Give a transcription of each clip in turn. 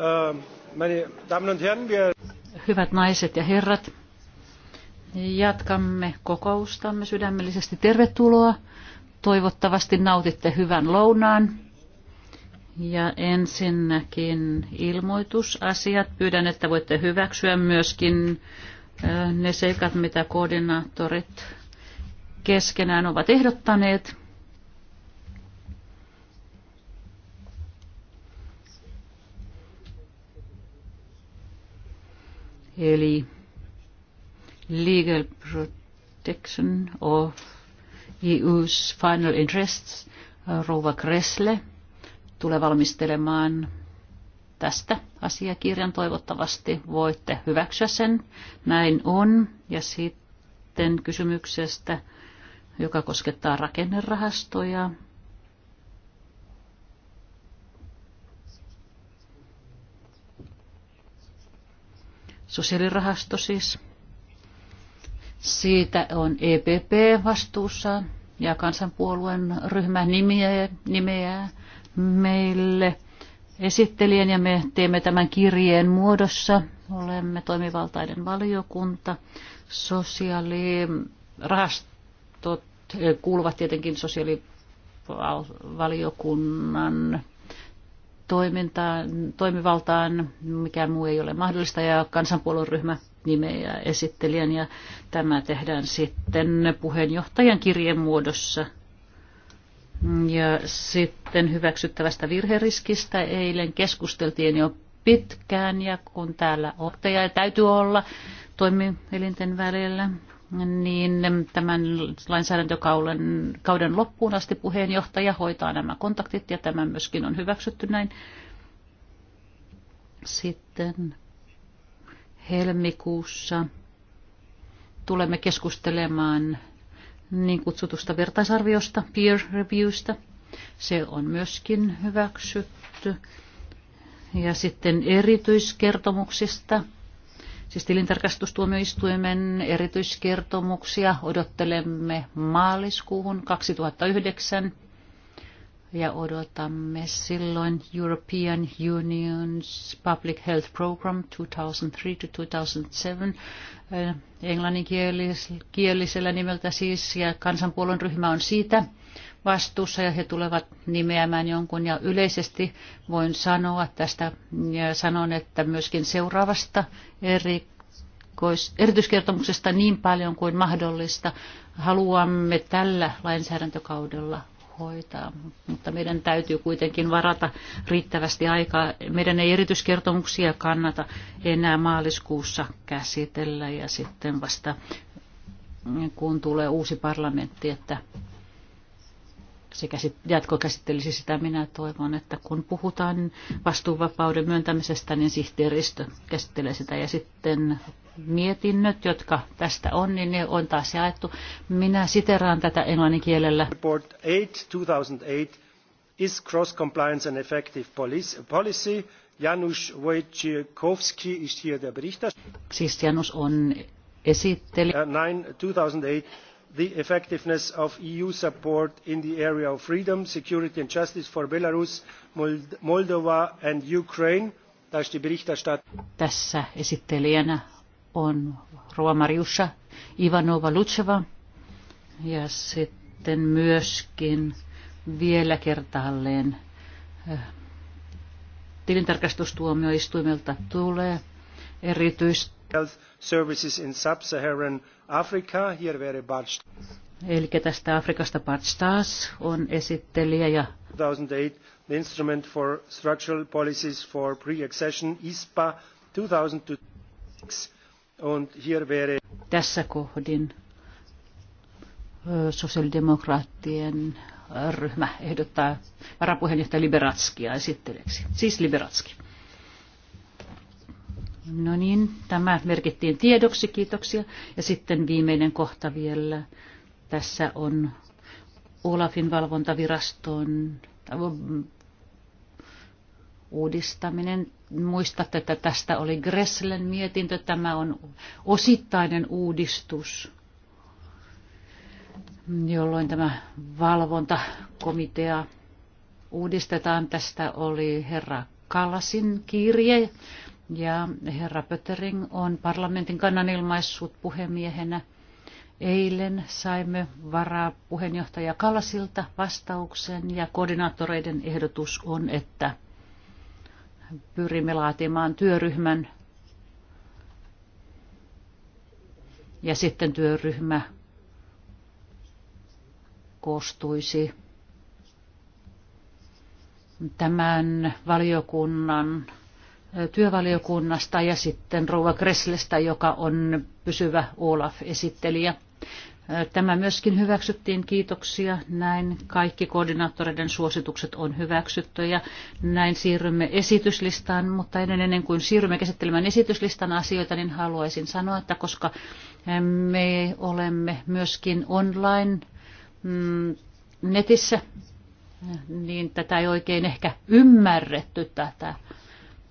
Äh, Hyvät naiset ja herrat, jatkamme kokoustamme sydämellisesti. Tervetuloa. Toivottavasti nautitte hyvän lounaan. Ja ensinnäkin ilmoitusasiat. Pyydän, että voitte hyväksyä myöskin äh, ne seikat, mitä koordinaattorit keskenään ovat ehdottaneet. eli legal protection of EU's final interests. Rouva Kresle tulee valmistelemaan tästä asiakirjan. Toivottavasti voitte hyväksyä sen. Näin on. Ja sitten kysymyksestä, joka koskettaa rakennerahastoja. sosiaalirahasto siis. Siitä on EPP vastuussa ja kansanpuolueen ryhmän nimiä, nimeä meille esittelijän ja me teemme tämän kirjeen muodossa. Olemme toimivaltainen valiokunta. Sosiaalirahastot kuuluvat tietenkin sosiaalivaliokunnan toimintaan, toimivaltaan, mikä muu ei ole mahdollista, ja kansanpuolueryhmä nimeä esittelijän, ja tämä tehdään sitten puheenjohtajan kirjeen muodossa. Ja sitten hyväksyttävästä virheriskistä eilen keskusteltiin jo pitkään, ja kun täällä ohtaja täytyy olla toimielinten välillä, niin tämän lainsäädäntökauden kauden loppuun asti puheenjohtaja hoitaa nämä kontaktit ja tämä myöskin on hyväksytty näin. Sitten helmikuussa tulemme keskustelemaan niin kutsutusta vertaisarviosta, peer reviewstä. Se on myöskin hyväksytty. Ja sitten erityiskertomuksista siis tilintarkastustuomioistuimen erityiskertomuksia odottelemme maaliskuuhun 2009 ja odotamme silloin European Union's Public Health Program 2003-2007 eh, englanninkielisellä nimeltä siis, ja kansanpuolen ryhmä on siitä vastuussa ja he tulevat nimeämään jonkun. Ja yleisesti voin sanoa tästä, ja sanon, että myöskin seuraavasta eri erityiskertomuksesta niin paljon kuin mahdollista haluamme tällä lainsäädäntökaudella hoitaa, mutta meidän täytyy kuitenkin varata riittävästi aikaa. Meidän ei erityiskertomuksia kannata enää maaliskuussa käsitellä ja sitten vasta kun tulee uusi parlamentti, että se käsit, jatko käsittelisi sitä. Minä toivon, että kun puhutaan vastuuvapauden myöntämisestä, niin sihteeristö käsittelee sitä ja sitten mietinnöt, jotka tästä on, niin ne on taas jaettu. Minä siteraan tätä englanninkielellä. Report 8 2008 is cross compliance and effective policy. Janusz Wojciechowski is here the Berichterstatter. Siis Janusz on esitteli. 9 2008 the effectiveness of eu support in the area of freedom security and justice for belarus moldova and ukraine. tässä esittelijänä on Roa Mariusha Ivanova Lutseva ja sitten myöskin vielä kertaalleen eh, tilintarkastustuomioistuimelta tulee erityisesti Services in Sub-Saharan Africa, hier wäre Bart Eli tästä Afrikasta Bart Stas on esittelijä ja 2008, the Instrument for Structural Policies for Pre-Accession, ISPA 2006. Und hier wäre tässä kohdin sosiaalidemokraattien ryhmä ehdottaa varapuheenjohtaja Liberatskia esittelijäksi. Siis Liberatski. No niin, tämä merkittiin tiedoksi, kiitoksia. Ja sitten viimeinen kohta vielä. Tässä on Olafin valvontaviraston äh, uudistaminen. Muistatte, että tästä oli Gresslen mietintö. Tämä on osittainen uudistus, jolloin tämä valvontakomitea uudistetaan. Tästä oli herra Kalasin kirje ja herra Pöttering on parlamentin kannan ilmaissut puhemiehenä. Eilen saimme puheenjohtaja Kalasilta vastauksen ja koordinaattoreiden ehdotus on, että pyrimme laatimaan työryhmän ja sitten työryhmä koostuisi tämän valiokunnan työvaliokunnasta ja sitten Rouva Kresslestä, joka on pysyvä Olaf-esittelijä. Tämä myöskin hyväksyttiin, kiitoksia. Näin kaikki koordinaattoreiden suositukset on hyväksytty ja näin siirrymme esityslistaan, mutta ennen, ennen kuin siirrymme käsittelemään esityslistan asioita, niin haluaisin sanoa, että koska me olemme myöskin online mm, netissä, niin tätä ei oikein ehkä ymmärretty tätä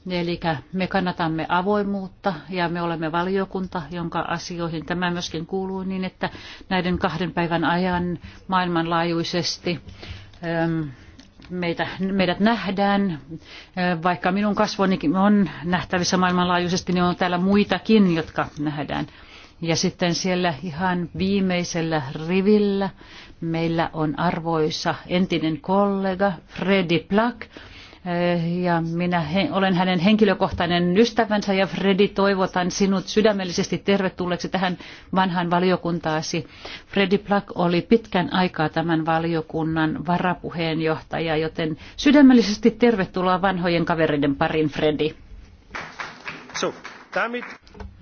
Eli me kannatamme avoimuutta ja me olemme valiokunta, jonka asioihin tämä myöskin kuuluu niin, että näiden kahden päivän ajan maailmanlaajuisesti ähm, meitä, meidät nähdään. Äh, vaikka minun kasvonikin on nähtävissä maailmanlaajuisesti, niin on täällä muitakin, jotka nähdään. Ja sitten siellä ihan viimeisellä rivillä meillä on arvoisa entinen kollega Freddy Plack, Eh, ja minä olen hänen henkilökohtainen ystävänsä ja Fredi toivotan sinut sydämellisesti tervetulleeksi tähän vanhaan valiokuntaasi. Fredi Plak oli pitkän aikaa tämän valiokunnan varapuheenjohtaja, joten sydämellisesti tervetuloa vanhojen kavereiden parin Fredi. So,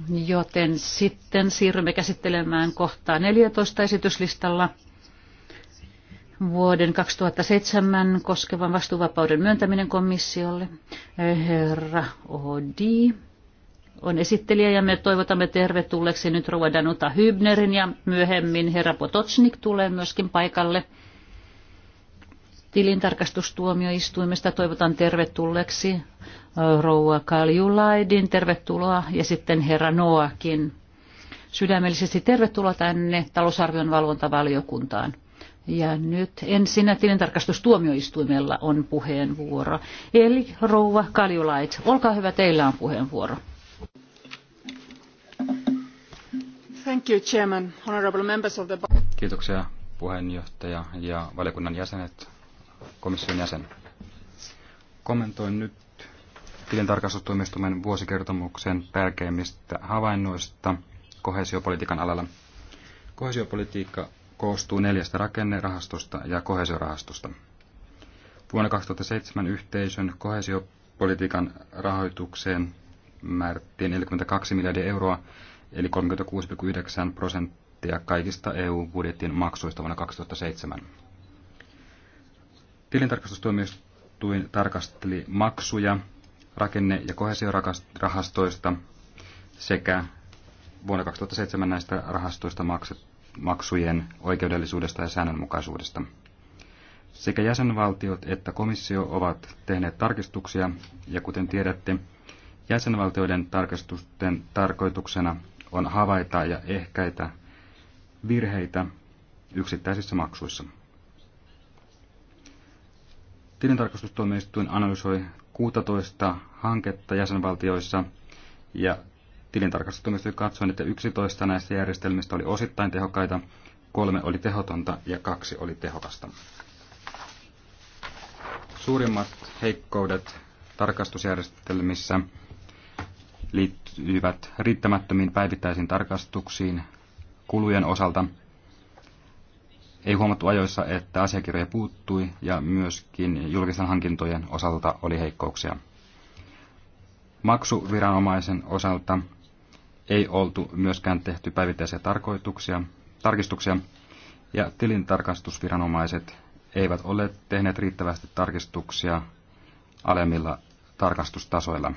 Joten sitten siirrymme käsittelemään kohtaa 14 esityslistalla vuoden 2007 koskevan vastuuvapauden myöntäminen komissiolle. Herra Odi on esittelijä ja me toivotamme tervetulleeksi nyt Rova Danuta Hybnerin ja myöhemmin herra Potocnik tulee myöskin paikalle. Tilintarkastustuomioistuimesta toivotan tervetulleeksi rouva Kaljulaidin, tervetuloa ja sitten herra Noakin. Sydämellisesti tervetuloa tänne talousarvion valvontavaliokuntaan. Ja nyt ensinnä tilintarkastustuomioistuimella on puheenvuoro. Eli rouva Kaljulait, olkaa hyvä, teillä on puheenvuoro. Thank you, Chairman, honorable members of the... Kiitoksia puheenjohtaja ja valiokunnan jäsenet, komission jäsen. Kommentoin nyt tilintarkastustuomioistuimen vuosikertomuksen tärkeimmistä havainnoista kohesiopolitiikan alalla. Kohesiopolitiikka koostuu neljästä rakennerahastosta ja kohesiorahastosta. Vuonna 2007 yhteisön kohesiopolitiikan rahoitukseen määrättiin 42 miljardia euroa, eli 36,9 prosenttia kaikista EU-budjetin maksuista vuonna 2007. Tilintarkastustuomioistuin tarkasteli maksuja rakenne- ja kohesiorahastoista sekä vuonna 2007 näistä rahastoista maksettu maksujen oikeudellisuudesta ja säännönmukaisuudesta. Sekä jäsenvaltiot että komissio ovat tehneet tarkistuksia, ja kuten tiedätte, jäsenvaltioiden tarkistusten tarkoituksena on havaita ja ehkäitä virheitä yksittäisissä maksuissa. Tilintarkastustuomioistuin analysoi 16 hanketta jäsenvaltioissa ja Tilintarkastustuomioistuin katsoi, että 11 näistä järjestelmistä oli osittain tehokkaita, kolme oli tehotonta ja kaksi oli tehokasta. Suurimmat heikkoudet tarkastusjärjestelmissä liittyvät riittämättömiin päivittäisiin tarkastuksiin kulujen osalta. Ei huomattu ajoissa, että asiakirjoja puuttui ja myöskin julkisten hankintojen osalta oli heikkouksia. Maksuviranomaisen osalta ei oltu myöskään tehty päivittäisiä tarkoituksia, tarkistuksia, ja tilintarkastusviranomaiset eivät ole tehneet riittävästi tarkistuksia alemmilla tarkastustasoilla.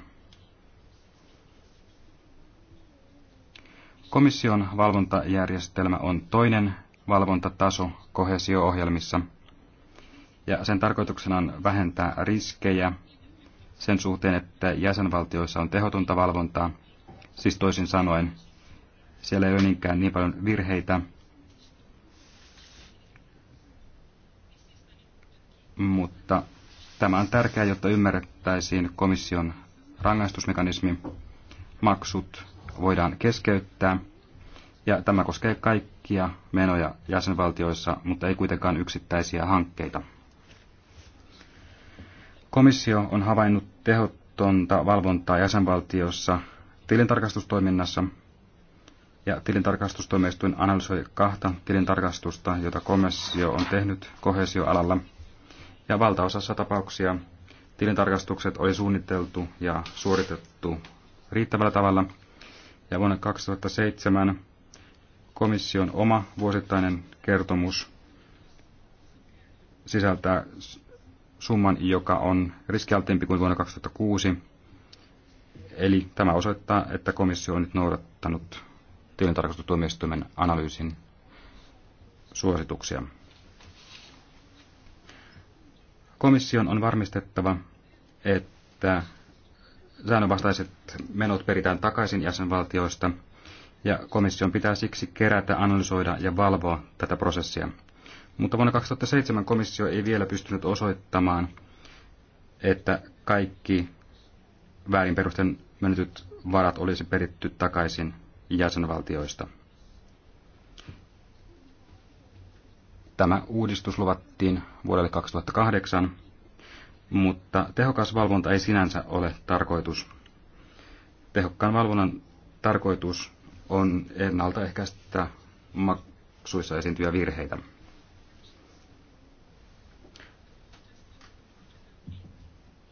Komission valvontajärjestelmä on toinen valvontataso kohesio-ohjelmissa, ja sen tarkoituksena on vähentää riskejä sen suhteen, että jäsenvaltioissa on tehotonta valvontaa Siis toisin sanoen, siellä ei ole niinkään niin paljon virheitä, mutta tämä on tärkeää, jotta ymmärrettäisiin komission rangaistusmekanismi. Maksut voidaan keskeyttää, ja tämä koskee kaikkia menoja jäsenvaltioissa, mutta ei kuitenkaan yksittäisiä hankkeita. Komissio on havainnut tehotonta valvontaa jäsenvaltiossa tilintarkastustoiminnassa. Ja tilintarkastustoimistuin analysoi kahta tilintarkastusta, jota komissio on tehnyt kohesioalalla. Ja valtaosassa tapauksia tilintarkastukset oli suunniteltu ja suoritettu riittävällä tavalla. Ja vuonna 2007 komission oma vuosittainen kertomus sisältää summan, joka on riskialtiimpi kuin vuonna 2006 Eli tämä osoittaa, että komissio on nyt noudattanut tilintarkastustuomioistuimen analyysin suosituksia. Komission on varmistettava, että säännönvastaiset menot peritään takaisin jäsenvaltioista, ja komission pitää siksi kerätä, analysoida ja valvoa tätä prosessia. Mutta vuonna 2007 komissio ei vielä pystynyt osoittamaan, että kaikki väärin perusten menetyt varat olisi peritty takaisin jäsenvaltioista. Tämä uudistus luvattiin vuodelle 2008, mutta tehokas valvonta ei sinänsä ole tarkoitus. Tehokkaan valvonnan tarkoitus on ennaltaehkäistä maksuissa esiintyviä virheitä.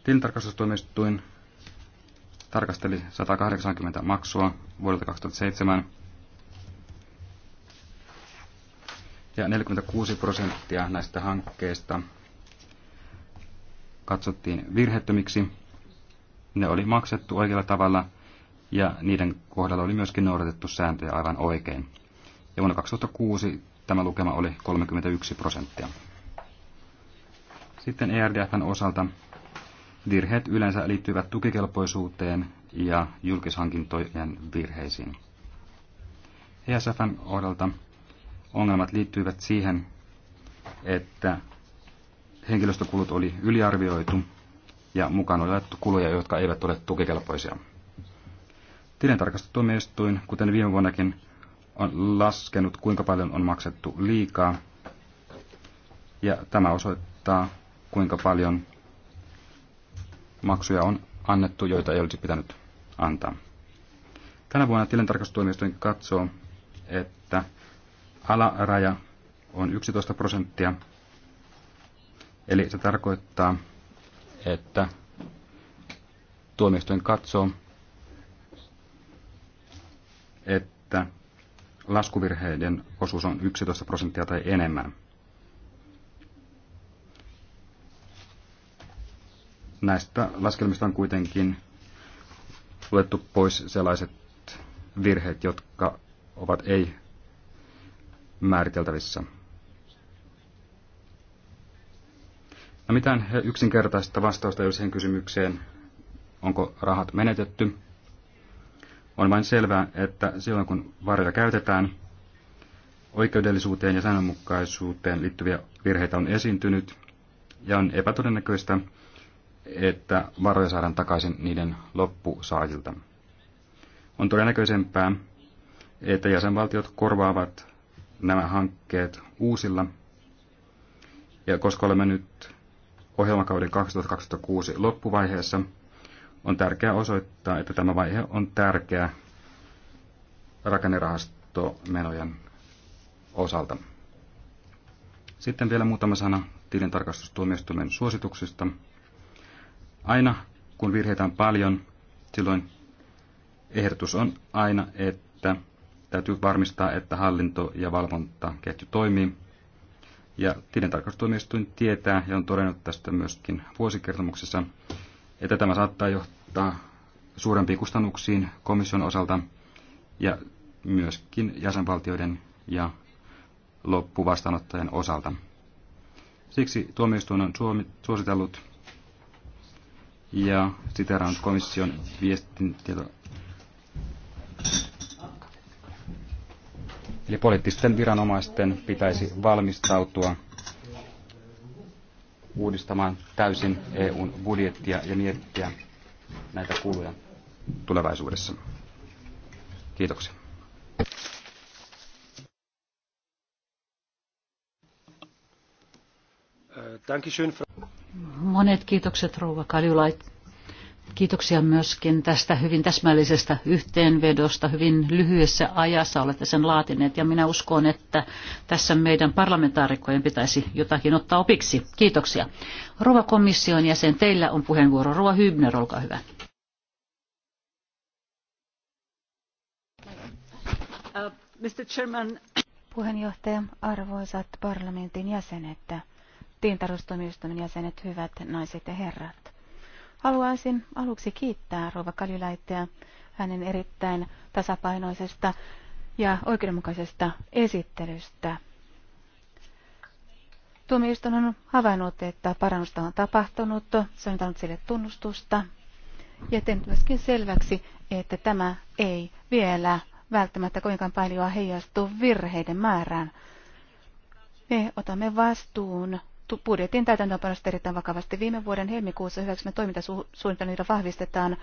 Tilintarkastustoimistuin tarkasteli 180 maksua vuodelta 2007. Ja 46 prosenttia näistä hankkeista katsottiin virhettömiksi. Ne oli maksettu oikealla tavalla ja niiden kohdalla oli myöskin noudatettu sääntöjä aivan oikein. Ja vuonna 2006 tämä lukema oli 31 prosenttia. Sitten ERDFn osalta Virheet yleensä liittyvät tukikelpoisuuteen ja julkishankintojen virheisiin. ESFn ohdalta ongelmat liittyivät siihen, että henkilöstökulut oli yliarvioitu ja mukaan oli otettu kuluja, jotka eivät ole tukikelpoisia. Tilintarkastustuomioistuin, kuten viime vuonnakin, on laskenut, kuinka paljon on maksettu liikaa, ja tämä osoittaa, kuinka paljon maksuja on annettu, joita ei olisi pitänyt antaa. Tänä vuonna tilintarkastustuomioistuin katsoo, että alaraja on 11 prosenttia, eli se tarkoittaa, että tuomioistuin katsoo, että laskuvirheiden osuus on 11 prosenttia tai enemmän. näistä laskelmista on kuitenkin luettu pois sellaiset virheet, jotka ovat ei määriteltävissä. No mitään yksinkertaista vastausta ei siihen kysymykseen, onko rahat menetetty. On vain selvää, että silloin kun varoja käytetään, oikeudellisuuteen ja sananmukaisuuteen liittyviä virheitä on esiintynyt ja on epätodennäköistä, että varoja saadaan takaisin niiden loppusaajilta. On todennäköisempää, että jäsenvaltiot korvaavat nämä hankkeet uusilla. Ja koska olemme nyt ohjelmakauden 2026 loppuvaiheessa, on tärkeää osoittaa, että tämä vaihe on tärkeä rakennerahastomenojen osalta. Sitten vielä muutama sana tilintarkastustuomioistuimen suosituksista. Aina kun virheitä on paljon, silloin ehdotus on aina, että täytyy varmistaa, että hallinto- ja valvontaketju toimii. Ja tilintarkastustuomioistuin tietää ja on todennut tästä myöskin vuosikertomuksessa, että tämä saattaa johtaa suurempiin kustannuksiin komission osalta ja myöskin jäsenvaltioiden ja loppuvastaanottajien osalta. Siksi tuomioistuin on suositellut, ja siteraan komission viestintä. Eli poliittisten viranomaisten pitäisi valmistautua uudistamaan täysin EUn budjettia ja miettiä näitä kuluja tulevaisuudessa. Kiitoksia. Äh, dankeschön. Monet kiitokset Rouva Kaljulait. Kiitoksia myöskin tästä hyvin täsmällisestä yhteenvedosta. Hyvin lyhyessä ajassa olette sen laatineet ja minä uskon, että tässä meidän parlamentaarikkojen pitäisi jotakin ottaa opiksi. Kiitoksia. Rova komission jäsen, teillä on puheenvuoro. Rova Hybner, olkaa hyvä. Mr. Chairman. Puheenjohtaja, arvoisat parlamentin jäsenet tiintarvostuomioistuimen jäsenet, hyvät naiset ja herrat. Haluaisin aluksi kiittää Rova Kalilaittea hänen erittäin tasapainoisesta ja oikeudenmukaisesta esittelystä. Tuomioistuin on havainnut, että parannusta on tapahtunut, se on antanut sille tunnustusta ja tehnyt myöskin selväksi, että tämä ei vielä välttämättä kovinkaan paljon heijastu virheiden määrään. Me otamme vastuun budjetin täytäntöönpanosta erittäin vakavasti. Viime vuoden helmikuussa hyväksymä toimintasuunnitelmilla vahvistetaan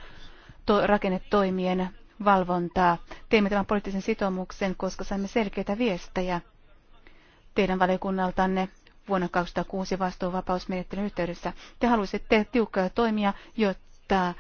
to- rakennetoimien valvontaa. Teimme tämän poliittisen sitoumuksen, koska saimme selkeitä viestejä teidän valiokunnaltanne vuonna 2006 vastuuvapausmenettelyn yhteydessä. Te halusitte tiukkoja toimia, jotta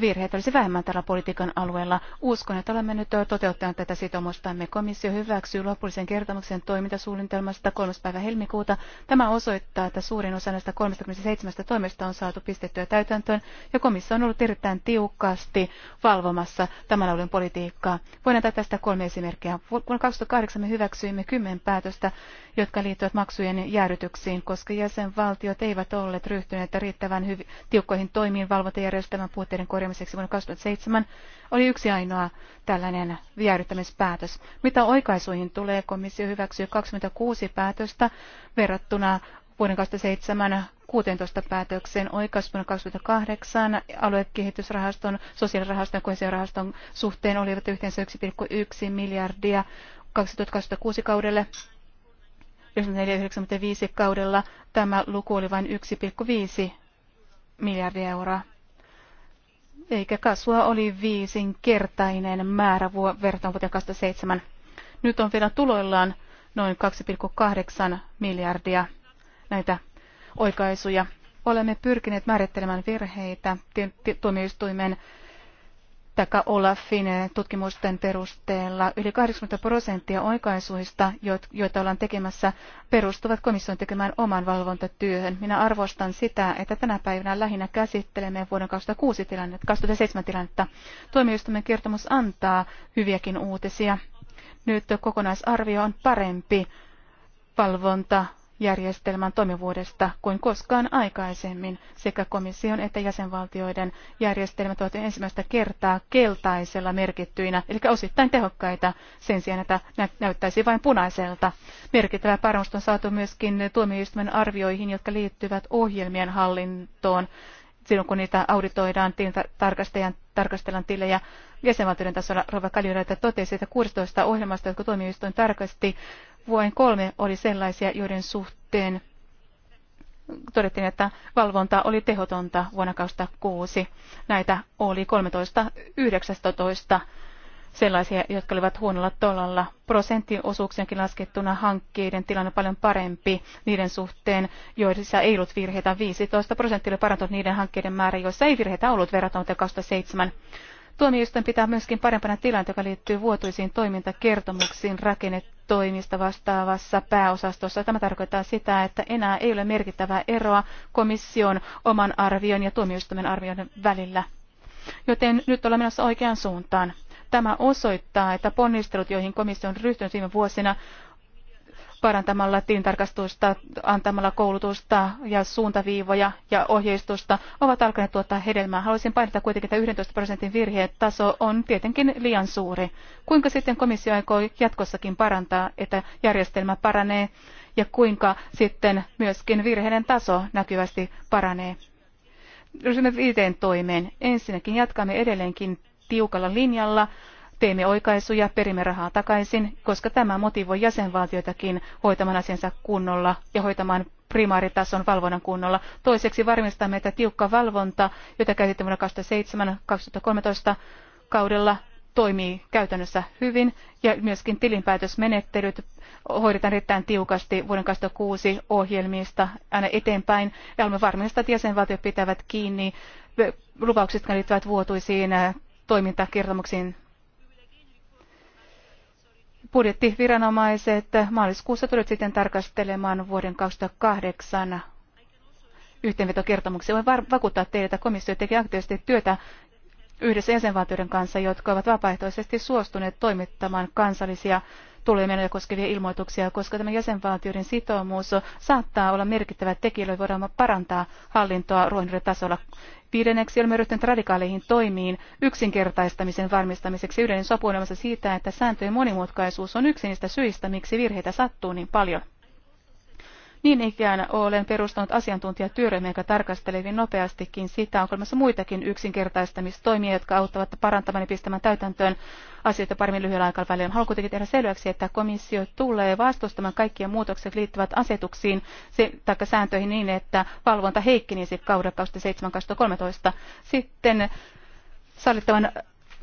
virheitä olisi vähemmän tällä politiikan alueella. Uskon, että olemme nyt toteuttaneet tätä sitoumustamme. Komissio hyväksyy lopullisen kertomuksen toimintasuunnitelmasta 3. päivä helmikuuta. Tämä osoittaa, että suurin osa näistä 37 toimesta on saatu pistettyä täytäntöön ja komissio on ollut erittäin tiukasti valvomassa tämän alueen politiikkaa. Voin antaa tästä kolme esimerkkiä. Vuonna 2008 me hyväksyimme kymmen päätöstä, jotka liittyvät maksujen jäädytyksiin, koska jäsenvaltiot eivät olleet ryhtyneet riittävän tiukkoihin toimiin valvontajärjestelmän puutteiden korjaamiseksi vuonna seitsemän oli yksi ainoa tällainen jäädyttämispäätös. Mitä oikaisuihin tulee, komissio hyväksyy 26 päätöstä verrattuna vuoden seitsemän 16 päätökseen oikaus vuonna 2008 aluekehitysrahaston, sosiaalirahaston ja kohesiorahaston suhteen olivat yhteensä 1,1 miljardia 2026 kaudelle 94-95 kaudella tämä luku oli vain 1,5 miljardia euroa. Eikä kasvua oli viisinkertainen määrä verrattuna vuoteen 2007. Nyt on vielä tuloillaan noin 2,8 miljardia näitä oikaisuja. Olemme pyrkineet määrittelemään virheitä tuomioistuimen taka Olafin eh, tutkimusten perusteella yli 80 prosenttia oikaisuista, joita ollaan tekemässä, perustuvat komission tekemään oman valvontatyöhön. Minä arvostan sitä, että tänä päivänä lähinnä käsittelemme vuoden 2006 tilannetta, 2007 tilannetta. Tuomioistuimen kertomus antaa hyviäkin uutisia. Nyt kokonaisarvio on parempi valvonta järjestelmän toimivuudesta kuin koskaan aikaisemmin. Sekä komission että jäsenvaltioiden järjestelmät ovat ensimmäistä kertaa keltaisella merkittyinä, eli osittain tehokkaita sen sijaan, että näyttäisi vain punaiselta. Merkittävä parannus on saatu myöskin tuomioistuimen arvioihin, jotka liittyvät ohjelmien hallintoon silloin kun niitä auditoidaan, tilintarkastajan tarkastellaan tilejä jäsenvaltioiden tasolla. Rova Kaljureita totesi, että 16 ohjelmasta, jotka tuomioistuin tarkasti, vain kolme oli sellaisia, joiden suhteen todettiin, että valvonta oli tehotonta vuonna 2006. Näitä oli 13-19 sellaisia, jotka olivat huonolla tolalla. Prosenttiosuuksienkin laskettuna hankkeiden tilanne paljon parempi niiden suhteen, joissa ei ollut virheitä. 15 prosenttia oli parantunut niiden hankkeiden määrä, joissa ei virheitä ollut verrattuna 2007. Tuomioistuin pitää myöskin parempana tilanteen, joka liittyy vuotuisiin toimintakertomuksiin rakennetoimista vastaavassa pääosastossa. Tämä tarkoittaa sitä, että enää ei ole merkittävää eroa komission oman arvion ja tuomioistuimen arvion välillä. Joten nyt ollaan menossa oikeaan suuntaan. Tämä osoittaa, että ponnistelut, joihin komissio on ryhtynyt viime vuosina, parantamalla tilintarkastusta, antamalla koulutusta ja suuntaviivoja ja ohjeistusta ovat alkaneet tuottaa hedelmää. Haluaisin painottaa kuitenkin, että 11 prosentin virhetaso on tietenkin liian suuri. Kuinka sitten komissio aikoo jatkossakin parantaa, että järjestelmä paranee ja kuinka sitten myöskin virheiden taso näkyvästi paranee? Ryhdymme viiteen toimeen. Ensinnäkin jatkamme edelleenkin tiukalla linjalla Teimme oikaisuja, perimme rahaa takaisin, koska tämä motivoi jäsenvaltioitakin hoitamaan asiansa kunnolla ja hoitamaan primaaritason valvonnan kunnolla. Toiseksi varmistamme, että tiukka valvonta, jota käytettiin vuonna 2007 kolmetoista kaudella, toimii käytännössä hyvin ja myöskin tilinpäätösmenettelyt hoidetaan erittäin tiukasti vuoden 2006 ohjelmista aina eteenpäin ja olemme varmistaa, että jäsenvaltiot pitävät kiinni lupauksista liittyvät vuotuisiin toimintakertomuksiin budjettiviranomaiset maaliskuussa tulevat sitten tarkastelemaan vuoden 2008 yhteenvetokertomuksia. Voin vakuuttaa teille, että komissio tekee aktiivisesti työtä yhdessä jäsenvaltioiden kanssa, jotka ovat vapaaehtoisesti suostuneet toimittamaan kansallisia menoja koskevia ilmoituksia, koska tämä jäsenvaltioiden sitoumus saattaa olla merkittävä tekijä, jolla voidaan parantaa hallintoa tasolla. Viidenneksi olemme ryhtyneet radikaaleihin toimiin yksinkertaistamisen varmistamiseksi yleinen sopu siitä, että sääntöjen monimutkaisuus on yksi niistä syistä, miksi virheitä sattuu niin paljon. Niin ikään olen perustanut asiantuntijatyöryhmä, joka tarkastelee hyvin nopeastikin sitä, onko olemassa muitakin yksinkertaistamistoimia, jotka auttavat parantamaan ja pistämään täytäntöön asioita paremmin lyhyellä aikavälillä. Haluan kuitenkin tehdä selväksi, että komissio tulee vastustamaan kaikkia muutokset liittyvät asetuksiin tai sääntöihin niin, että valvonta heikkenisi kaudella 2007-2013. Sitten sallittavan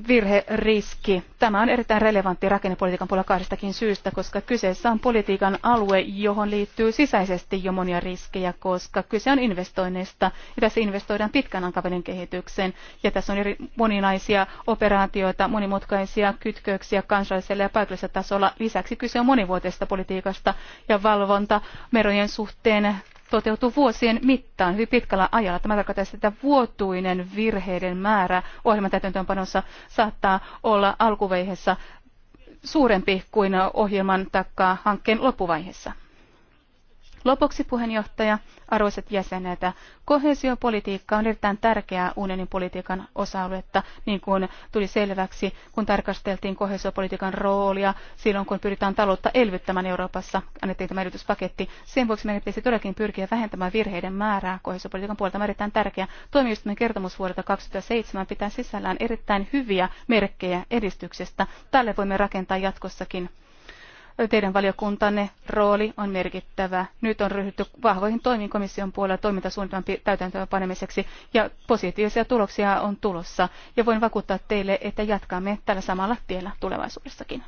virheriski. Tämä on erittäin relevantti rakennepolitiikan puolella kahdestakin syystä, koska kyseessä on politiikan alue, johon liittyy sisäisesti jo monia riskejä, koska kyse on investoinneista ja tässä investoidaan pitkän aikavälin kehitykseen. Ja tässä on eri moninaisia operaatioita, monimutkaisia kytköksiä kansallisella ja paikallisella tasolla. Lisäksi kyse on monivuotisesta politiikasta ja valvonta merojen suhteen toteutuu vuosien mittaan hyvin pitkällä ajalla. Tämä tarkoittaa sitä, että vuotuinen virheiden määrä ohjelman täytäntöönpanossa saattaa olla alkuvaiheessa suurempi kuin ohjelman takaa hankkeen loppuvaiheessa. Lopuksi puheenjohtaja, arvoisat jäsenet, kohesiopolitiikka on erittäin tärkeää unionin politiikan osa-aluetta, niin kuin tuli selväksi, kun tarkasteltiin kohesiopolitiikan roolia silloin, kun pyritään taloutta elvyttämään Euroopassa, annettiin tämä elvytyspaketti. Sen vuoksi meidän pitäisi todellakin pyrkiä vähentämään virheiden määrää kohesiopolitiikan puolelta. Tämä on erittäin tärkeää. Toimijuistamme kertomus vuodelta 2007 pitää sisällään erittäin hyviä merkkejä edistyksestä. Tälle voimme rakentaa jatkossakin teidän valiokuntanne rooli on merkittävä. Nyt on ryhdytty vahvoihin toimiin komission puolella toimintasuunnitelman täytäntöön panemiseksi ja positiivisia tuloksia on tulossa. Ja voin vakuuttaa teille, että jatkamme tällä samalla tiellä tulevaisuudessakin.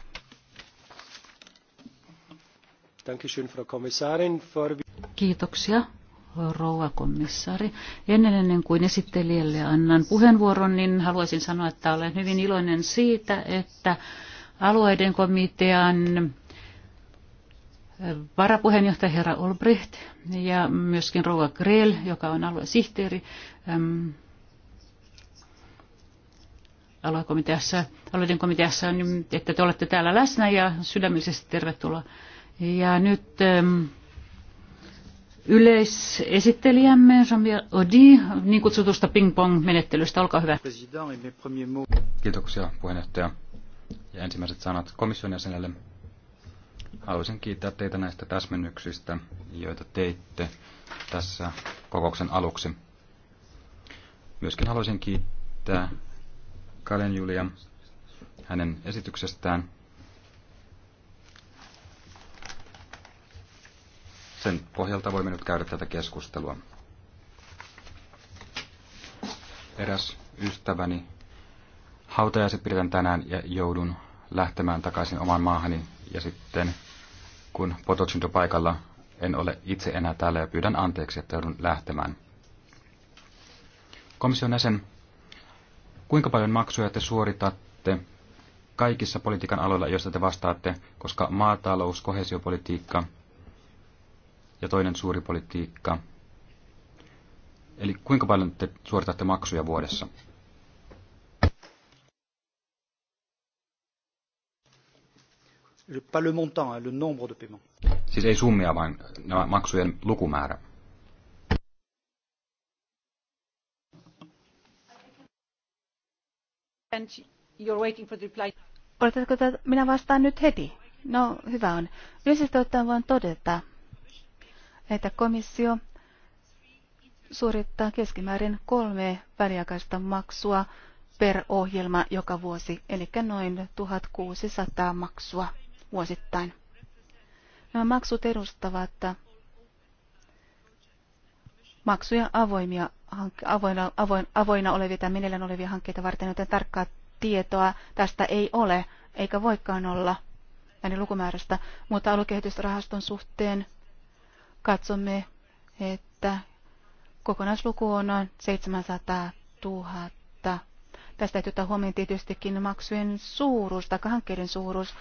Kiitoksia, rouva komissaari. Ennen, ennen kuin esittelijälle annan puheenvuoron, niin haluaisin sanoa, että olen hyvin iloinen siitä, että alueiden komitean varapuheenjohtaja herra Olbricht ja myöskin rouva Grell, joka on alueen sihteeri ähm, aluekomiteassa, alueiden komiteassa, niin että te olette täällä läsnä ja sydämellisesti tervetuloa. Ja nyt äm, yleisesittelijämme Jean-Pierre Odi, niin kutsutusta ping-pong-menettelystä. Olkaa hyvä. Kiitoksia puheenjohtaja. Ja ensimmäiset sanat komission jäsenelle Haluaisin kiittää teitä näistä täsmennyksistä, joita teitte tässä kokouksen aluksi. Myöskin haluaisin kiittää Kalen Julia hänen esityksestään. Sen pohjalta voimme nyt käydä tätä keskustelua. Eräs ystäväni hautajaiset pidetään tänään ja joudun lähtemään takaisin omaan maahani ja sitten kun Potocin paikalla en ole itse enää täällä ja pyydän anteeksi, että joudun lähtemään. Komission jäsen, kuinka paljon maksuja te suoritatte kaikissa politiikan aloilla, joista te vastaatte, koska maatalous, kohesiopolitiikka ja toinen suuri politiikka. Eli kuinka paljon te suoritatte maksuja vuodessa? pas le montant, le nombre de paiements. Siis ei summia, vaan nämä maksujen lukumäärä. And you're waiting for the reply. Oletatko, että minä vastaan nyt heti? No, hyvä on. Yleisesti ottaen voin todeta, että komissio suorittaa keskimäärin kolme väliaikaista maksua per ohjelma joka vuosi, eli noin 1600 maksua vuosittain. Nämä maksut edustavat maksuja avoimia, avoina, avoin, avoina olevia tai meneillään olevia hankkeita varten, joten tarkkaa tietoa tästä ei ole, eikä voikaan olla näiden lukumäärästä, mutta aluekehitysrahaston suhteen katsomme, että kokonaisluku on noin 700 000. Tästä täytyy ottaa huomioon tietystikin maksujen suuruus tai hankkeiden suuruus.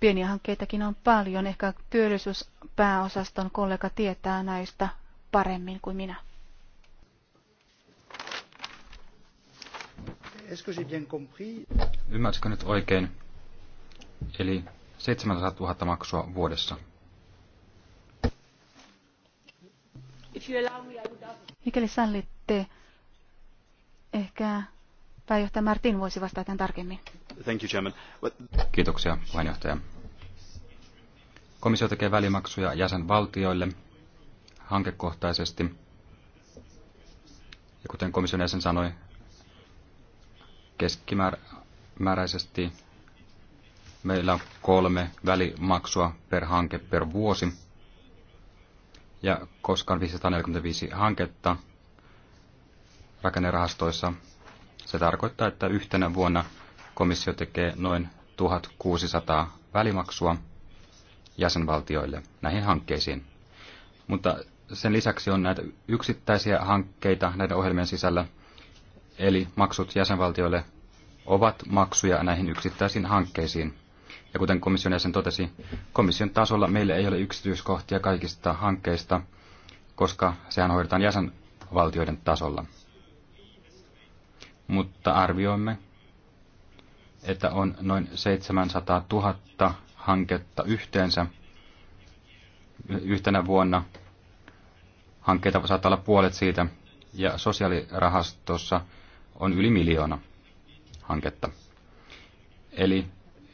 Pieniä hankkeitakin on paljon. Ehkä työllisyyspääosaston kollega tietää näistä paremmin kuin minä. Ymmärsikö nyt oikein? Eli 700 000 maksua vuodessa. Mikäli sallitte, ehkä Pääjohtaja Martin voisi vastata tämän tarkemmin. Thank you, Chairman. Kiitoksia, puheenjohtaja. Komissio tekee välimaksuja jäsenvaltioille hankekohtaisesti. Ja kuten komission jäsen sanoi, keskimääräisesti meillä on kolme välimaksua per hanke per vuosi. Ja koska on 545 hanketta rakennerahastoissa, se tarkoittaa, että yhtenä vuonna komissio tekee noin 1600 välimaksua jäsenvaltioille näihin hankkeisiin. Mutta sen lisäksi on näitä yksittäisiä hankkeita näiden ohjelmien sisällä, eli maksut jäsenvaltioille ovat maksuja näihin yksittäisiin hankkeisiin. Ja kuten komission jäsen totesi, komission tasolla meillä ei ole yksityiskohtia kaikista hankkeista, koska sehän hoidetaan jäsenvaltioiden tasolla mutta arvioimme, että on noin 700 000 hanketta yhteensä yhtenä vuonna. Hankkeita saattaa olla puolet siitä, ja sosiaalirahastossa on yli miljoona hanketta. Eli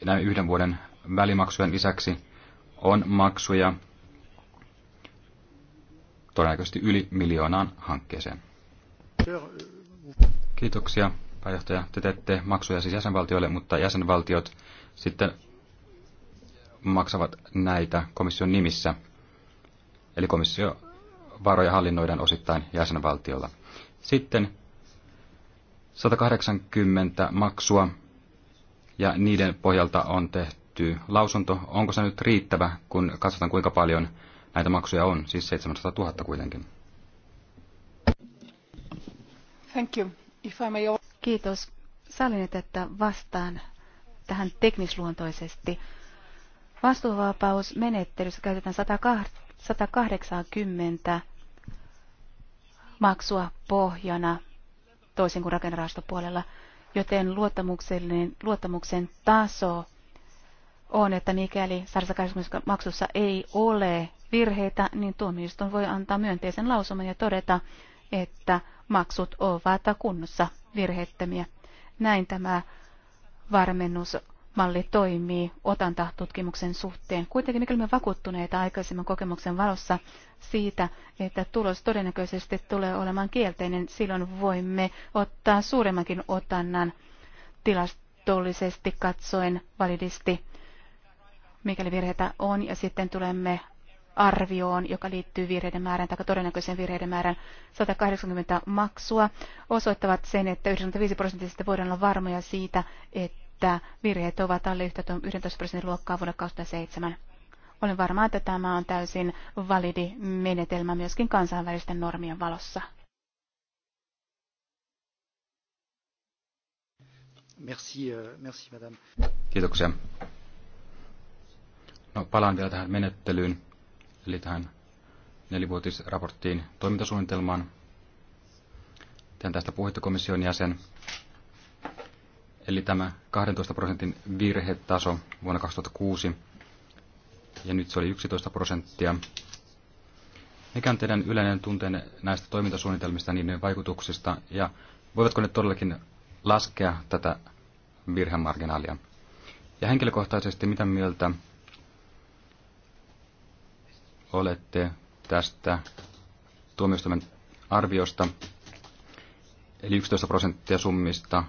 näin yhden vuoden välimaksujen lisäksi on maksuja todennäköisesti yli miljoonaan hankkeeseen. Kiitoksia, pääjohtaja. Te teette maksuja siis jäsenvaltioille, mutta jäsenvaltiot sitten maksavat näitä komission nimissä. Eli komissio varoja hallinnoidaan osittain jäsenvaltiolla. Sitten 180 maksua ja niiden pohjalta on tehty lausunto. Onko se nyt riittävä, kun katsotaan kuinka paljon näitä maksuja on, siis 700 000 kuitenkin? Thank you. Kiitos. Sallin, että vastaan tähän teknisluontoisesti. Vastuuvapausmenettelyssä käytetään 180 maksua pohjana toisin kuin rakennerahastopuolella, joten luottamuksellinen, luottamuksen taso on, että mikäli 180 maksussa ei ole virheitä, niin tuomioistuin voi antaa myönteisen lausuman ja todeta, että maksut ovat kunnossa virheettömiä. Näin tämä varmennus malli toimii otantatutkimuksen suhteen. Kuitenkin mikäli me vakuuttuneita aikaisemman kokemuksen valossa siitä, että tulos todennäköisesti tulee olemaan kielteinen, silloin voimme ottaa suuremmankin otannan tilastollisesti katsoen validisti, mikäli virheitä on, ja sitten tulemme arvioon, joka liittyy virheiden määrään tai todennäköisen virheiden määrän 180 maksua osoittavat sen, että 95 prosenttisesti voidaan olla varmoja siitä, että virheet ovat alle 11 prosentin luokkaa vuonna 2007. Olen varma, että tämä on täysin validi menetelmä myöskin kansainvälisten normien valossa. Merci, euh, merci, madame. Kiitoksia. No, palaan vielä tähän menettelyyn eli tähän nelivuotisraporttiin toimintasuunnitelmaan. Tehän tästä puhuitte komission jäsen. Eli tämä 12 prosentin virhetaso vuonna 2006, ja nyt se oli 11 prosenttia. Mikä on teidän yleinen tunteenne näistä toimintasuunnitelmista, niiden vaikutuksista, ja voivatko ne todellakin laskea tätä virhemarginaalia? Ja henkilökohtaisesti, mitä mieltä olette tästä tuomioistuimen arviosta. Eli 11 prosenttia summista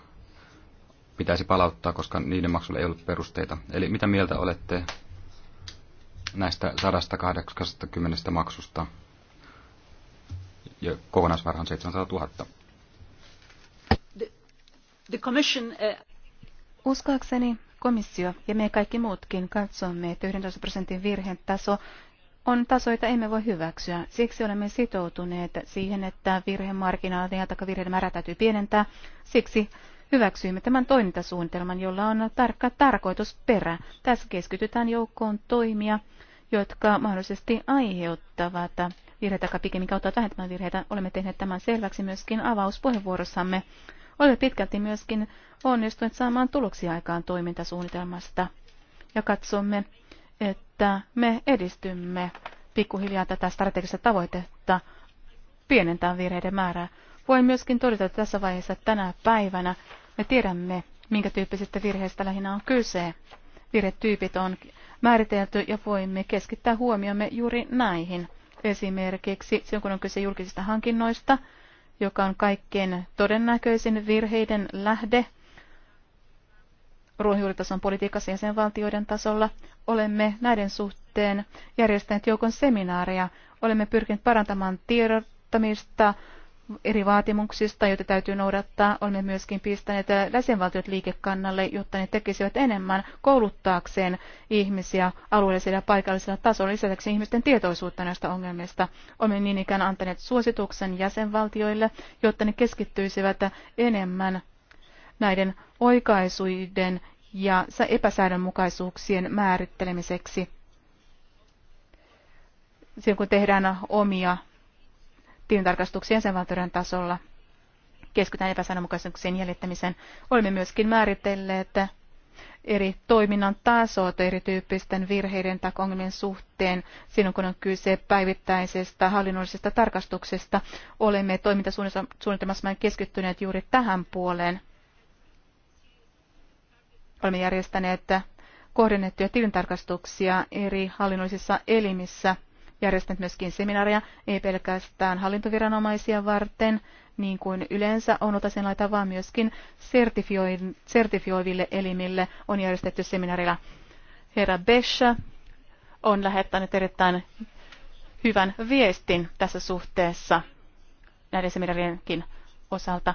pitäisi palauttaa, koska niiden maksulle ei ollut perusteita. Eli mitä mieltä olette näistä 180 maksusta? Ja kokonaisvarhan 700 000. The, the commission, uh... Uskoakseni komissio ja me kaikki muutkin katsomme, että 11 prosentin virheen taso on taso, jota emme voi hyväksyä. Siksi olemme sitoutuneet siihen, että virhemarginaalia tai määrä täytyy pienentää. Siksi hyväksyimme tämän toimintasuunnitelman, jolla on tarkka tarkoitusperä. Tässä keskitytään joukkoon toimia, jotka mahdollisesti aiheuttavat virheitä, tai pikemmin kautta vähentämään virheitä. Olemme tehneet tämän selväksi myöskin avauspuheenvuorossamme. Olemme pitkälti myöskin onnistuneet saamaan tuloksia aikaan toimintasuunnitelmasta. Ja katsomme, että me edistymme pikkuhiljaa tätä strategista tavoitetta pienentää virheiden määrää. Voin myöskin todeta että tässä vaiheessa, että tänä päivänä me tiedämme, minkä tyyppisistä virheistä lähinnä on kyse. Virhetyypit on määritelty ja voimme keskittää huomiomme juuri näihin. Esimerkiksi silloin, kun on kyse julkisista hankinnoista, joka on kaikkein todennäköisin virheiden lähde – ruohonjuuritason politiikassa jäsenvaltioiden tasolla. Olemme näiden suhteen järjestäneet joukon seminaareja. Olemme pyrkineet parantamaan tiedottamista eri vaatimuksista, joita täytyy noudattaa. Olemme myöskin pistäneet jäsenvaltiot liikekannalle, jotta ne tekisivät enemmän kouluttaakseen ihmisiä alueellisella ja paikallisella tasolla lisätäkseen ihmisten tietoisuutta näistä ongelmista. Olemme niin ikään antaneet suosituksen jäsenvaltioille, jotta ne keskittyisivät enemmän näiden oikaisuiden ja epäsäädönmukaisuuksien määrittelemiseksi silloin, kun tehdään omia tilintarkastuksia jäsenvaltioiden tasolla. Keskitytään epäsäännönmukaisuuksien jäljittämiseen. Olemme myöskin määritelleet eri toiminnan tasot erityyppisten virheiden tai ongelmien suhteen. Silloin kun on kyse päivittäisestä hallinnollisesta tarkastuksesta, olemme toimintasuunnitelmassa keskittyneet juuri tähän puoleen. Olemme järjestäneet kohdennettuja tilintarkastuksia eri hallinnollisissa elimissä, järjestäneet myöskin seminaareja, ei pelkästään hallintoviranomaisia varten, niin kuin yleensä on otasen laita, vaan myöskin sertifioiville elimille on järjestetty seminaarilla. Herra Besha on lähettänyt erittäin hyvän viestin tässä suhteessa näiden seminaarienkin osalta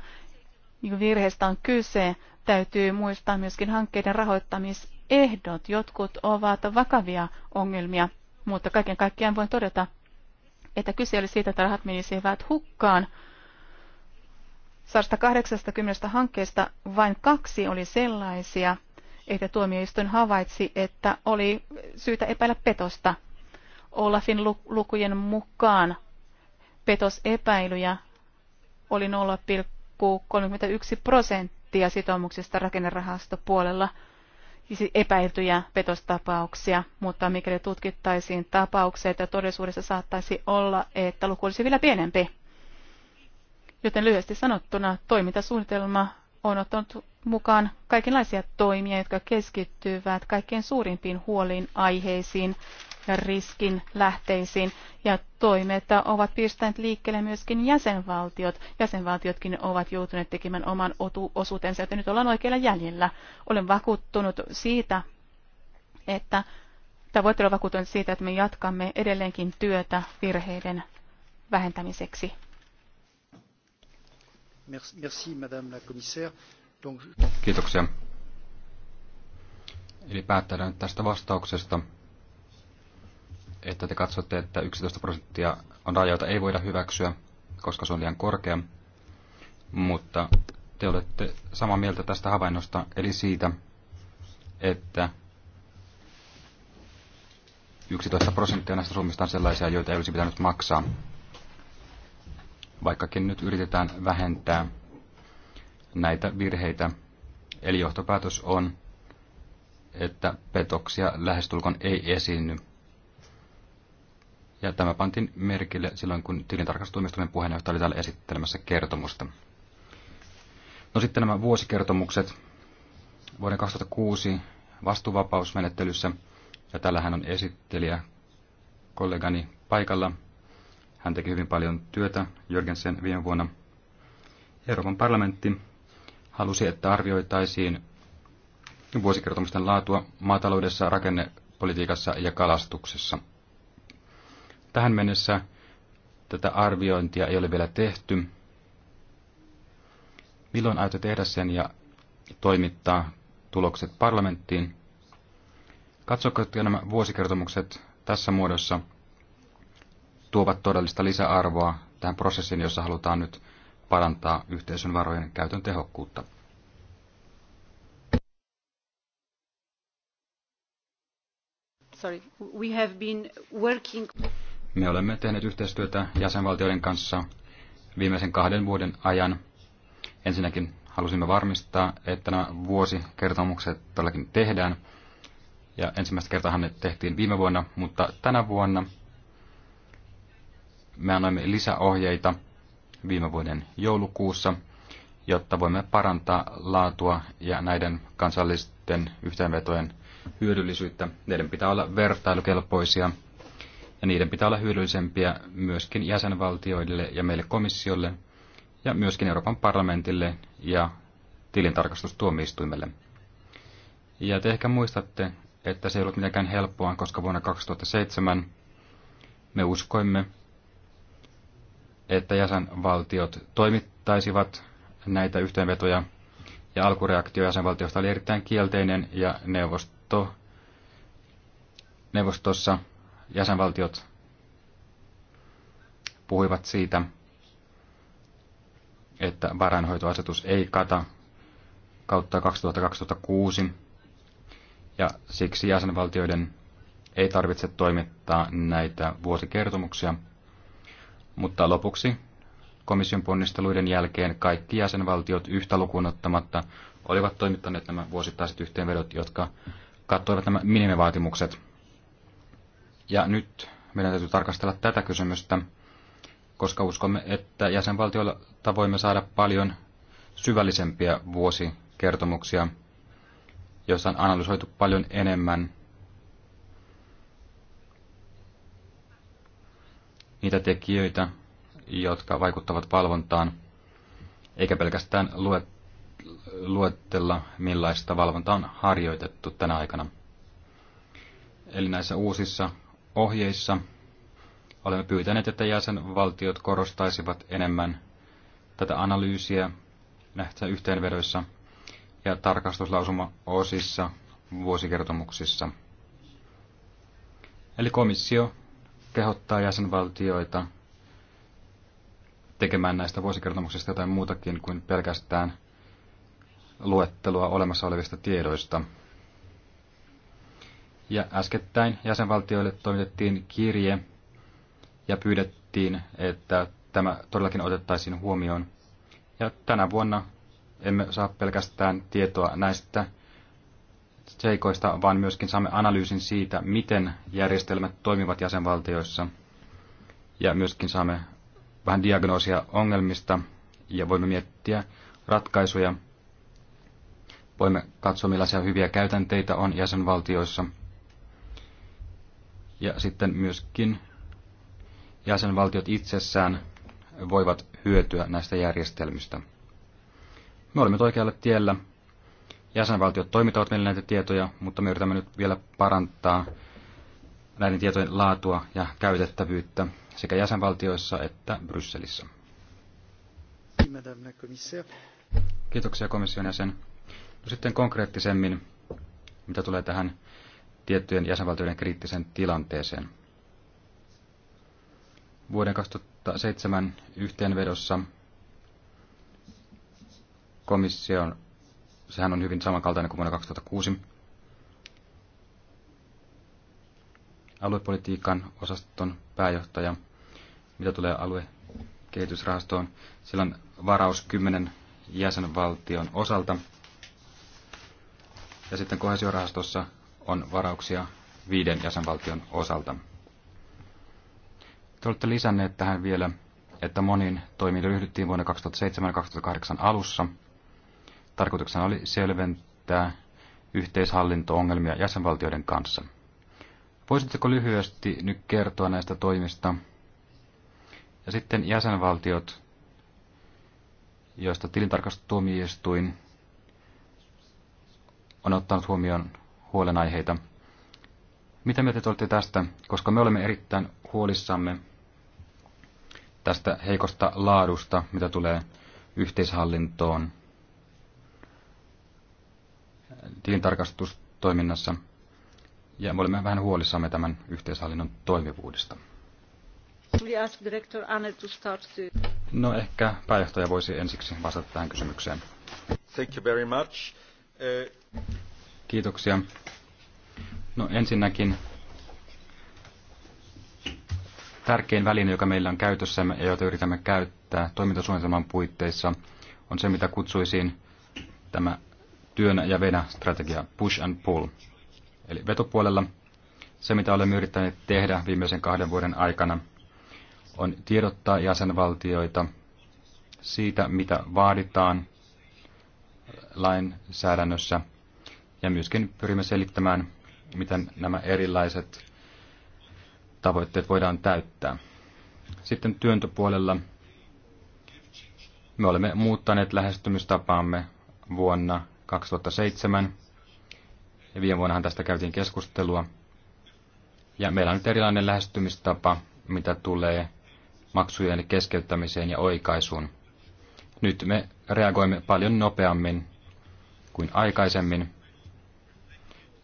niin virheestä on kyse, täytyy muistaa myöskin hankkeiden rahoittamisehdot. Jotkut ovat vakavia ongelmia, mutta kaiken kaikkiaan voin todeta, että kyse oli siitä, että rahat menisivät hukkaan. 180 hankkeesta vain kaksi oli sellaisia, että tuomioistuin havaitsi, että oli syytä epäillä petosta. Olafin lukujen mukaan petosepäilyjä oli 0,31 prosenttia sitoumuksista rakennerahastopuolella siis epäiltyjä petostapauksia, mutta mikäli tutkittaisiin tapaukset, todellisuudessa saattaisi olla, että luku olisi vielä pienempi. Joten lyhyesti sanottuna toimintasuunnitelma on ottanut mukaan kaikenlaisia toimia, jotka keskittyvät kaikkein suurimpiin huoliin, aiheisiin ja riskin lähteisiin. Ja toimet ovat pistäneet liikkeelle myöskin jäsenvaltiot. Jäsenvaltiotkin ovat joutuneet tekemään oman osuutensa, joten nyt ollaan oikealla jäljellä. Olen vakuuttunut siitä, että tai voitte olla vakuuttunut siitä, että me jatkamme edelleenkin työtä virheiden vähentämiseksi. Merci, madame la commissaire. Donc... Kiitoksia. Eli päättelen tästä vastauksesta että te katsotte, että 11 prosenttia on raja, jota ei voida hyväksyä, koska se on liian korkea. Mutta te olette samaa mieltä tästä havainnosta, eli siitä, että 11 prosenttia näistä summista on sellaisia, joita ei olisi pitänyt maksaa. Vaikkakin nyt yritetään vähentää näitä virheitä. Eli johtopäätös on, että petoksia lähestulkoon ei esiinny ja tämä pantiin merkille silloin, kun tilintarkastustoimistojen puheenjohtaja oli täällä esittelemässä kertomusta. No sitten nämä vuosikertomukset. Vuoden 2006 vastuuvapausmenettelyssä, ja hän on esittelijä kollegani paikalla. Hän teki hyvin paljon työtä Jörgensen viime vuonna. Euroopan parlamentti halusi, että arvioitaisiin vuosikertomusten laatua maataloudessa, rakennepolitiikassa ja kalastuksessa – Tähän mennessä tätä arviointia ei ole vielä tehty. Milloin aiotte tehdä sen ja toimittaa tulokset parlamenttiin? että nämä vuosikertomukset tässä muodossa tuovat todellista lisäarvoa tähän prosessiin, jossa halutaan nyt parantaa yhteisön varojen käytön tehokkuutta? Sorry, we have been working... Me olemme tehneet yhteistyötä jäsenvaltioiden kanssa viimeisen kahden vuoden ajan. Ensinnäkin halusimme varmistaa, että nämä vuosikertomukset todellakin tehdään. Ja ensimmäistä kertaa ne tehtiin viime vuonna, mutta tänä vuonna me annoimme lisäohjeita viime vuoden joulukuussa, jotta voimme parantaa laatua ja näiden kansallisten yhteenvetojen hyödyllisyyttä. Neiden pitää olla vertailukelpoisia ja niiden pitää olla hyödyllisempiä myöskin jäsenvaltioille ja meille komissiolle ja myöskin Euroopan parlamentille ja tilintarkastustuomioistuimelle. Ja te ehkä muistatte, että se ei ollut mitenkään helppoa, koska vuonna 2007 me uskoimme, että jäsenvaltiot toimittaisivat näitä yhteenvetoja, ja alkureaktio jäsenvaltiosta oli erittäin kielteinen, ja neuvosto, neuvostossa jäsenvaltiot puhuivat siitä, että varainhoitoasetus ei kata kautta 2006 ja siksi jäsenvaltioiden ei tarvitse toimittaa näitä vuosikertomuksia, mutta lopuksi komission ponnisteluiden jälkeen kaikki jäsenvaltiot yhtä lukuun ottamatta olivat toimittaneet nämä vuosittaiset yhteenvedot, jotka kattoivat nämä minimivaatimukset – ja nyt meidän täytyy tarkastella tätä kysymystä, koska uskomme, että jäsenvaltioilla tavoimme saada paljon syvällisempiä vuosikertomuksia, joissa on analysoitu paljon enemmän niitä tekijöitä, jotka vaikuttavat valvontaan, eikä pelkästään luet, luettella, millaista valvontaa on harjoitettu tänä aikana. Eli näissä uusissa ohjeissa olemme pyytäneet, että jäsenvaltiot korostaisivat enemmän tätä analyysiä nähtä yhteenvedoissa ja tarkastuslausuma osissa vuosikertomuksissa. Eli komissio kehottaa jäsenvaltioita tekemään näistä vuosikertomuksista jotain muutakin kuin pelkästään luettelua olemassa olevista tiedoista – ja äskettäin jäsenvaltioille toimitettiin kirje ja pyydettiin, että tämä todellakin otettaisiin huomioon. Ja tänä vuonna emme saa pelkästään tietoa näistä seikoista, vaan myöskin saamme analyysin siitä, miten järjestelmät toimivat jäsenvaltioissa. Ja myöskin saamme vähän diagnoosia ongelmista ja voimme miettiä ratkaisuja. Voimme katsoa, millaisia hyviä käytänteitä on jäsenvaltioissa – ja sitten myöskin jäsenvaltiot itsessään voivat hyötyä näistä järjestelmistä. Me olemme oikealla tiellä. Jäsenvaltiot toimittavat meille näitä tietoja, mutta me yritämme nyt vielä parantaa näiden tietojen laatua ja käytettävyyttä sekä jäsenvaltioissa että Brysselissä. Kiitoksia komission jäsen. No sitten konkreettisemmin, mitä tulee tähän tiettyjen jäsenvaltioiden kriittisen tilanteeseen. Vuoden 2007 yhteenvedossa on sehän on hyvin samankaltainen kuin vuonna 2006, aluepolitiikan osaston pääjohtaja, mitä tulee aluekehitysrahastoon. Sillä on varaus 10 jäsenvaltion osalta. Ja sitten kohesiorahastossa on varauksia viiden jäsenvaltion osalta. Te olette lisänneet tähän vielä, että moniin toimiin ryhdyttiin vuonna 2007-2008 alussa. Tarkoituksena oli selventää yhteishallinto-ongelmia jäsenvaltioiden kanssa. Voisitteko lyhyesti nyt kertoa näistä toimista? Ja sitten jäsenvaltiot, joista tilintarkastustuomioistuin on ottanut huomioon huolenaiheita. Mitä mieltä te olette tästä, koska me olemme erittäin huolissamme tästä heikosta laadusta, mitä tulee yhteishallintoon tilintarkastustoiminnassa. Ja me olemme vähän huolissamme tämän yhteishallinnon toimivuudesta. No ehkä pääjohtaja voisi ensiksi vastata tähän kysymykseen. Thank you very much. Eh, Kiitoksia. No ensinnäkin tärkein väline, joka meillä on käytössämme ja jota yritämme käyttää toimintasuunnitelman puitteissa, on se, mitä kutsuisin tämä työn ja venä strategia push and pull. Eli vetopuolella se, mitä olemme yrittäneet tehdä viimeisen kahden vuoden aikana, on tiedottaa jäsenvaltioita siitä, mitä vaaditaan lainsäädännössä, ja myöskin pyrimme selittämään miten nämä erilaiset tavoitteet voidaan täyttää. Sitten työntöpuolella me olemme muuttaneet lähestymistapaamme vuonna 2007. Ja viime vuonnahan tästä käytiin keskustelua. Ja meillä on nyt erilainen lähestymistapa, mitä tulee maksujen keskeyttämiseen ja oikaisuun. Nyt me reagoimme paljon nopeammin kuin aikaisemmin,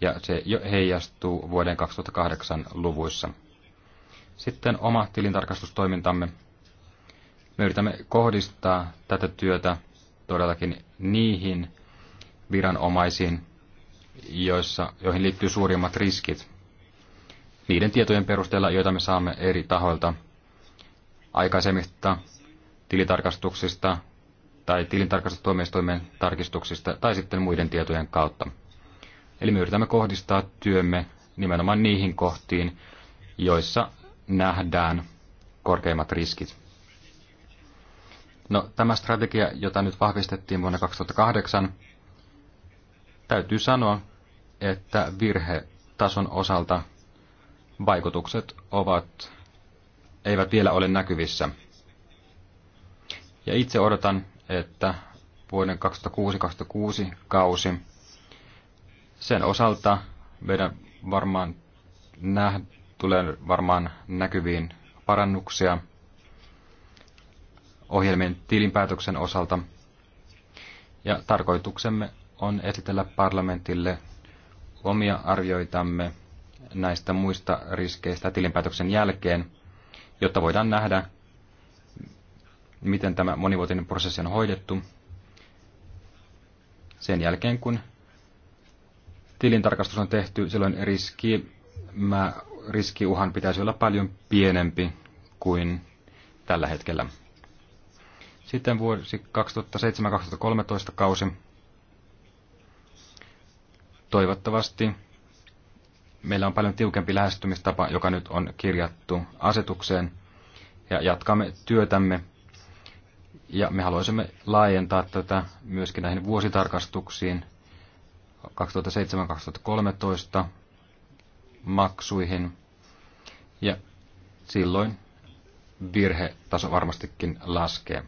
ja se jo heijastuu vuoden 2008 luvuissa. Sitten oma tilintarkastustoimintamme. Me yritämme kohdistaa tätä työtä todellakin niihin viranomaisiin, joissa, joihin liittyy suurimmat riskit. Niiden tietojen perusteella, joita me saamme eri tahoilta, aikaisemmista tilitarkastuksista tai tilintarkastustuomioistuimen tarkistuksista tai sitten muiden tietojen kautta. Eli me yritämme kohdistaa työmme nimenomaan niihin kohtiin, joissa nähdään korkeimmat riskit. No, tämä strategia, jota nyt vahvistettiin vuonna 2008, täytyy sanoa, että virhetason osalta vaikutukset ovat, eivät vielä ole näkyvissä. Ja itse odotan, että vuoden 2006-2006 kausi sen osalta meidän varmaan näh, tulee varmaan näkyviin parannuksia ohjelmien tilinpäätöksen osalta. Ja tarkoituksemme on esitellä parlamentille omia arvioitamme näistä muista riskeistä tilinpäätöksen jälkeen, jotta voidaan nähdä, miten tämä monivuotinen prosessi on hoidettu sen jälkeen, kun tilintarkastus on tehty, silloin riski, mä, riskiuhan pitäisi olla paljon pienempi kuin tällä hetkellä. Sitten vuosi 2007-2013 kausi. Toivottavasti meillä on paljon tiukempi lähestymistapa, joka nyt on kirjattu asetukseen, ja jatkamme työtämme. Ja me haluaisimme laajentaa tätä myöskin näihin vuositarkastuksiin – 2007-2013 maksuihin. Ja silloin virhetaso varmastikin laskee.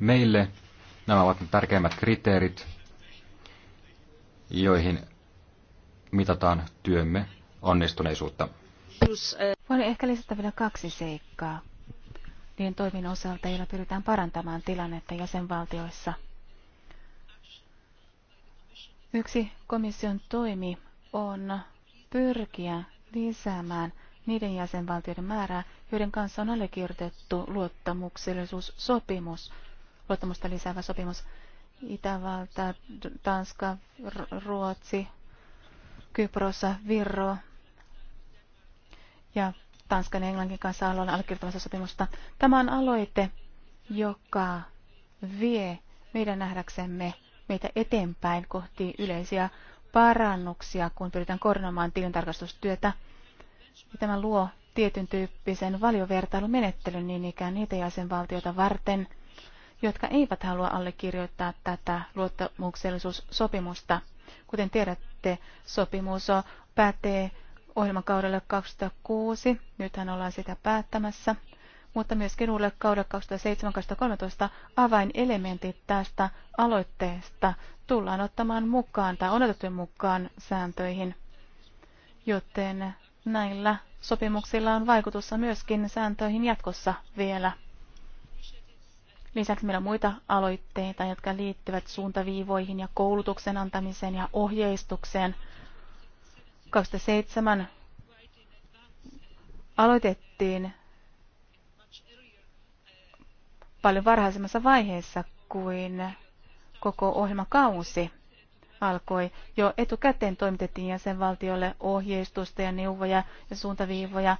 Meille nämä ovat ne tärkeimmät kriteerit, joihin mitataan työmme onnistuneisuutta. Voin ehkä lisätä vielä kaksi seikkaa. Niin toimin osalta, joilla pyritään parantamaan tilannetta jäsenvaltioissa – Yksi komission toimi on pyrkiä lisäämään niiden jäsenvaltioiden määrää, joiden kanssa on allekirjoitettu luottamuksellisuussopimus, luottamusta lisäävä sopimus. Itävalta, Tanska, Ruotsi, Kyprossa, Virro ja Tanskan ja Englannin kanssa ollaan allekirjoittamassa sopimusta. Tämä on aloite, joka vie meidän nähdäksemme meitä eteenpäin kohti yleisiä parannuksia, kun pyritään koordinoimaan tilintarkastustyötä. Ja tämä luo tietyn tyyppisen valiovertailumenettelyn niin ikään niitä jäsenvaltioita varten, jotka eivät halua allekirjoittaa tätä luottamuksellisuussopimusta. Kuten tiedätte, sopimus pätee ohjelmakaudelle 2006. Nythän ollaan sitä päättämässä mutta myöskin uudelle kaudelle 2007-2013 avainelementit tästä aloitteesta tullaan ottamaan mukaan tai on otettu mukaan sääntöihin, joten näillä sopimuksilla on vaikutussa myöskin sääntöihin jatkossa vielä. Lisäksi meillä on muita aloitteita, jotka liittyvät suuntaviivoihin ja koulutuksen antamiseen ja ohjeistukseen. 2007 aloitettiin paljon varhaisemmassa vaiheessa kuin koko ohjelmakausi alkoi. Jo etukäteen toimitettiin jäsenvaltiolle ohjeistusta ja neuvoja ja suuntaviivoja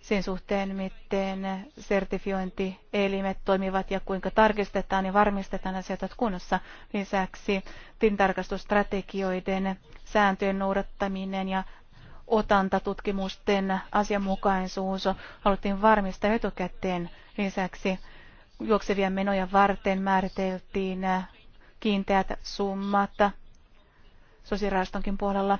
sen suhteen, miten sertifiointielimet toimivat ja kuinka tarkistetaan ja varmistetaan asiat kunnossa. Lisäksi tilintarkastusstrategioiden sääntöjen noudattaminen ja otantatutkimusten asianmukaisuus haluttiin varmistaa etukäteen. Lisäksi juoksevia menoja varten määriteltiin äh, kiinteät summat sosiaalirahastonkin puolella.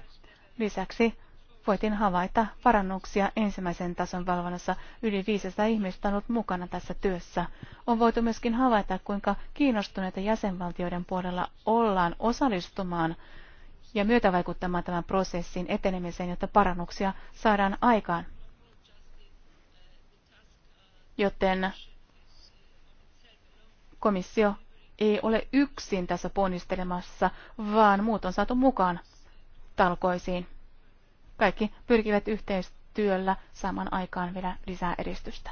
Lisäksi voitiin havaita parannuksia ensimmäisen tason valvonnassa. Yli 500 ihmistä on ollut mukana tässä työssä. On voitu myöskin havaita, kuinka kiinnostuneita jäsenvaltioiden puolella ollaan osallistumaan ja myötävaikuttamaan tämän prosessin etenemiseen, jotta parannuksia saadaan aikaan. Joten Komissio ei ole yksin tässä ponnistelemassa, vaan muut on saatu mukaan talkoisiin. Kaikki pyrkivät yhteistyöllä saman aikaan vielä lisää edistystä.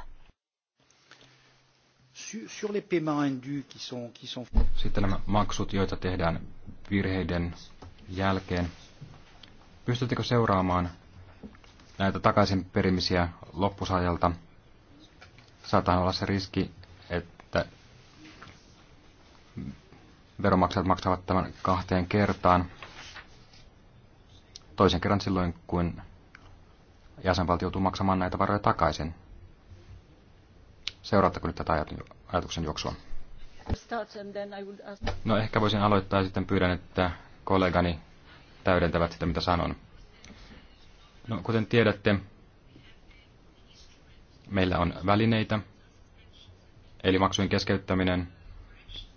Sitten nämä maksut, joita tehdään virheiden jälkeen. Pystyttekö seuraamaan näitä takaisinperimisiä loppusajalta? Saattaa olla se riski, että veronmaksajat maksavat tämän kahteen kertaan. Toisen kerran silloin, kun jäsenvaltio joutuu maksamaan näitä varoja takaisin. Seuraatteko nyt tätä ajatuksen juoksua? No ehkä voisin aloittaa ja sitten pyydän, että kollegani täydentävät sitä, mitä sanon. No, kuten tiedätte, meillä on välineitä, eli maksujen keskeyttäminen,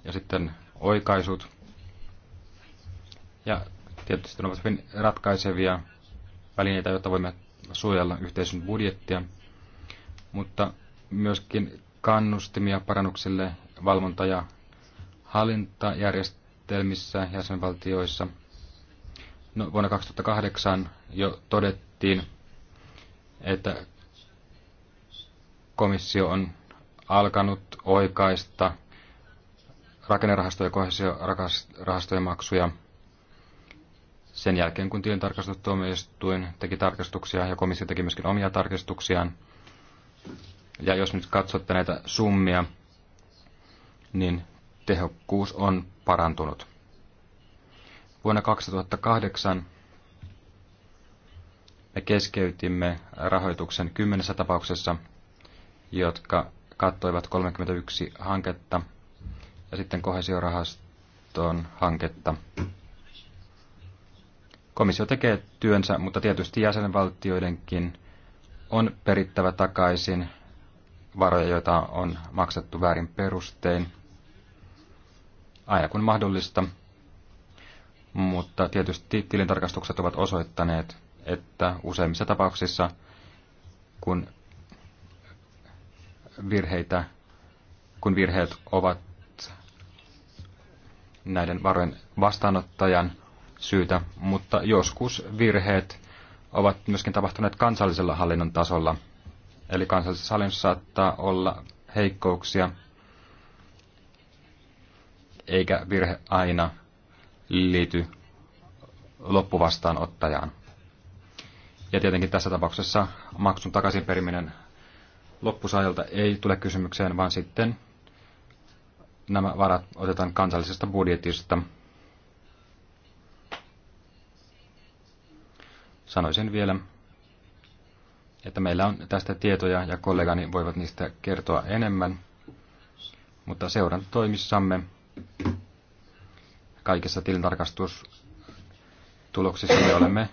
ja sitten oikaisut. Ja tietysti ne ovat hyvin ratkaisevia välineitä, joita voimme suojella yhteisön budjettia, mutta myöskin kannustimia parannuksille valvonta- ja hallintajärjestelmissä jäsenvaltioissa. No, vuonna 2008 jo todettiin, että komissio on alkanut oikaista rakennerahastoja ja kohesiorahastojen maksuja sen jälkeen, kun tilintarkastustuomioistuin teki tarkastuksia ja komissio teki myöskin omia tarkistuksiaan. Ja jos nyt katsotte näitä summia, niin tehokkuus on parantunut. Vuonna 2008 me keskeytimme rahoituksen kymmenessä tapauksessa, jotka kattoivat 31 hanketta ja sitten kohesiorahaston hanketta. Komissio tekee työnsä, mutta tietysti jäsenvaltioidenkin on perittävä takaisin varoja, joita on maksettu väärin perustein, aina kun mahdollista. Mutta tietysti tilintarkastukset ovat osoittaneet, että useimmissa tapauksissa, kun virheitä, kun virheet ovat näiden varojen vastaanottajan syytä, mutta joskus virheet ovat myöskin tapahtuneet kansallisella hallinnon tasolla. Eli kansallisessa hallinnossa saattaa olla heikkouksia, eikä virhe aina liity loppuvastaanottajaan. Ja tietenkin tässä tapauksessa maksun takaisinperiminen loppusaajalta ei tule kysymykseen, vaan sitten nämä varat otetaan kansallisesta budjetista. Sanoisin vielä, että meillä on tästä tietoja ja kollegani voivat niistä kertoa enemmän, mutta seurantatoimissamme kaikissa tilintarkastustuloksissa me olemme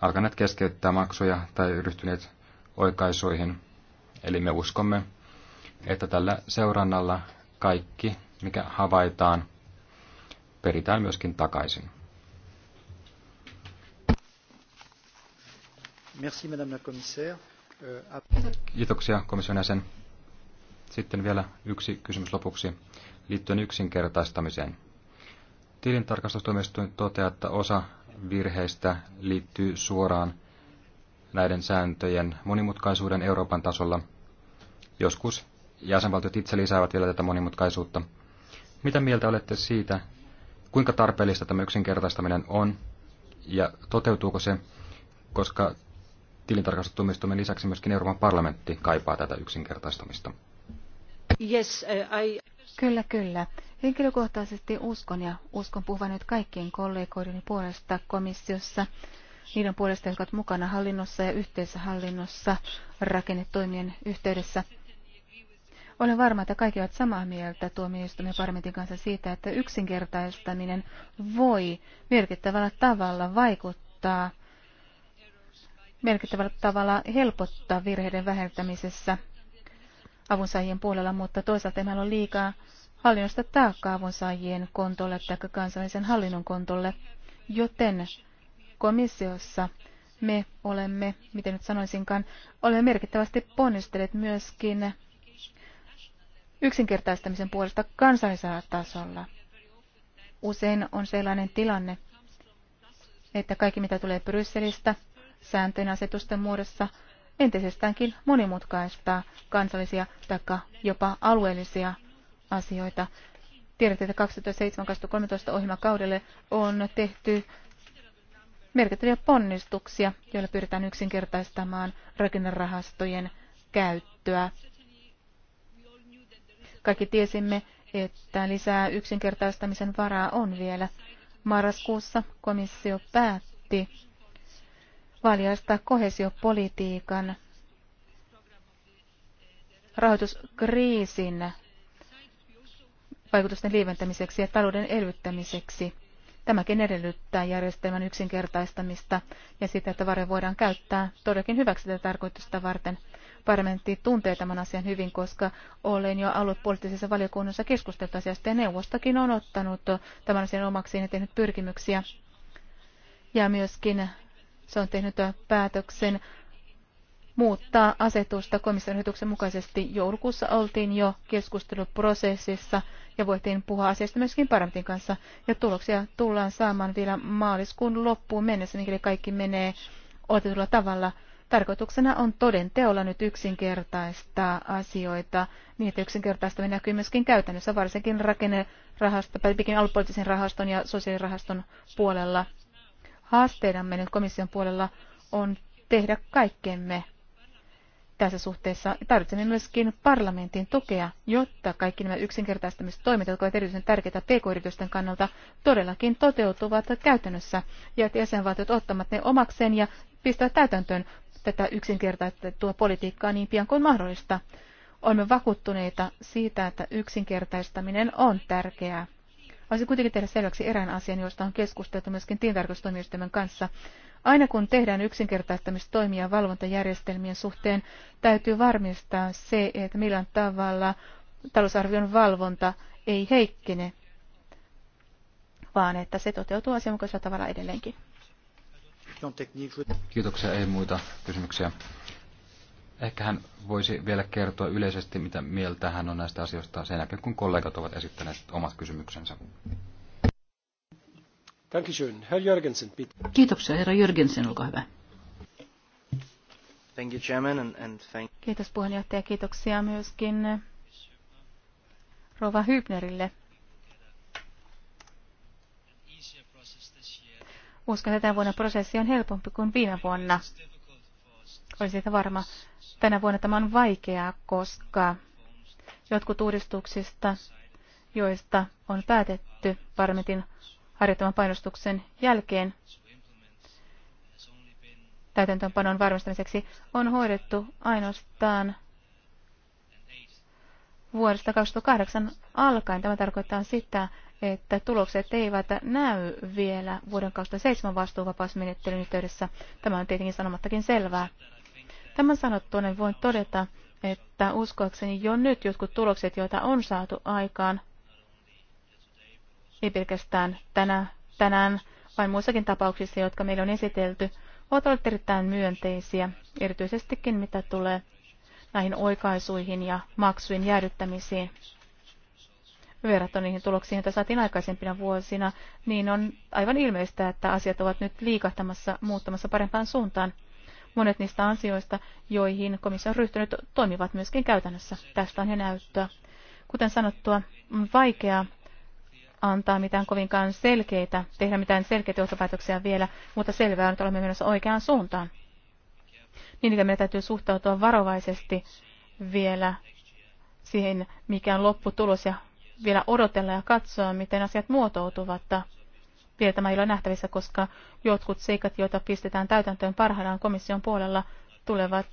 alkaneet keskeyttää maksuja tai ryhtyneet oikaisuihin. Eli me uskomme, että tällä seurannalla kaikki, mikä havaitaan, peritään myöskin takaisin. Merci, madame la commissaire. Euh, Kiitoksia komission jäsen. Sitten vielä yksi kysymys lopuksi liittyen yksinkertaistamiseen. Tilintarkastustoimistoin toteaa, että osa virheistä liittyy suoraan näiden sääntöjen monimutkaisuuden Euroopan tasolla. Joskus jäsenvaltiot itse lisäävät vielä tätä monimutkaisuutta. Mitä mieltä olette siitä, kuinka tarpeellista tämä yksinkertaistaminen on ja toteutuuko se, koska tilintarkastustuomioistuimen lisäksi myöskin Euroopan parlamentti kaipaa tätä yksinkertaistamista? Yes, uh, I... Kyllä, kyllä. Henkilökohtaisesti uskon ja uskon puhuvan nyt kaikkien kollegoiden puolesta komissiossa, niiden puolesta, jotka ovat mukana hallinnossa ja hallinnossa rakennetoimien yhteydessä – olen varma, että kaikki ovat samaa mieltä tuomioistuimen parlamentin kanssa siitä, että yksinkertaistaminen voi merkittävällä tavalla vaikuttaa, merkittävällä tavalla helpottaa virheiden vähentämisessä avunsaajien puolella, mutta toisaalta ei meillä ole liikaa hallinnosta taakkaa avunsaajien kontolle tai kansallisen hallinnon kontolle, joten komissiossa me olemme, miten nyt sanoisinkaan, olemme merkittävästi ponnistelleet myöskin yksinkertaistamisen puolesta kansallisella tasolla. Usein on sellainen tilanne, että kaikki mitä tulee Brysselistä sääntöjen asetusten muodossa entisestäänkin monimutkaistaa kansallisia tai jopa alueellisia asioita. Tiedätte, että 2007-2013 ohjelmakaudelle on tehty merkittäviä ponnistuksia, joilla pyritään yksinkertaistamaan rakennerahastojen käyttöä kaikki tiesimme, että lisää yksinkertaistamisen varaa on vielä. Marraskuussa komissio päätti valjastaa kohesiopolitiikan rahoituskriisin vaikutusten lieventämiseksi ja talouden elvyttämiseksi. Tämäkin edellyttää järjestelmän yksinkertaistamista ja sitä, että varoja voidaan käyttää todellakin hyväksi tätä tarkoitusta varten – Parlamentti tuntee tämän asian hyvin, koska olen jo aluepoliittisessa valiokunnassa keskustellut asiasta ja neuvostokin on ottanut tämän asian omakseen ja tehnyt pyrkimyksiä. Ja myöskin se on tehnyt päätöksen muuttaa asetusta komission ehdotuksen mukaisesti. Joulukuussa oltiin jo keskusteluprosessissa ja voitiin puhua asiasta myöskin parlamentin kanssa. Ja tuloksia tullaan saamaan vielä maaliskuun loppuun mennessä, mikäli kaikki menee otetulla tavalla. Tarkoituksena on toden teolla nyt yksinkertaistaa asioita, niin että yksinkertaistaminen näkyy myöskin käytännössä, varsinkin rakennerahasto, pikin alupoliittisen rahaston ja sosiaalirahaston puolella. Haasteenamme nyt komission puolella on tehdä kaikkemme tässä suhteessa. Tarvitsemme myöskin parlamentin tukea, jotta kaikki nämä yksinkertaistamistoimet, jotka ovat erityisen tärkeitä pk-yritysten kannalta, todellakin toteutuvat käytännössä ja että jäsenvaltiot ottamat ne omakseen ja pistävät täytäntöön tätä yksinkertaistettua politiikkaa niin pian kuin mahdollista. Olemme vakuuttuneita siitä, että yksinkertaistaminen on tärkeää. Haluaisin kuitenkin tehdä selväksi erään asian, josta on keskusteltu myöskin tilintarkastustoimijoistamme kanssa. Aina kun tehdään yksinkertaistamistoimia valvontajärjestelmien suhteen, täytyy varmistaa se, että millään tavalla talousarvion valvonta ei heikkene, vaan että se toteutuu asianmukaisella tavalla edelleenkin. Kiitoksia, ei muita kysymyksiä. Ehkä hän voisi vielä kertoa yleisesti, mitä mieltä hän on näistä asioista sen jälkeen, kun kollegat ovat esittäneet omat kysymyksensä. Kiitoksia, herra Jörgensen, olkaa hyvä. Thank you, Chairman, and, and thank... Kiitos puheenjohtaja, kiitoksia myöskin Rova Hybnerille Uskon, että tämän vuonna prosessi on helpompi kuin viime vuonna. Olisi siitä varma. Tänä vuonna tämä on vaikeaa, koska jotkut uudistuksista, joista on päätetty parlamentin harjoittaman painostuksen jälkeen täytäntöönpanon varmistamiseksi, on hoidettu ainoastaan vuodesta 2008 alkaen. Tämä tarkoittaa sitä, että tulokset eivät näy vielä vuoden 2007 vastuuvapausmenettelyn yhteydessä. Tämä on tietenkin sanomattakin selvää. Tämän sanottuinen voin todeta, että uskoakseni jo nyt jotkut tulokset, joita on saatu aikaan, ei pelkästään tänä, tänään, vaan muissakin tapauksissa, jotka meillä on esitelty, ovat olleet erittäin myönteisiä, erityisestikin mitä tulee näihin oikaisuihin ja maksujen jäädyttämisiin verrattuna niihin tuloksiin, joita saatiin aikaisempina vuosina, niin on aivan ilmeistä, että asiat ovat nyt liikahtamassa muuttamassa parempaan suuntaan. Monet niistä ansioista, joihin komissio on ryhtynyt, toimivat myöskin käytännössä. Tästä on jo näyttöä. Kuten sanottua, on vaikeaa antaa mitään kovinkaan selkeitä, tehdä mitään selkeitä johtopäätöksiä vielä, mutta selvää on, että olemme menossa oikeaan suuntaan. Niin meidän täytyy suhtautua varovaisesti vielä siihen, mikä on lopputulos ja vielä odotella ja katsoa, miten asiat muotoutuvat. Vielä tämä ei ole nähtävissä, koska jotkut seikat, joita pistetään täytäntöön parhaillaan komission puolella, tulevat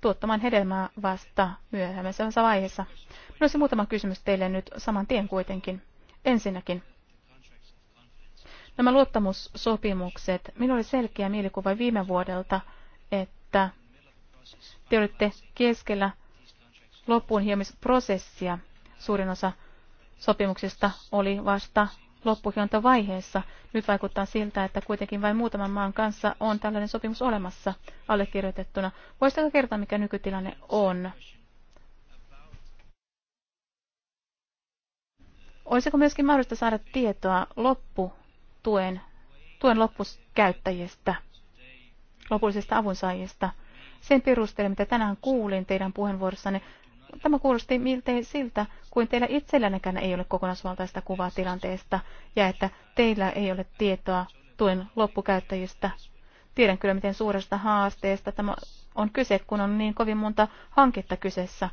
tuottamaan hedelmää vasta myöhemmässä vaiheessa. Minulla olisi muutama kysymys teille nyt saman tien kuitenkin. Ensinnäkin, nämä luottamussopimukset. Minulla oli selkeä mielikuva viime vuodelta, että te olette keskellä loppuun hiemisprosessia. Suurin osa sopimuksista oli vasta loppuhiontavaiheessa. Nyt vaikuttaa siltä, että kuitenkin vain muutaman maan kanssa on tällainen sopimus olemassa allekirjoitettuna. Voisitko kertoa, mikä nykytilanne on? Olisiko myöskin mahdollista saada tietoa lopputuen tuen loppukäyttäjistä? lopullisista avunsaajista. Sen perusteella, mitä tänään kuulin teidän puheenvuorossanne, tämä kuulosti miltei siltä, kuin teillä itsellänäkään ei ole kokonaisvaltaista kuvaa tilanteesta ja että teillä ei ole tietoa tuen loppukäyttäjistä. Tiedän kyllä, miten suuresta haasteesta tämä on kyse, kun on niin kovin monta hanketta kyseessä.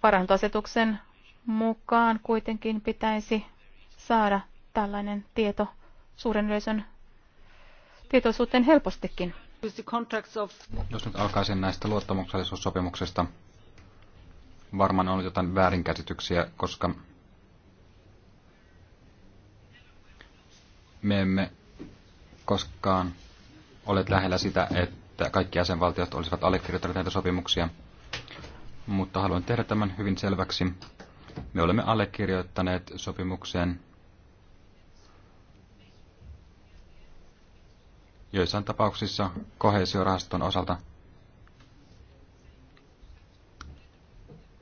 Parantoasetuksen mukaan kuitenkin pitäisi saada tällainen tieto suuren yleisön tietoisuuteen helpostikin. Jos nyt alkaisin näistä luottamuksellisuussopimuksista, varmaan on jotain väärinkäsityksiä, koska me emme koskaan ole lähellä sitä, että kaikki jäsenvaltiot olisivat allekirjoittaneet näitä sopimuksia. Mutta haluan tehdä tämän hyvin selväksi. Me olemme allekirjoittaneet sopimuksen joissain tapauksissa kohesiorahaston osalta.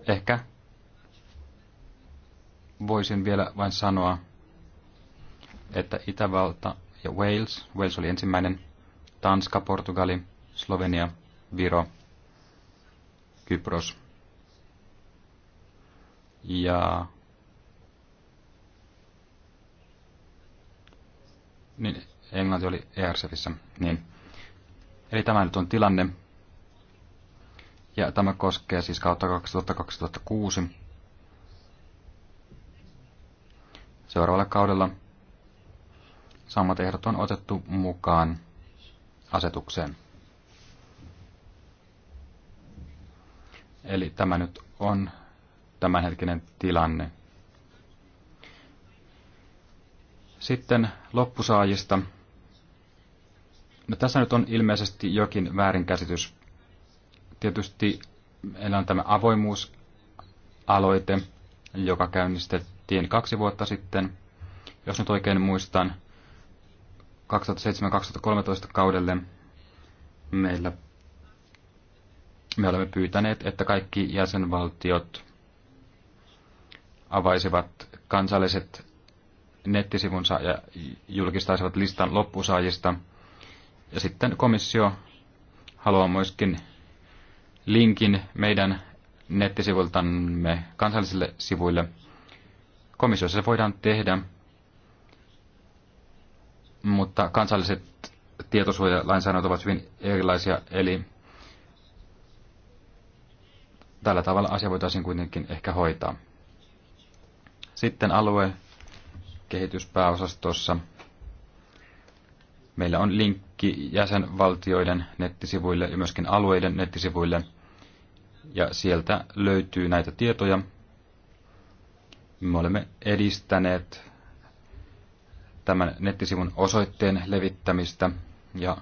Ehkä voisin vielä vain sanoa, että Itävalta ja Wales, Wales oli ensimmäinen, Tanska, Portugali, Slovenia, Viro, Kypros ja niin Englanti oli ERCFissä. Niin. Eli tämä nyt on tilanne. Ja tämä koskee siis kautta 2000-2006. Seuraavalla kaudella samat ehdot on otettu mukaan asetukseen. Eli tämä nyt on tämänhetkinen tilanne. Sitten loppusaajista. No, tässä nyt on ilmeisesti jokin väärinkäsitys. Tietysti meillä on tämä avoimuusaloite, joka käynnistettiin kaksi vuotta sitten. Jos nyt oikein muistan, 2007-2013 kaudelle meillä me olemme pyytäneet, että kaikki jäsenvaltiot avaisivat kansalliset nettisivunsa ja julkistaisivat listan loppusaajista – ja sitten komissio haluaa myöskin linkin meidän nettisivuiltamme kansallisille sivuille. Komissiossa se voidaan tehdä, mutta kansalliset tietosuojalainsäädännöt ovat hyvin erilaisia, eli tällä tavalla asia voitaisiin kuitenkin ehkä hoitaa. Sitten alue kehityspääosastossa meillä on linkki kaikki jäsenvaltioiden nettisivuille ja myöskin alueiden nettisivuille. Ja sieltä löytyy näitä tietoja. Me olemme edistäneet tämän nettisivun osoitteen levittämistä ja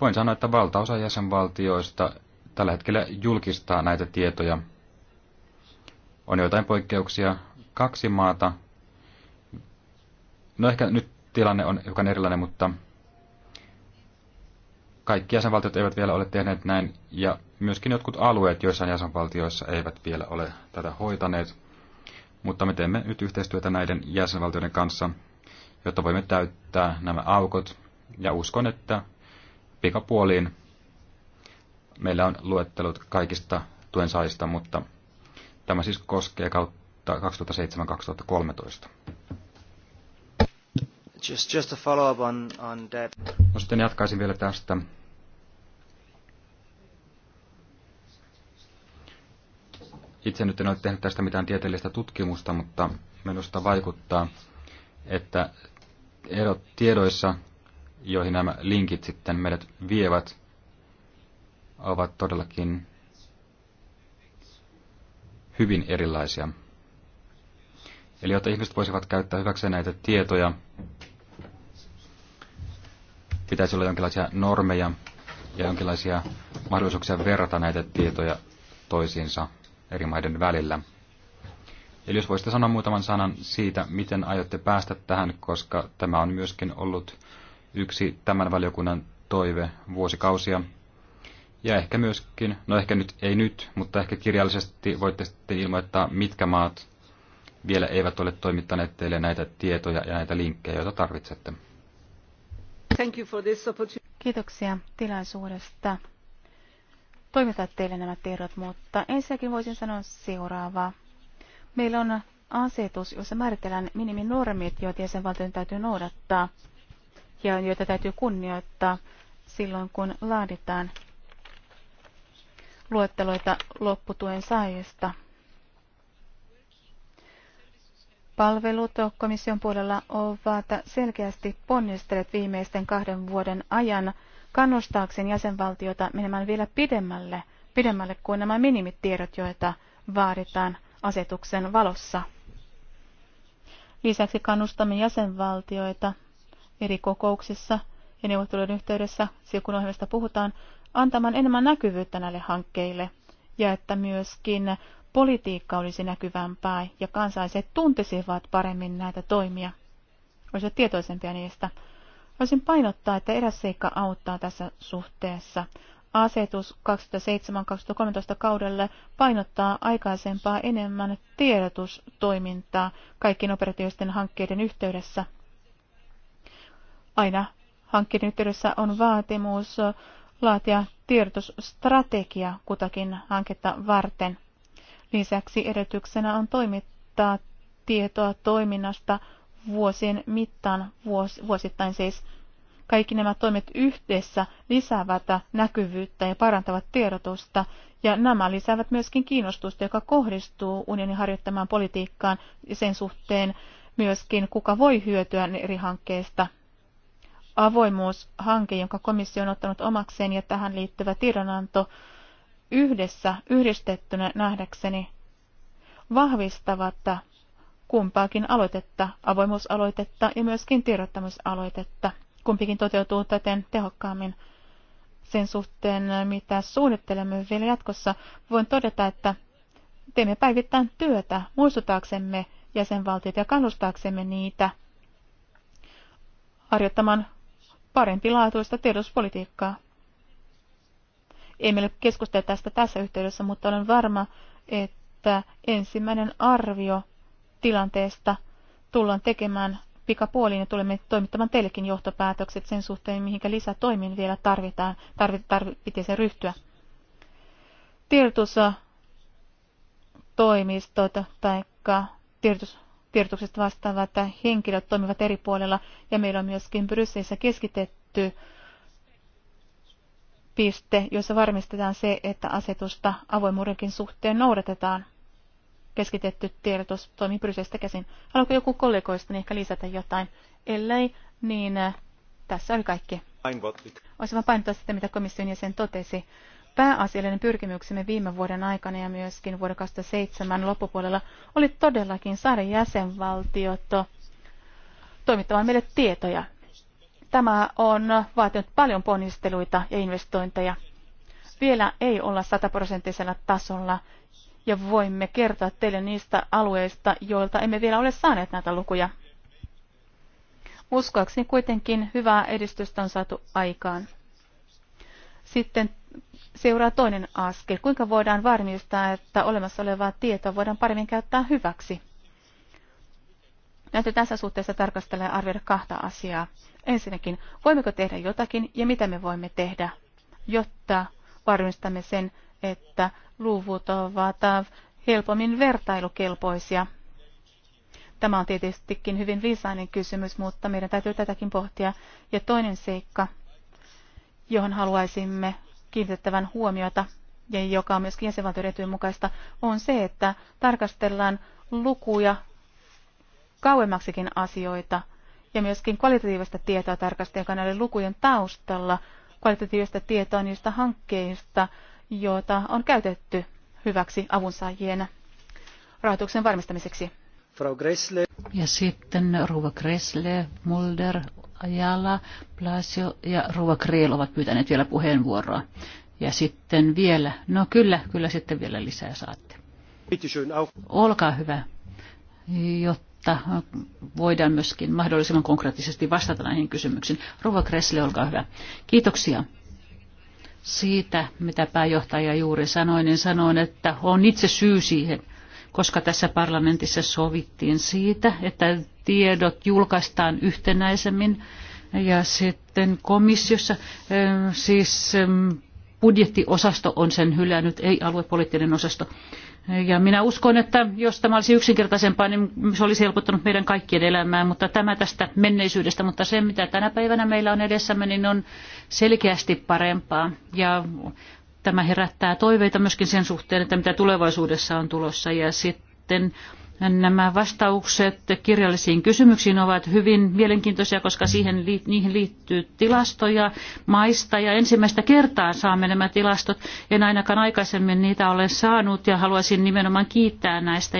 voin sanoa, että valtaosa jäsenvaltioista tällä hetkellä julkistaa näitä tietoja. On joitain poikkeuksia. Kaksi maata. No ehkä nyt tilanne on hiukan erilainen, mutta kaikki jäsenvaltiot eivät vielä ole tehneet näin, ja myöskin jotkut alueet joissain jäsenvaltioissa eivät vielä ole tätä hoitaneet. Mutta me teemme nyt yhteistyötä näiden jäsenvaltioiden kanssa, jotta voimme täyttää nämä aukot, ja uskon, että pikapuoliin meillä on luettelut kaikista tuen saajista, mutta tämä siis koskee kautta 2007-2013. Just, just a follow-up on, on that. No sitten jatkaisin vielä tästä. Itse nyt en ole tehnyt tästä mitään tieteellistä tutkimusta, mutta minusta vaikuttaa, että erot tiedoissa, joihin nämä linkit sitten meidät vievät, ovat todellakin hyvin erilaisia. Eli jotta ihmiset voisivat käyttää hyväkseen näitä tietoja, pitäisi olla jonkinlaisia normeja ja jonkinlaisia mahdollisuuksia verrata näitä tietoja toisiinsa eri maiden välillä. Eli jos voisitte sanoa muutaman sanan siitä, miten aiotte päästä tähän, koska tämä on myöskin ollut yksi tämän valiokunnan toive vuosikausia. Ja ehkä myöskin, no ehkä nyt ei nyt, mutta ehkä kirjallisesti voitte sitten ilmoittaa, mitkä maat vielä eivät ole toimittaneet teille näitä tietoja ja näitä linkkejä, joita tarvitsette. Kiitoksia tilaisuudesta toimittaa teille nämä tiedot, mutta ensinnäkin voisin sanoa seuraavaa. Meillä on asetus, jossa määritellään miniminormit, joita jäsenvaltion täytyy noudattaa ja joita täytyy kunnioittaa silloin, kun laaditaan luetteloita lopputuen saajista. Palvelut komission puolella ovat selkeästi ponnistelleet viimeisten kahden vuoden ajan kannustaakseen jäsenvaltiota menemään vielä pidemmälle, pidemmälle kuin nämä minimitiedot, joita vaaditaan asetuksen valossa. Lisäksi kannustamme jäsenvaltioita eri kokouksissa ja neuvottelujen yhteydessä, kun ohjelmasta puhutaan, antamaan enemmän näkyvyyttä näille hankkeille ja että myöskin politiikka olisi näkyvämpää ja kansalaiset tuntisivat paremmin näitä toimia, olisivat tietoisempia niistä. Voisin painottaa, että eräs seikka auttaa tässä suhteessa. Asetus 2007-2013 kaudelle painottaa aikaisempaa enemmän tiedotustoimintaa kaikkien operatiivisten hankkeiden yhteydessä. Aina hankkeiden yhteydessä on vaatimus laatia tiedotusstrategia kutakin hanketta varten. Lisäksi edellytyksenä on toimittaa tietoa toiminnasta vuosien mittaan, vuos, vuosittain siis. Kaikki nämä toimet yhdessä lisäävät näkyvyyttä ja parantavat tiedotusta, ja nämä lisäävät myöskin kiinnostusta, joka kohdistuu unionin harjoittamaan politiikkaan ja sen suhteen myöskin, kuka voi hyötyä eri hankkeista. Avoimuushanke, jonka komissio on ottanut omakseen ja tähän liittyvä tiedonanto, yhdessä yhdistettynä nähdäkseni vahvistavat kumpaakin aloitetta, avoimuusaloitetta ja myöskin tiedottamisaloitetta. Kumpikin toteutuu täten tehokkaammin sen suhteen, mitä suunnittelemme vielä jatkossa. Voin todeta, että teemme päivittäin työtä muistutaaksemme jäsenvaltiot ja kannustaaksemme niitä harjoittamaan parempilaatuista tiedotuspolitiikkaa. Ei meillä keskustella tästä tässä yhteydessä, mutta olen varma, että ensimmäinen arvio tilanteesta tullaan tekemään pikapuoliin ja tulemme toimittamaan teillekin johtopäätökset sen suhteen, mihinkä lisätoimiin vielä tarvitaan, tarvit, tarvit, se ryhtyä. Tiedotustoimistot tai tiedotus, tiedotuksesta vastaavat henkilöt toimivat eri puolella ja meillä on myöskin Brysselissä keskitetty piste, jossa varmistetaan se, että asetusta avoimuudenkin suhteen noudatetaan. Keskitetty tiedotus toimii Brysestä käsin. Haluatko joku kollegoista ehkä lisätä jotain? Ellei, niin äh, tässä oli kaikki. Olisin vain painottaa sitä, mitä komission jäsen totesi. Pääasiallinen pyrkimyksemme viime vuoden aikana ja myöskin vuoden 2007 loppupuolella oli todellakin saada jäsenvaltiot toimittamaan meille tietoja Tämä on vaatinut paljon ponnisteluita ja investointeja. Vielä ei olla sataprosenttisella tasolla ja voimme kertoa teille niistä alueista, joilta emme vielä ole saaneet näitä lukuja. Uskoakseni kuitenkin hyvää edistystä on saatu aikaan. Sitten seuraa toinen askel. Kuinka voidaan varmistaa, että olemassa olevaa tietoa voidaan paremmin käyttää hyväksi? Näitä tässä suhteessa tarkastella ja arvioida kahta asiaa. Ensinnäkin, voimmeko tehdä jotakin ja mitä me voimme tehdä, jotta varmistamme sen, että luvut ovat helpommin vertailukelpoisia. Tämä on tietystikin hyvin viisainen kysymys, mutta meidän täytyy tätäkin pohtia. Ja toinen seikka, johon haluaisimme kiinnitettävän huomiota, ja joka on myöskin jäsenvaltioiden mukaista, on se, että tarkastellaan lukuja kauemmaksikin asioita ja myöskin kvalitatiivista tietoa tarkasti, joka näiden lukujen taustalla, kvalitatiivista tietoa niistä hankkeista, joita on käytetty hyväksi avunsaajien rahoituksen varmistamiseksi. Frau Gressle. Ja sitten Ruva Gressle, Mulder, Ajala, Plasio ja Ruva Kreel ovat pyytäneet vielä puheenvuoroa. Ja sitten vielä, no kyllä, kyllä sitten vielä lisää saatte. Olkaa hyvä, jotta jotta voidaan myöskin mahdollisimman konkreettisesti vastata näihin kysymyksiin. Rova Kressle, olkaa hyvä. Kiitoksia siitä, mitä pääjohtaja juuri sanoi, niin sanoin, että on itse syy siihen, koska tässä parlamentissa sovittiin siitä, että tiedot julkaistaan yhtenäisemmin ja sitten komissiossa, siis budjettiosasto on sen hylännyt, ei aluepoliittinen osasto. Ja minä uskon, että jos tämä olisi yksinkertaisempaa, niin se olisi helpottanut meidän kaikkien elämää, mutta tämä tästä menneisyydestä. Mutta se, mitä tänä päivänä meillä on edessämme, niin on selkeästi parempaa. Ja tämä herättää toiveita myöskin sen suhteen, että mitä tulevaisuudessa on tulossa. Ja sitten Nämä vastaukset kirjallisiin kysymyksiin ovat hyvin mielenkiintoisia, koska siihen, niihin liittyy tilastoja maista ja ensimmäistä kertaa saamme nämä tilastot. En ainakaan aikaisemmin niitä ole saanut ja haluaisin nimenomaan kiittää näistä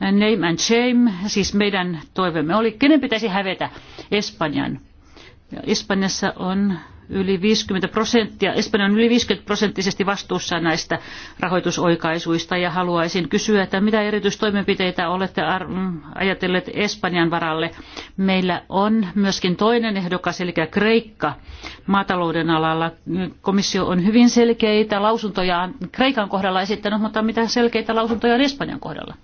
name and shame, siis meidän toivemme oli, kenen pitäisi hävetä Espanjan. Espanjassa on yli 50 prosenttia, Espanja on yli 50 prosenttisesti vastuussa näistä rahoitusoikaisuista ja haluaisin kysyä, että mitä erityistoimenpiteitä olette ar- mm, ajatelleet Espanjan varalle. Meillä on myöskin toinen ehdokas, eli Kreikka maatalouden alalla. Komissio on hyvin selkeitä lausuntoja Kreikan kohdalla esittänyt, mutta mitä selkeitä lausuntoja on Espanjan kohdalla?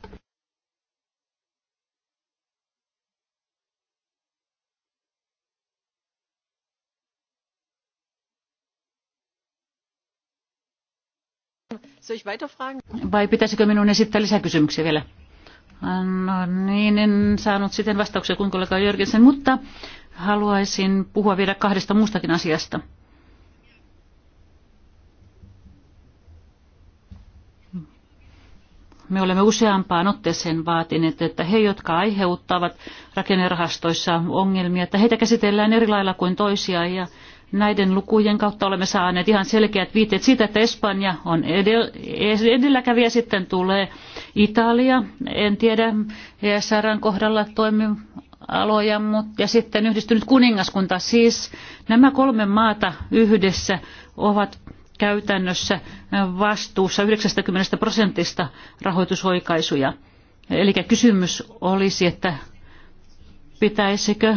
Vai pitäisikö minun esittää lisäkysymyksiä vielä? Ah, no niin, en saanut sitten vastauksia kuin kollega Jörgensen, mutta haluaisin puhua vielä kahdesta muustakin asiasta. Me olemme useampaan otteeseen vaatineet, että he, jotka aiheuttavat rakennerahastoissa ongelmia, että heitä käsitellään eri lailla kuin toisia ja Näiden lukujen kautta olemme saaneet ihan selkeät viitteet siitä, että Espanja on edelläkävijä, sitten tulee Italia, en tiedä ESRn kohdalla aloja, mutta ja sitten yhdistynyt kuningaskunta. Siis nämä kolme maata yhdessä ovat käytännössä vastuussa 90 prosentista rahoitusoikaisuja. Eli kysymys olisi, että pitäisikö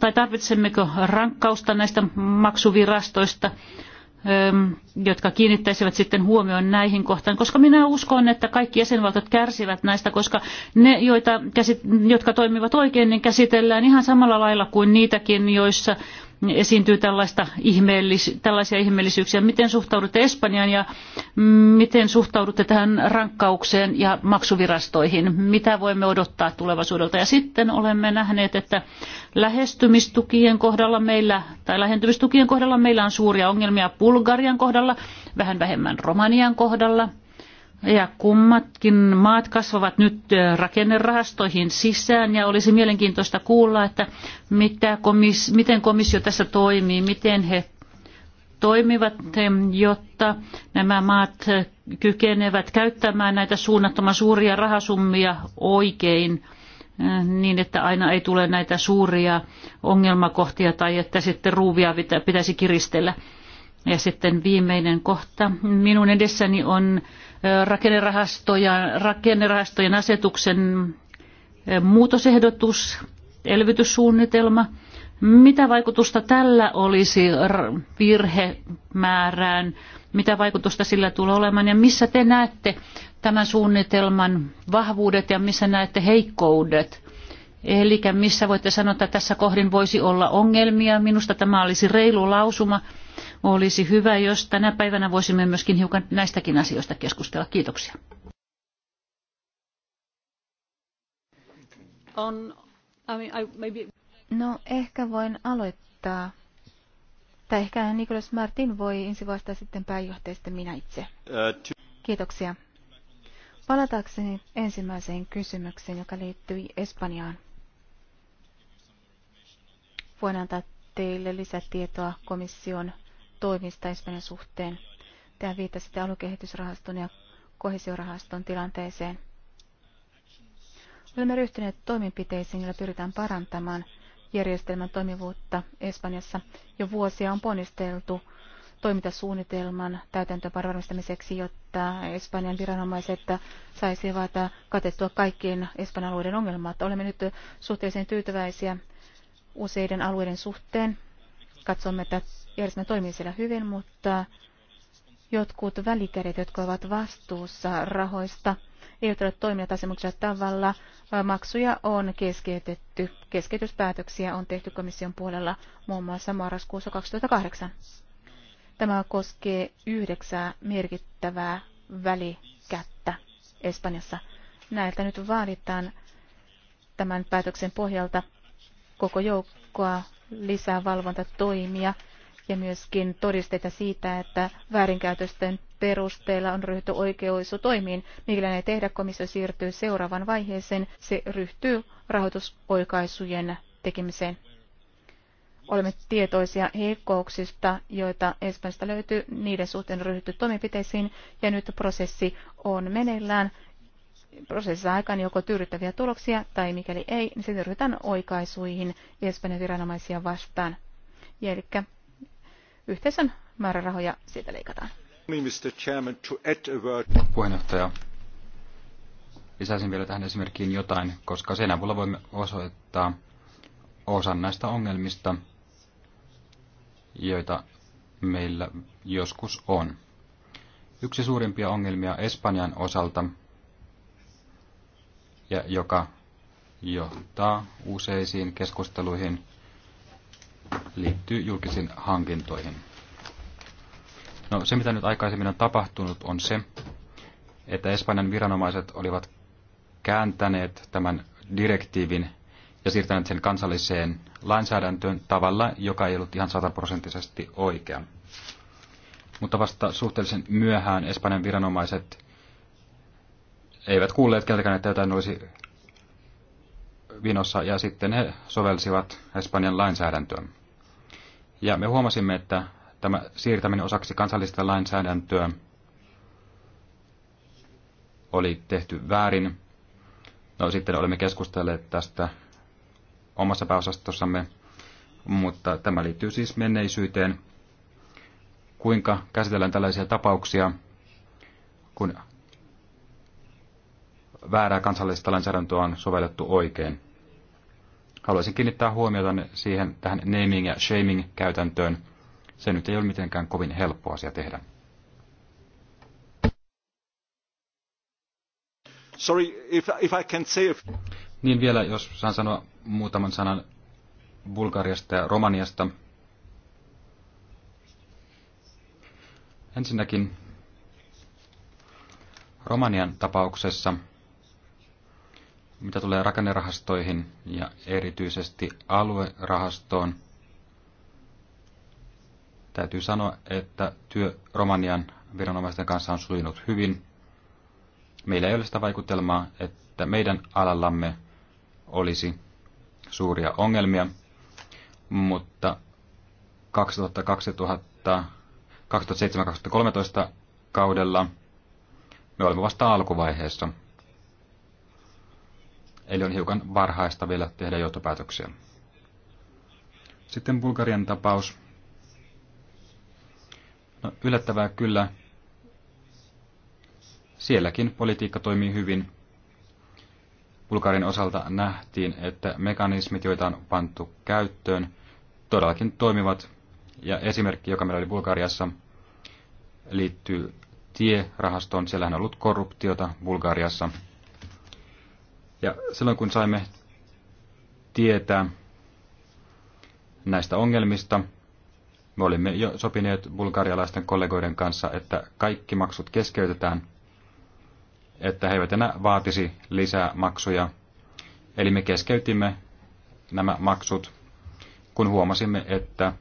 tai tarvitsemmeko rankkausta näistä maksuvirastoista, jotka kiinnittäisivät sitten huomioon näihin kohtaan, koska minä uskon, että kaikki jäsenvaltiot kärsivät näistä, koska ne, joita, jotka toimivat oikein, niin käsitellään ihan samalla lailla kuin niitäkin, joissa esiintyy tällaista ihmeellis- tällaisia ihmeellisyyksiä. Miten suhtaudutte Espanjaan ja miten suhtaudutte tähän rankkaukseen ja maksuvirastoihin? Mitä voimme odottaa tulevaisuudelta? Ja sitten olemme nähneet, että lähestymistukien kohdalla meillä, tai lähentymistukien kohdalla meillä on suuria ongelmia Bulgarian kohdalla, vähän vähemmän Romanian kohdalla – ja kummatkin maat kasvavat nyt rakennerahastoihin sisään ja olisi mielenkiintoista kuulla, että mitä komis, miten komissio tässä toimii, miten he toimivat, jotta nämä maat kykenevät käyttämään näitä suunnattoman suuria rahasummia oikein niin, että aina ei tule näitä suuria ongelmakohtia tai että sitten ruuvia pitäisi kiristellä. Ja sitten viimeinen kohta. Minun edessäni on rakennerahastojen, rakennerahastojen asetuksen muutosehdotus, elvytyssuunnitelma. Mitä vaikutusta tällä olisi virhemäärään? Mitä vaikutusta sillä tulee olemaan? Ja missä te näette tämän suunnitelman vahvuudet ja missä näette heikkoudet? Eli missä voitte sanoa, että tässä kohdin voisi olla ongelmia. Minusta tämä olisi reilu lausuma. Olisi hyvä, jos tänä päivänä voisimme myöskin hiukan näistäkin asioista keskustella. Kiitoksia. On, I mean, I, maybe... No ehkä voin aloittaa. Tai ehkä Nikolas Martin voi ensi vastata sitten pääjohtajista minä itse. Kiitoksia. Palatakseni ensimmäiseen kysymykseen, joka liittyi Espanjaan. Voin antaa teille lisätietoa komission toimista Espanjan suhteen. Tämä viittasi aluekehitysrahaston ja kohesiorahaston tilanteeseen. Olemme ryhtyneet toimenpiteisiin, joilla pyritään parantamaan järjestelmän toimivuutta Espanjassa. Jo vuosia on ponnisteltu toimintasuunnitelman täytäntöönpanon varmistamiseksi, jotta Espanjan viranomaiset saisivat katettua kaikkien Espanjan alueiden ongelmat. Olemme nyt suhteellisen tyytyväisiä useiden alueiden suhteen. Katsomme, että järjestelmä toimii siellä hyvin, mutta jotkut välikädet, jotka ovat vastuussa rahoista, eivät ole toimineet asemuksella tavalla. Maksuja on keskeytetty. Keskeytyspäätöksiä on tehty komission puolella muun muassa marraskuussa 2008. Tämä koskee yhdeksää merkittävää välikättä Espanjassa. Näiltä nyt vaaditaan tämän päätöksen pohjalta koko joukkoa lisää valvontatoimia ja myöskin todisteita siitä, että väärinkäytösten perusteella on ryhty oikeusutoimiin. Mikäli ei tehdä, komissio siirtyy seuraavan vaiheeseen. Se ryhtyy rahoitusoikaisujen tekemiseen. Olemme tietoisia heikkouksista, joita Espanjasta löytyy. Niiden suhteen ryhdytty toimenpiteisiin ja nyt prosessi on meneillään. Prosessissa aikaan joko tyydyttäviä tuloksia tai mikäli ei, niin sitten ryhdytään oikaisuihin Espanjan viranomaisia vastaan. Ja eli yhteisön määrärahoja siitä leikataan. Puheenjohtaja, lisäsin vielä tähän esimerkkiin jotain, koska sen avulla voimme osoittaa osan näistä ongelmista, joita meillä joskus on. Yksi suurimpia ongelmia Espanjan osalta, ja joka johtaa useisiin keskusteluihin liittyy julkisiin hankintoihin. No se, mitä nyt aikaisemmin on tapahtunut, on se, että Espanjan viranomaiset olivat kääntäneet tämän direktiivin ja siirtäneet sen kansalliseen lainsäädäntöön tavalla, joka ei ollut ihan sataprosenttisesti oikea. Mutta vasta suhteellisen myöhään Espanjan viranomaiset eivät kuulleet keltäkään, että jotain olisi vinossa, ja sitten he sovelsivat Espanjan lainsäädäntöön. Ja me huomasimme, että tämä siirtäminen osaksi kansallista lainsäädäntöä oli tehty väärin. No sitten olemme keskustelleet tästä omassa pääosastossamme, mutta tämä liittyy siis menneisyyteen. Kuinka käsitellään tällaisia tapauksia, kun väärää kansallista lainsäädäntöä on sovellettu oikein? Haluaisin kiinnittää huomiota siihen tähän naming ja shaming käytäntöön. Se nyt ei ole mitenkään kovin helppo asia tehdä. Sorry, if, if I can say... If... Niin vielä, jos saan sanoa muutaman sanan Bulgariasta ja Romaniasta. Ensinnäkin Romanian tapauksessa – mitä tulee rakennerahastoihin ja erityisesti aluerahastoon, täytyy sanoa, että työ Romanian viranomaisten kanssa on sujunut hyvin. Meillä ei ole sitä vaikutelmaa, että meidän alallamme olisi suuria ongelmia, mutta 2007 2013 kaudella me olemme vasta alkuvaiheessa – Eli on hiukan varhaista vielä tehdä johtopäätöksiä. Sitten Bulgarian tapaus. No, yllättävää kyllä. Sielläkin politiikka toimii hyvin. Bulgarin osalta nähtiin, että mekanismit, joita on pantu käyttöön, todellakin toimivat. Ja esimerkki, joka meillä oli Bulgariassa, liittyy tierahastoon. Siellähän on ollut korruptiota Bulgariassa. Ja silloin kun saimme tietää näistä ongelmista, me olimme jo sopineet bulgarialaisten kollegoiden kanssa, että kaikki maksut keskeytetään, että he eivät enää vaatisi lisää maksuja. Eli me keskeytimme nämä maksut, kun huomasimme, että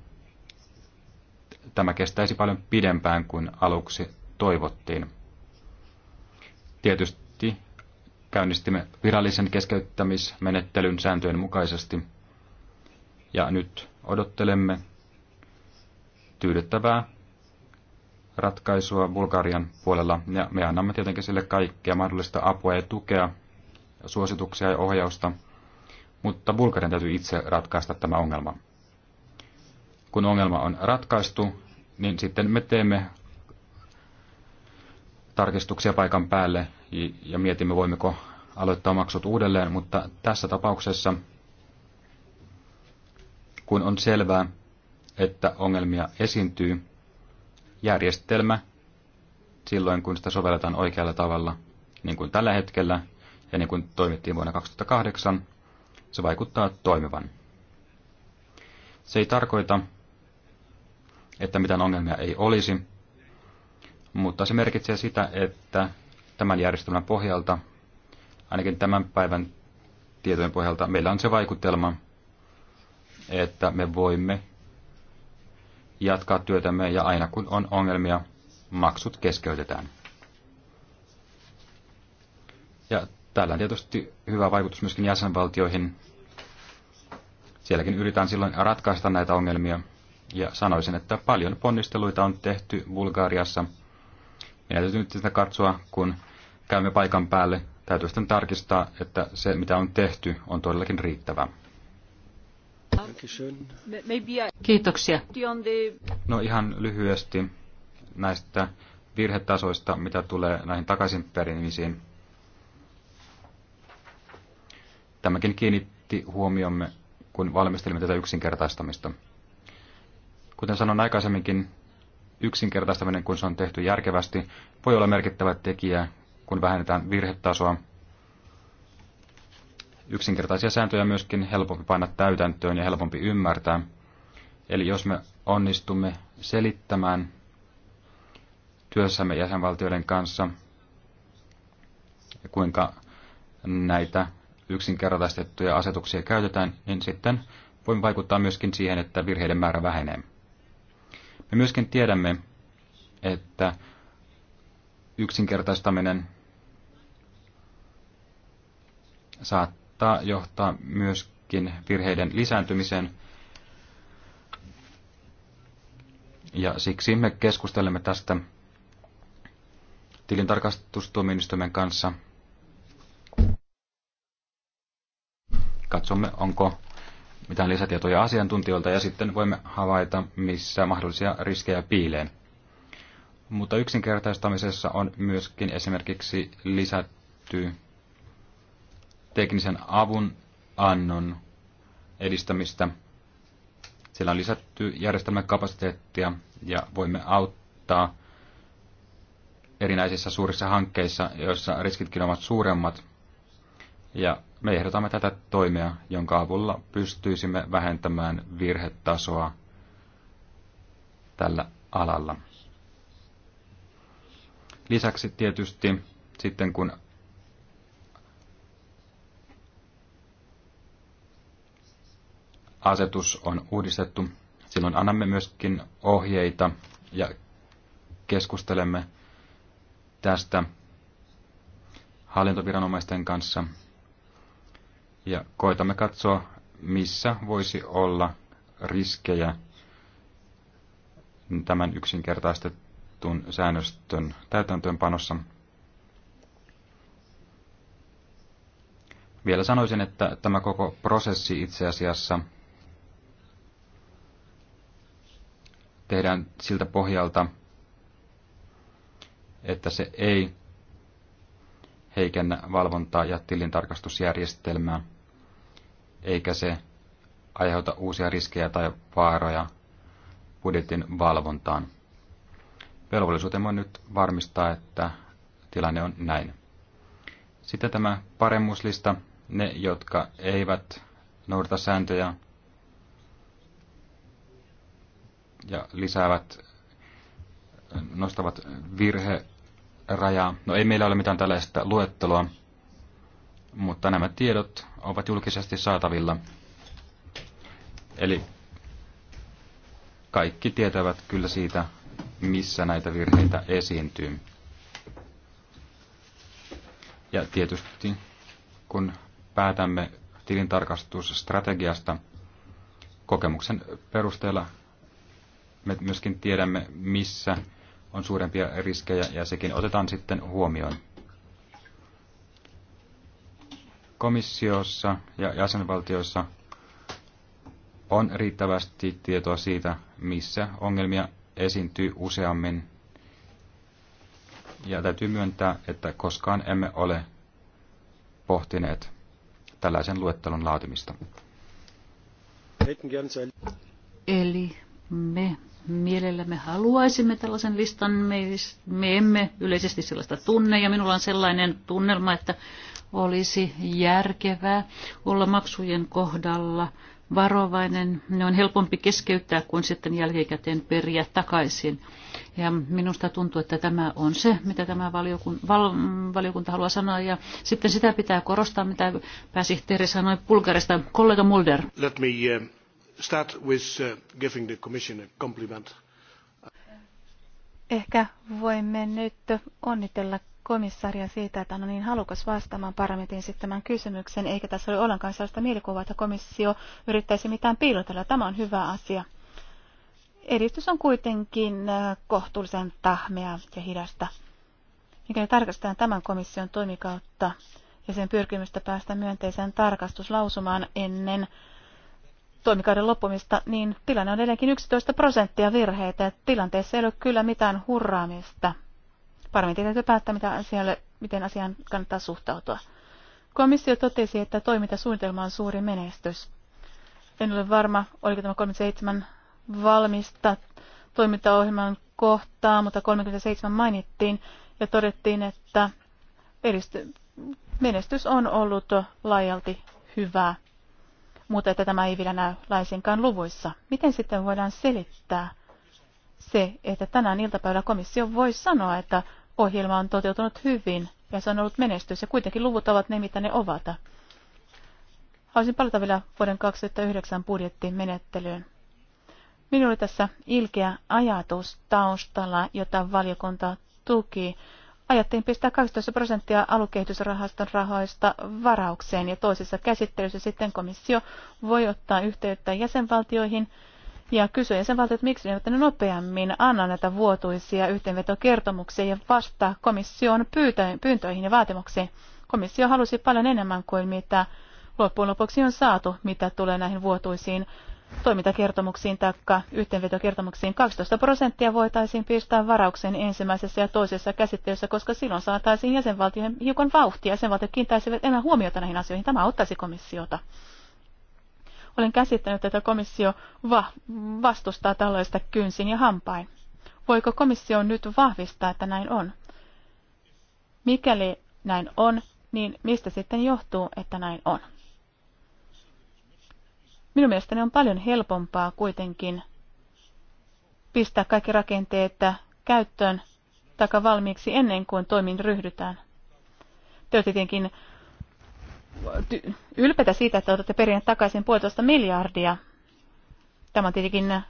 tämä kestäisi paljon pidempään kuin aluksi toivottiin. Tietysti käynnistimme virallisen keskeyttämismenettelyn sääntöjen mukaisesti. Ja nyt odottelemme tyydyttävää ratkaisua Bulgarian puolella. Ja me annamme tietenkin sille kaikkea mahdollista apua ja tukea, suosituksia ja ohjausta. Mutta Bulgarian täytyy itse ratkaista tämä ongelma. Kun ongelma on ratkaistu, niin sitten me teemme tarkistuksia paikan päälle ja mietimme, voimmeko aloittaa maksut uudelleen, mutta tässä tapauksessa, kun on selvää, että ongelmia esiintyy, järjestelmä silloin, kun sitä sovelletaan oikealla tavalla, niin kuin tällä hetkellä ja niin kuin toimittiin vuonna 2008, se vaikuttaa toimivan. Se ei tarkoita, että mitään ongelmia ei olisi, mutta se merkitsee sitä, että tämän järjestelmän pohjalta, ainakin tämän päivän tietojen pohjalta, meillä on se vaikutelma, että me voimme jatkaa työtämme ja aina kun on ongelmia, maksut keskeytetään. Ja tällä on tietysti hyvä vaikutus myöskin jäsenvaltioihin. Sielläkin yritetään silloin ratkaista näitä ongelmia. Ja sanoisin, että paljon ponnisteluita on tehty Bulgariassa – minä täytyy nyt sitä katsoa, kun käymme paikan päälle. Täytyy sitten tarkistaa, että se mitä on tehty on todellakin riittävä. Kiitoksia. No ihan lyhyesti näistä virhetasoista, mitä tulee näihin takaisinperimisiin. Tämäkin kiinnitti huomiomme, kun valmistelimme tätä yksinkertaistamista. Kuten sanoin aikaisemminkin, yksinkertaistaminen, kun se on tehty järkevästi, voi olla merkittävä tekijä, kun vähennetään virhetasoa. Yksinkertaisia sääntöjä on myöskin helpompi panna täytäntöön ja helpompi ymmärtää. Eli jos me onnistumme selittämään työssämme jäsenvaltioiden kanssa, kuinka näitä yksinkertaistettuja asetuksia käytetään, niin sitten voimme vaikuttaa myöskin siihen, että virheiden määrä vähenee. Me myöskin tiedämme, että yksinkertaistaminen saattaa johtaa myöskin virheiden lisääntymiseen. Ja siksi me keskustelemme tästä tilintarkastustuomioistuimen kanssa. Katsomme, onko mitään lisätietoja asiantuntijoilta ja sitten voimme havaita, missä mahdollisia riskejä piileen. Mutta yksinkertaistamisessa on myöskin esimerkiksi lisätty teknisen avun annon edistämistä. Siellä on lisätty järjestelmän kapasiteettia ja voimme auttaa erinäisissä suurissa hankkeissa, joissa riskitkin ovat suuremmat – ja me ehdotamme tätä toimea, jonka avulla pystyisimme vähentämään virhetasoa tällä alalla. Lisäksi tietysti sitten kun asetus on uudistettu, silloin annamme myöskin ohjeita ja keskustelemme tästä hallintoviranomaisten kanssa ja koitamme katsoa, missä voisi olla riskejä tämän yksinkertaistetun säännöstön täytäntöönpanossa. Vielä sanoisin, että tämä koko prosessi itse asiassa tehdään siltä pohjalta, että se ei heikennä valvontaa ja tilintarkastusjärjestelmää eikä se aiheuta uusia riskejä tai vaaroja budjetin valvontaan. Velvollisuutemme on nyt varmistaa, että tilanne on näin. Sitten tämä paremmuuslista, ne jotka eivät noudata sääntöjä ja lisäävät, nostavat virherajaa. No ei meillä ole mitään tällaista luettelua, mutta nämä tiedot ovat julkisesti saatavilla. Eli kaikki tietävät kyllä siitä, missä näitä virheitä esiintyy. Ja tietysti kun päätämme tilintarkastusstrategiasta, kokemuksen perusteella me myöskin tiedämme, missä on suurempia riskejä ja sekin otetaan sitten huomioon. komissiossa ja jäsenvaltioissa on riittävästi tietoa siitä, missä ongelmia esiintyy useammin. Ja täytyy myöntää, että koskaan emme ole pohtineet tällaisen luettelon laatimista. Eli me mielellämme haluaisimme tällaisen listan. Me, me emme yleisesti sellaista tunne ja minulla on sellainen tunnelma, että olisi järkevää olla maksujen kohdalla varovainen. Ne on helpompi keskeyttää kuin sitten jälkikäteen periä takaisin. Ja minusta tuntuu, että tämä on se, mitä tämä valiokunta, val, valiokunta haluaa sanoa. Ja sitten sitä pitää korostaa, mitä pääsihteeri sanoi Bulgarista. Kollega Mulder. Let me, uh start with uh, giving the Commission a compliment. Ehkä voimme nyt onnitella komissaria siitä, että hän on niin halukas vastaamaan parlamentin esittämään kysymykseen, eikä tässä ole ollenkaan sellaista mielikuvaa, että komissio yrittäisi mitään piilotella. Tämä on hyvä asia. Edistys on kuitenkin äh, kohtuullisen tahmea ja hidasta. Mikäli tarkastetaan tämän komission toimikautta ja sen pyrkimystä päästä myönteiseen tarkastuslausumaan ennen toimikauden loppumista, niin tilanne on edelleenkin 11 prosenttia virheitä. Tilanteessa ei ole kyllä mitään hurraamista. Paremmin täytyy päättää, mitä asialle, miten asiaan kannattaa suhtautua. Komissio totesi, että toimintasuunnitelma on suuri menestys. En ole varma, oliko tämä 37 valmista toimintaohjelman kohtaa, mutta 37 mainittiin ja todettiin, että edisty- menestys on ollut laajalti hyvää mutta että tämä ei vielä näy laisinkaan luvuissa. Miten sitten voidaan selittää se, että tänään iltapäivällä komissio voi sanoa, että ohjelma on toteutunut hyvin ja se on ollut menestys ja kuitenkin luvut ovat ne, mitä ne ovat. Haluaisin palata vielä vuoden 2009 budjettimenettelyyn. Minulla oli tässä ilkeä ajatus taustalla, jota valiokunta tuki Ajattelin pistää 12 prosenttia alukehitysrahaston rahoista varaukseen ja toisessa käsittelyssä sitten komissio voi ottaa yhteyttä jäsenvaltioihin ja kysyä jäsenvaltiot, miksi ne eivät nopeammin anna näitä vuotuisia yhteenvetokertomuksia ja vastaa komission pyyntöihin ja vaatimuksiin. Komissio halusi paljon enemmän kuin mitä loppujen lopuksi on saatu, mitä tulee näihin vuotuisiin toimintakertomuksiin takka yhteenvetokertomuksiin 12 prosenttia voitaisiin pistää varaukseen ensimmäisessä ja toisessa käsittelyssä, koska silloin saataisiin jäsenvaltioiden hiukan vauhtia. Jäsenvaltiot kiinnittäisivät enää huomiota näihin asioihin. Tämä auttaisi komissiota. Olen käsittänyt, että komissio va- vastustaa tällaista kynsin ja hampain. Voiko komissio nyt vahvistaa, että näin on? Mikäli näin on, niin mistä sitten johtuu, että näin on? Minun mielestäni on paljon helpompaa kuitenkin pistää kaikki rakenteet käyttöön taka valmiiksi ennen kuin toimin ryhdytään. Te tietenkin ylpeitä siitä, että otatte perinne takaisin puolitoista miljardia. Tämä on tietenkin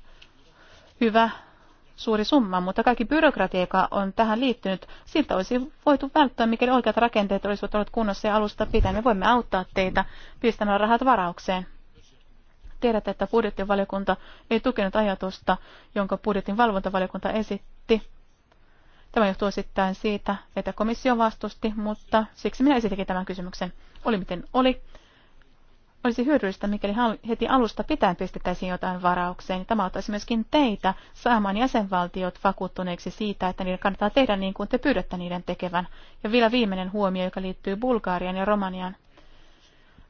hyvä suuri summa, mutta kaikki byrokratia, joka on tähän liittynyt, siltä olisi voitu välttää, mikäli oikeat rakenteet olisivat olleet kunnossa ja alusta pitäen. Me voimme auttaa teitä pistämällä rahat varaukseen. Tiedätte, että budjettivaliokunta ei tukenut ajatusta, jonka budjetin valvontavaliokunta esitti. Tämä johtuu osittain siitä, että komissio vastusti, mutta siksi minä esitinkin tämän kysymyksen. Oli miten oli. Olisi hyödyllistä, mikäli heti alusta pitäen pistettäisiin jotain varaukseen. Tämä ottaisi myöskin teitä saamaan jäsenvaltiot vakuuttuneeksi siitä, että niiden kannattaa tehdä niin kuin te pyydätte niiden tekevän. Ja vielä viimeinen huomio, joka liittyy Bulgaarian ja Romanian.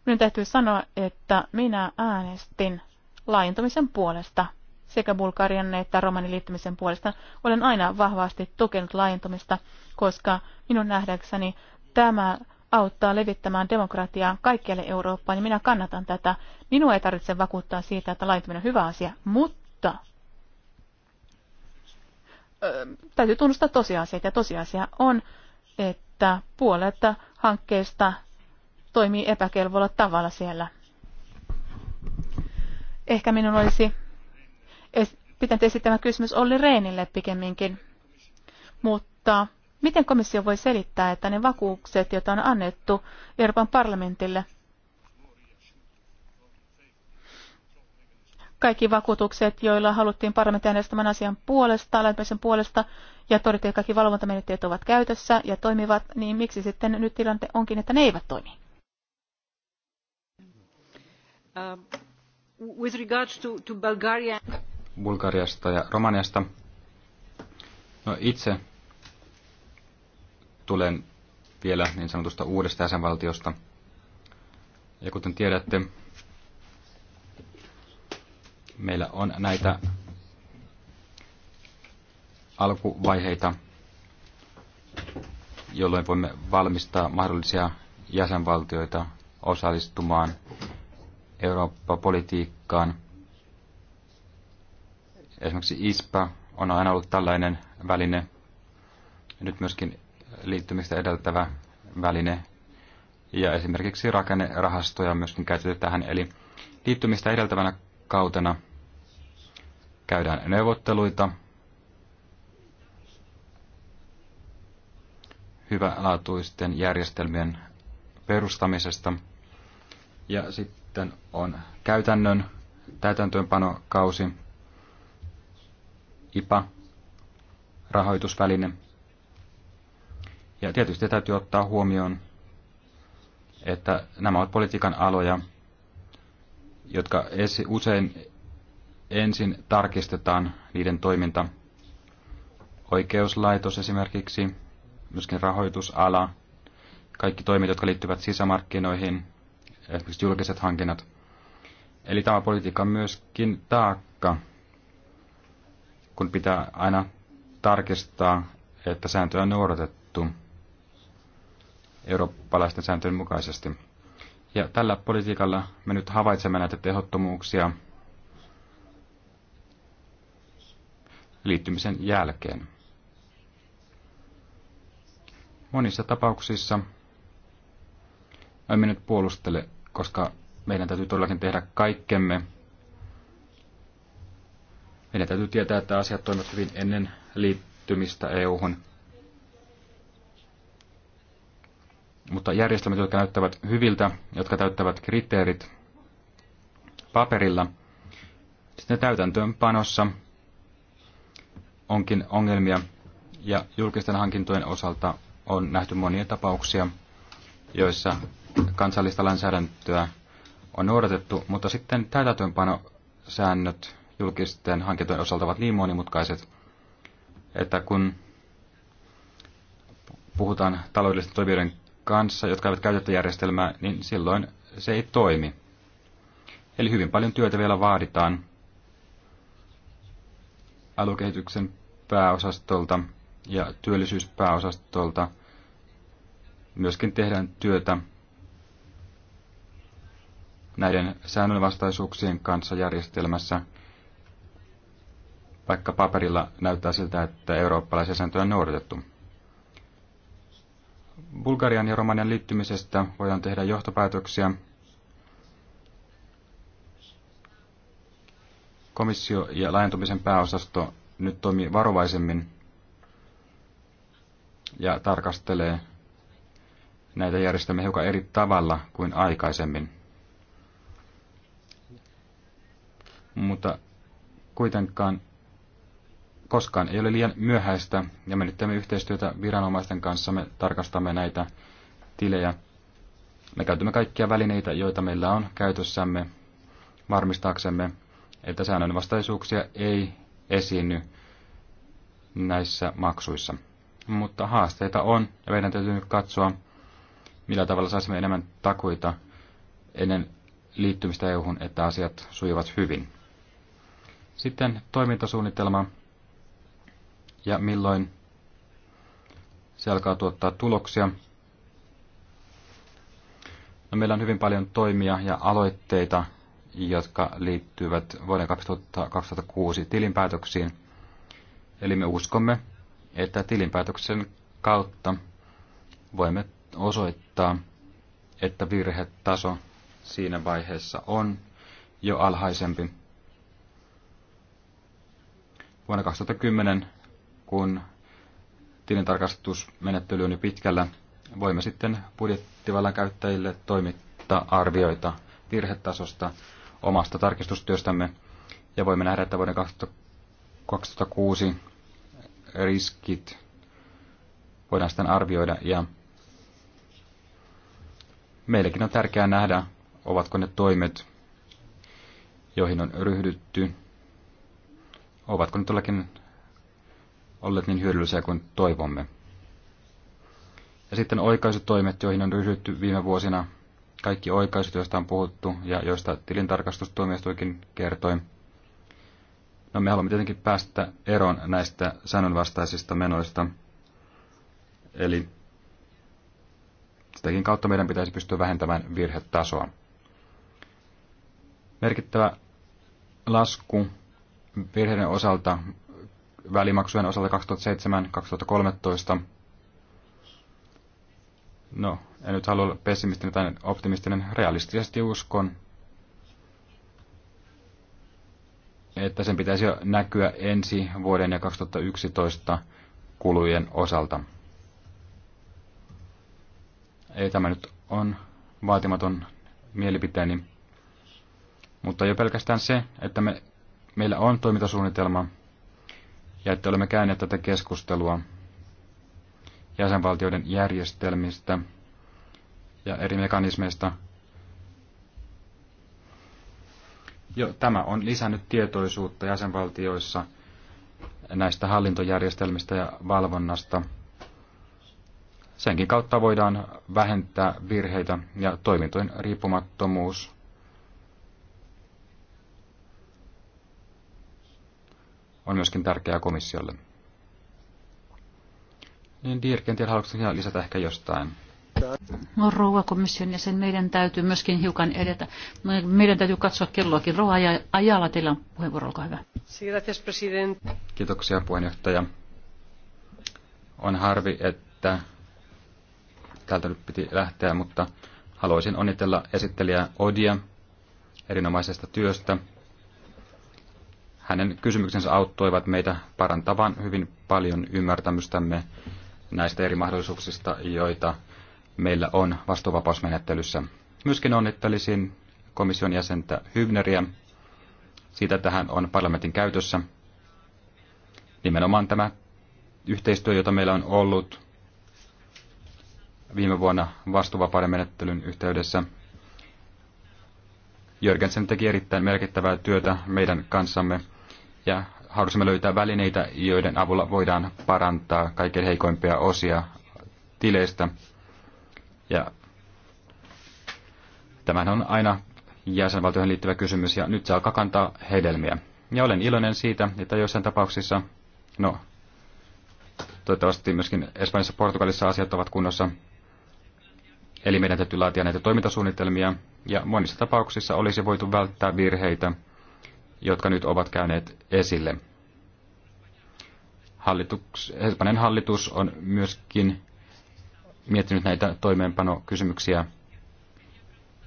Minun täytyy sanoa, että minä äänestin laajentumisen puolesta sekä Bulgarian että Romanin liittymisen puolesta. Olen aina vahvasti tukenut laajentumista, koska minun nähdäkseni tämä auttaa levittämään demokratiaa kaikkialle Eurooppaan, ja minä kannatan tätä. Minua ei tarvitse vakuuttaa siitä, että laajentuminen on hyvä asia, mutta ö, täytyy tunnustaa tosiasiat, Ja tosiasia on, että puolet hankkeista toimii epäkelvolla tavalla siellä. Ehkä minun olisi pitänyt esittää kysymys Olli Reenille pikemminkin, mutta miten komissio voi selittää, että ne vakuukset, joita on annettu Euroopan parlamentille, kaikki vakuutukset, joilla haluttiin parlamentin äänestämän asian puolesta, lämpimisen puolesta, ja todettiin, että kaikki valvontamenettelyt ovat käytössä ja toimivat, niin miksi sitten nyt tilanne onkin, että ne eivät toimi? Uh, with regards to, to Bulgaria... Bulgariasta ja Romaniasta. No itse tulen vielä niin sanotusta uudesta jäsenvaltiosta. Ja kuten tiedätte, meillä on näitä alkuvaiheita, jolloin voimme valmistaa mahdollisia jäsenvaltioita osallistumaan Eurooppa-politiikkaan. Esimerkiksi ISPA on aina ollut tällainen väline, nyt myöskin liittymistä edeltävä väline, ja esimerkiksi rakennerahastoja on myöskin käytetty tähän, eli liittymistä edeltävänä kautena käydään neuvotteluita, hyvälaatuisten järjestelmien perustamisesta – ja sitten on käytännön täytäntöönpanokausi, IPA, rahoitusväline. Ja tietysti täytyy ottaa huomioon, että nämä ovat politiikan aloja, jotka usein ensin tarkistetaan niiden toiminta. Oikeuslaitos esimerkiksi, myöskin rahoitusala, kaikki toimet, jotka liittyvät sisämarkkinoihin, esimerkiksi julkiset hankinnat. Eli tämä politiikka on myöskin taakka, kun pitää aina tarkistaa, että sääntöjä on noudatettu eurooppalaisten sääntöjen mukaisesti. Ja tällä politiikalla me nyt havaitsemme näitä tehottomuuksia liittymisen jälkeen. Monissa tapauksissa emme nyt puolustele koska meidän täytyy todellakin tehdä kaikkemme. Meidän täytyy tietää, että asiat toimivat hyvin ennen liittymistä EU-hun. Mutta järjestelmät, jotka näyttävät hyviltä, jotka täyttävät kriteerit paperilla, sitten täytäntöönpanossa onkin ongelmia ja julkisten hankintojen osalta on nähty monia tapauksia, joissa kansallista lainsäädäntöä on noudatettu, mutta sitten täytäntöönpanosäännöt julkisten hankintojen osalta ovat niin monimutkaiset, että kun puhutaan taloudellisten toimijoiden kanssa, jotka eivät käytetä järjestelmää, niin silloin se ei toimi. Eli hyvin paljon työtä vielä vaaditaan alukehityksen pääosastolta ja työllisyyspääosastolta. Myöskin tehdään työtä näiden säännönvastaisuuksien kanssa järjestelmässä, vaikka paperilla näyttää siltä, että eurooppalaisia sääntöjä on noudatettu. Bulgarian ja Romanian liittymisestä voidaan tehdä johtopäätöksiä. Komissio ja laajentumisen pääosasto nyt toimii varovaisemmin ja tarkastelee näitä järjestelmiä hiukan eri tavalla kuin aikaisemmin. mutta kuitenkaan koskaan ei ole liian myöhäistä ja me nyt teemme yhteistyötä viranomaisten kanssa, me tarkastamme näitä tilejä. Me käytämme kaikkia välineitä, joita meillä on käytössämme varmistaaksemme, että säännönvastaisuuksia ei esiinny näissä maksuissa. Mutta haasteita on ja meidän täytyy nyt katsoa, millä tavalla saisimme enemmän takuita ennen liittymistä EU-hun, että asiat sujuvat hyvin. Sitten toimintasuunnitelma ja milloin se alkaa tuottaa tuloksia. No, meillä on hyvin paljon toimia ja aloitteita, jotka liittyvät vuoden 2006 tilinpäätöksiin. Eli me uskomme, että tilinpäätöksen kautta voimme osoittaa, että virhetaso siinä vaiheessa on jo alhaisempi vuonna 2010, kun tilintarkastusmenettely on jo pitkällä, voimme sitten budjettivallan käyttäjille toimittaa arvioita virhetasosta omasta tarkistustyöstämme ja voimme nähdä, että vuoden 2006 riskit voidaan sitten arvioida ja meillekin on tärkeää nähdä, ovatko ne toimet, joihin on ryhdytty ovatko ne todellakin olleet niin hyödyllisiä kuin toivomme. Ja sitten oikaisutoimet, joihin on ryhdytty viime vuosina, kaikki oikaisut, joista on puhuttu ja joista tilintarkastustuomioistuikin kertoi. No me haluamme tietenkin päästä eroon näistä säännönvastaisista menoista. Eli sitäkin kautta meidän pitäisi pystyä vähentämään virhetasoa. Merkittävä lasku virheiden osalta, välimaksujen osalta 2007-2013. No, en nyt halua olla pessimistinen tai optimistinen. Realistisesti uskon, että sen pitäisi jo näkyä ensi vuoden ja 2011 kulujen osalta. Ei tämä nyt on vaatimaton mielipiteeni, mutta jo pelkästään se, että me meillä on toimintasuunnitelma ja että olemme käyneet tätä keskustelua jäsenvaltioiden järjestelmistä ja eri mekanismeista. Jo, tämä on lisännyt tietoisuutta jäsenvaltioissa näistä hallintojärjestelmistä ja valvonnasta. Senkin kautta voidaan vähentää virheitä ja toimintojen riippumattomuus on myöskin tärkeää komissiolle. Niin Dirk, en tiedä, haluatko lisätä ehkä jostain? No rouva komission sen meidän täytyy myöskin hiukan edetä. Meidän täytyy katsoa kelloakin. Rouva Ajala, teillä on puheenvuoro, olkaa hyvä. Kiitoksia puheenjohtaja. On harvi, että täältä nyt piti lähteä, mutta haluaisin onnitella esittelijää Odia erinomaisesta työstä hänen kysymyksensä auttoivat meitä parantavan hyvin paljon ymmärtämystämme näistä eri mahdollisuuksista, joita meillä on vastuuvapausmenettelyssä. Myöskin onnittelisin komission jäsentä Hyvneriä siitä, että hän on parlamentin käytössä. Nimenomaan tämä yhteistyö, jota meillä on ollut viime vuonna vastuuvapauden menettelyn yhteydessä. Jörgensen teki erittäin merkittävää työtä meidän kanssamme ja halusimme löytää välineitä, joiden avulla voidaan parantaa kaikkein heikoimpia osia tileistä. Ja tämähän on aina jäsenvaltioihin liittyvä kysymys, ja nyt se alkaa kantaa hedelmiä. Ja olen iloinen siitä, että joissain tapauksissa, no toivottavasti myöskin Espanjassa ja Portugalissa asiat ovat kunnossa, eli meidän täytyy laatia näitä toimintasuunnitelmia, ja monissa tapauksissa olisi voitu välttää virheitä, jotka nyt ovat käyneet esille. Hallituks, Espanjan hallitus on myöskin miettinyt näitä toimeenpanokysymyksiä.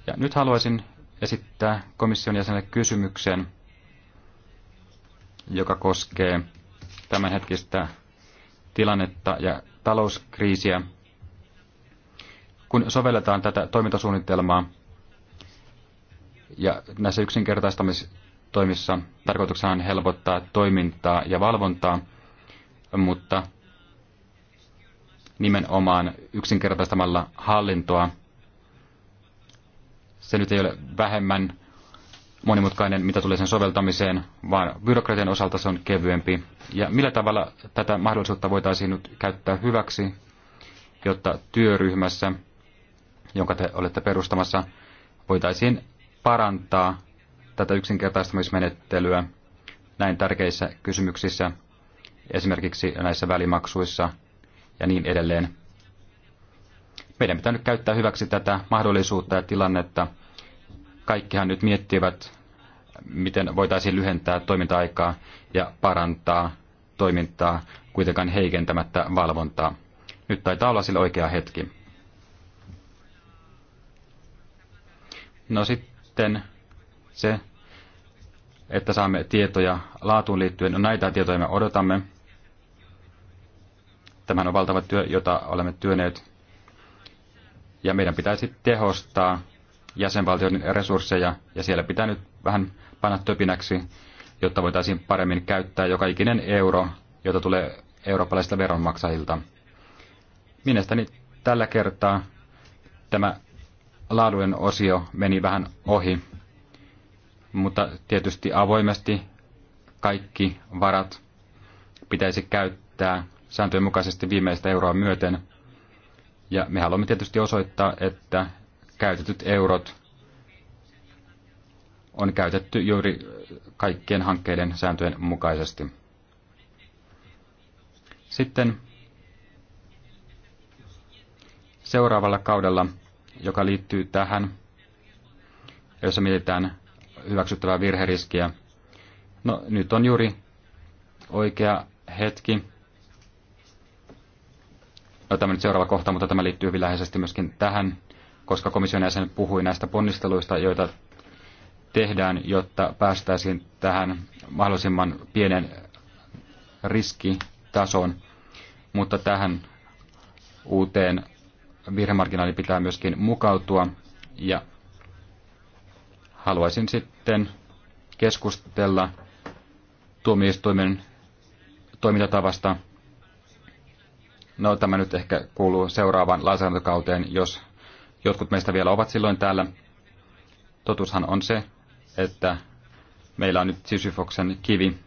Ja nyt haluaisin esittää komission jäsenelle kysymyksen, joka koskee tämänhetkistä tilannetta ja talouskriisiä. Kun sovelletaan tätä toimintasuunnitelmaa ja näissä yksinkertaistamis- toimissa. Tarkoituksena on helpottaa toimintaa ja valvontaa, mutta nimenomaan yksinkertaistamalla hallintoa. Se nyt ei ole vähemmän monimutkainen, mitä tulee sen soveltamiseen, vaan byrokratian osalta se on kevyempi. Ja millä tavalla tätä mahdollisuutta voitaisiin nyt käyttää hyväksi, jotta työryhmässä, jonka te olette perustamassa, voitaisiin parantaa tätä yksinkertaistamismenettelyä näin tärkeissä kysymyksissä, esimerkiksi näissä välimaksuissa ja niin edelleen. Meidän pitää nyt käyttää hyväksi tätä mahdollisuutta ja tilannetta. Kaikkihan nyt miettivät, miten voitaisiin lyhentää toiminta-aikaa ja parantaa toimintaa kuitenkaan heikentämättä valvontaa. Nyt taitaa olla sille oikea hetki. No sitten se, että saamme tietoja laatuun liittyen. No, näitä tietoja me odotamme. Tämä on valtava työ, jota olemme työneet. Ja meidän pitäisi tehostaa jäsenvaltioiden resursseja, ja siellä pitää nyt vähän panna töpinäksi, jotta voitaisiin paremmin käyttää joka ikinen euro, jota tulee eurooppalaisilta veronmaksajilta. Mielestäni tällä kertaa tämä laadullinen osio meni vähän ohi mutta tietysti avoimesti kaikki varat pitäisi käyttää sääntöjen mukaisesti viimeistä euroa myöten. Ja me haluamme tietysti osoittaa, että käytetyt eurot on käytetty juuri kaikkien hankkeiden sääntöjen mukaisesti. Sitten seuraavalla kaudella, joka liittyy tähän, jossa mietitään hyväksyttävää virheriskiä. No nyt on juuri oikea hetki. No, tämä nyt seuraava kohta, mutta tämä liittyy hyvin läheisesti myöskin tähän, koska komission jäsen puhui näistä ponnisteluista, joita tehdään, jotta päästäisiin tähän mahdollisimman pienen riskitason. Mutta tähän uuteen virhemarginaaliin pitää myöskin mukautua ja haluaisin sitten keskustella tuomioistuimen toimintatavasta. No tämä nyt ehkä kuuluu seuraavaan lainsäädäntökauteen, jos jotkut meistä vielä ovat silloin täällä. Totushan on se, että meillä on nyt Sisyfoksen kivi.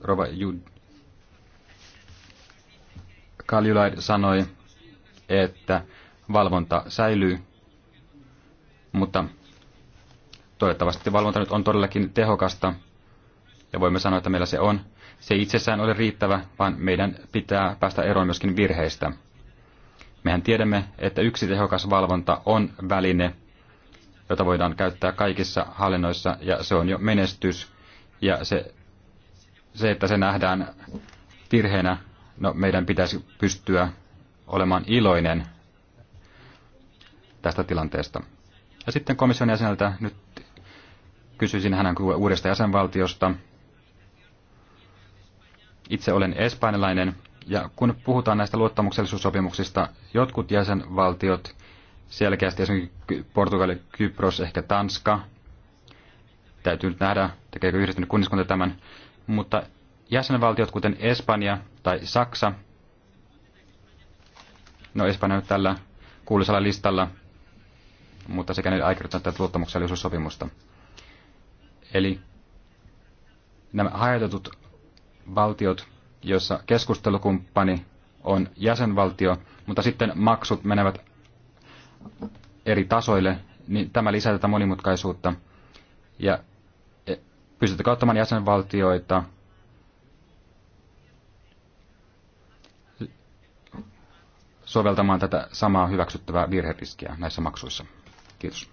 Rova Jud... Kaljulaid sanoi, että valvonta säilyy mutta toivottavasti valvonta nyt on todellakin tehokasta ja voimme sanoa, että meillä se on. Se ei itsessään ole riittävä, vaan meidän pitää päästä eroon myöskin virheistä. Mehän tiedämme, että yksi tehokas valvonta on väline, jota voidaan käyttää kaikissa hallinnoissa, ja se on jo menestys. Ja se, se että se nähdään virheenä, no meidän pitäisi pystyä olemaan iloinen tästä tilanteesta. Ja sitten komission jäseneltä nyt kysyisin hänen uudesta jäsenvaltiosta. Itse olen espanjalainen, ja kun puhutaan näistä luottamuksellisuussopimuksista, jotkut jäsenvaltiot, selkeästi esimerkiksi Portugali, Kypros, ehkä Tanska, täytyy nyt nähdä, tekeekö yhdistynyt kunniskunta tämän, mutta jäsenvaltiot kuten Espanja tai Saksa, no Espanja nyt tällä kuuluisalla listalla, mutta sekä ne aikaisemmin tätä luottamuksellisuussopimusta. Eli nämä hajotetut valtiot, joissa keskustelukumppani on jäsenvaltio, mutta sitten maksut menevät eri tasoille, niin tämä lisää tätä monimutkaisuutta. Ja e, pystytte ottamaan jäsenvaltioita soveltamaan tätä samaa hyväksyttävää virheriskiä näissä maksuissa? Kiitos.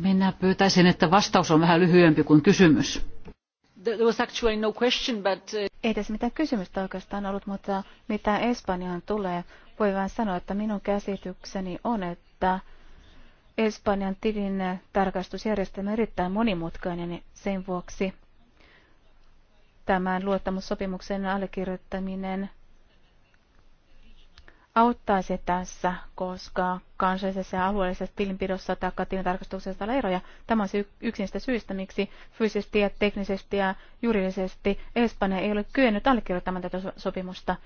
Minä pyytäisin, että vastaus on vähän lyhyempi kuin kysymys. No uh, Ei tässä mitään kysymystä oikeastaan ollut, mutta mitä Espanjaan tulee, voi vain sanoa, että minun käsitykseni on, että Espanjan tilin tarkastusjärjestelmä on erittäin monimutkainen sen vuoksi tämän luottamussopimuksen allekirjoittaminen auttaisi tässä, koska kansallisessa ja alueellisessa tilinpidossa tai tilintarkastuksessa on eroja. Tämä on yksi niistä syistä, miksi fyysisesti ja teknisesti ja juridisesti Espanja ei ole kyennyt allekirjoittamaan tätä sopimusta.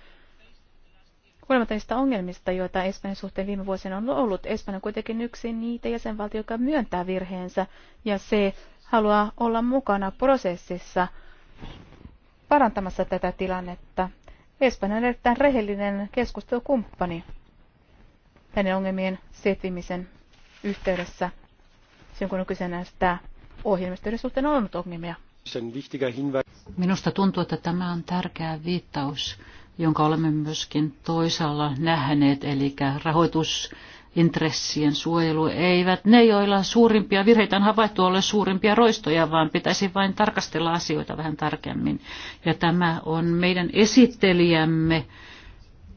Huolimatta niistä ongelmista, joita Espanjan suhteen viime vuosina on ollut, Espanja on kuitenkin yksi niitä jäsenvaltioita, joka myöntää virheensä ja se haluaa olla mukana prosessissa parantamassa tätä tilannetta Espanja on erittäin rehellinen keskustelukumppani hänen ongelmien setvimisen yhteydessä, silloin kun on kyse näistä ohjelmistojen suhteen on ollut ongelmia. Minusta tuntuu, että tämä on tärkeä viittaus, jonka olemme myöskin toisaalla nähneet, eli rahoitus intressien suojelu eivät ne, joilla suurimpia virheitä on havaittu, ole suurimpia roistoja, vaan pitäisi vain tarkastella asioita vähän tarkemmin. Ja tämä on meidän esittelijämme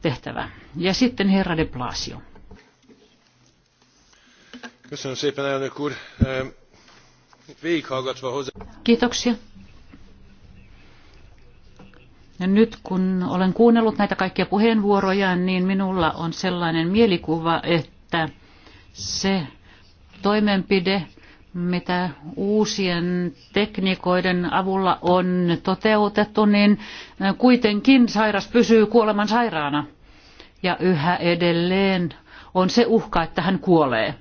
tehtävä. Ja sitten herra de Blasio. Kiitoksia. Ja nyt kun olen kuunnellut näitä kaikkia puheenvuoroja, niin minulla on sellainen mielikuva, että että se toimenpide, mitä uusien tekniikoiden avulla on toteutettu, niin kuitenkin sairas pysyy kuoleman sairaana. Ja yhä edelleen on se uhka, että hän kuolee.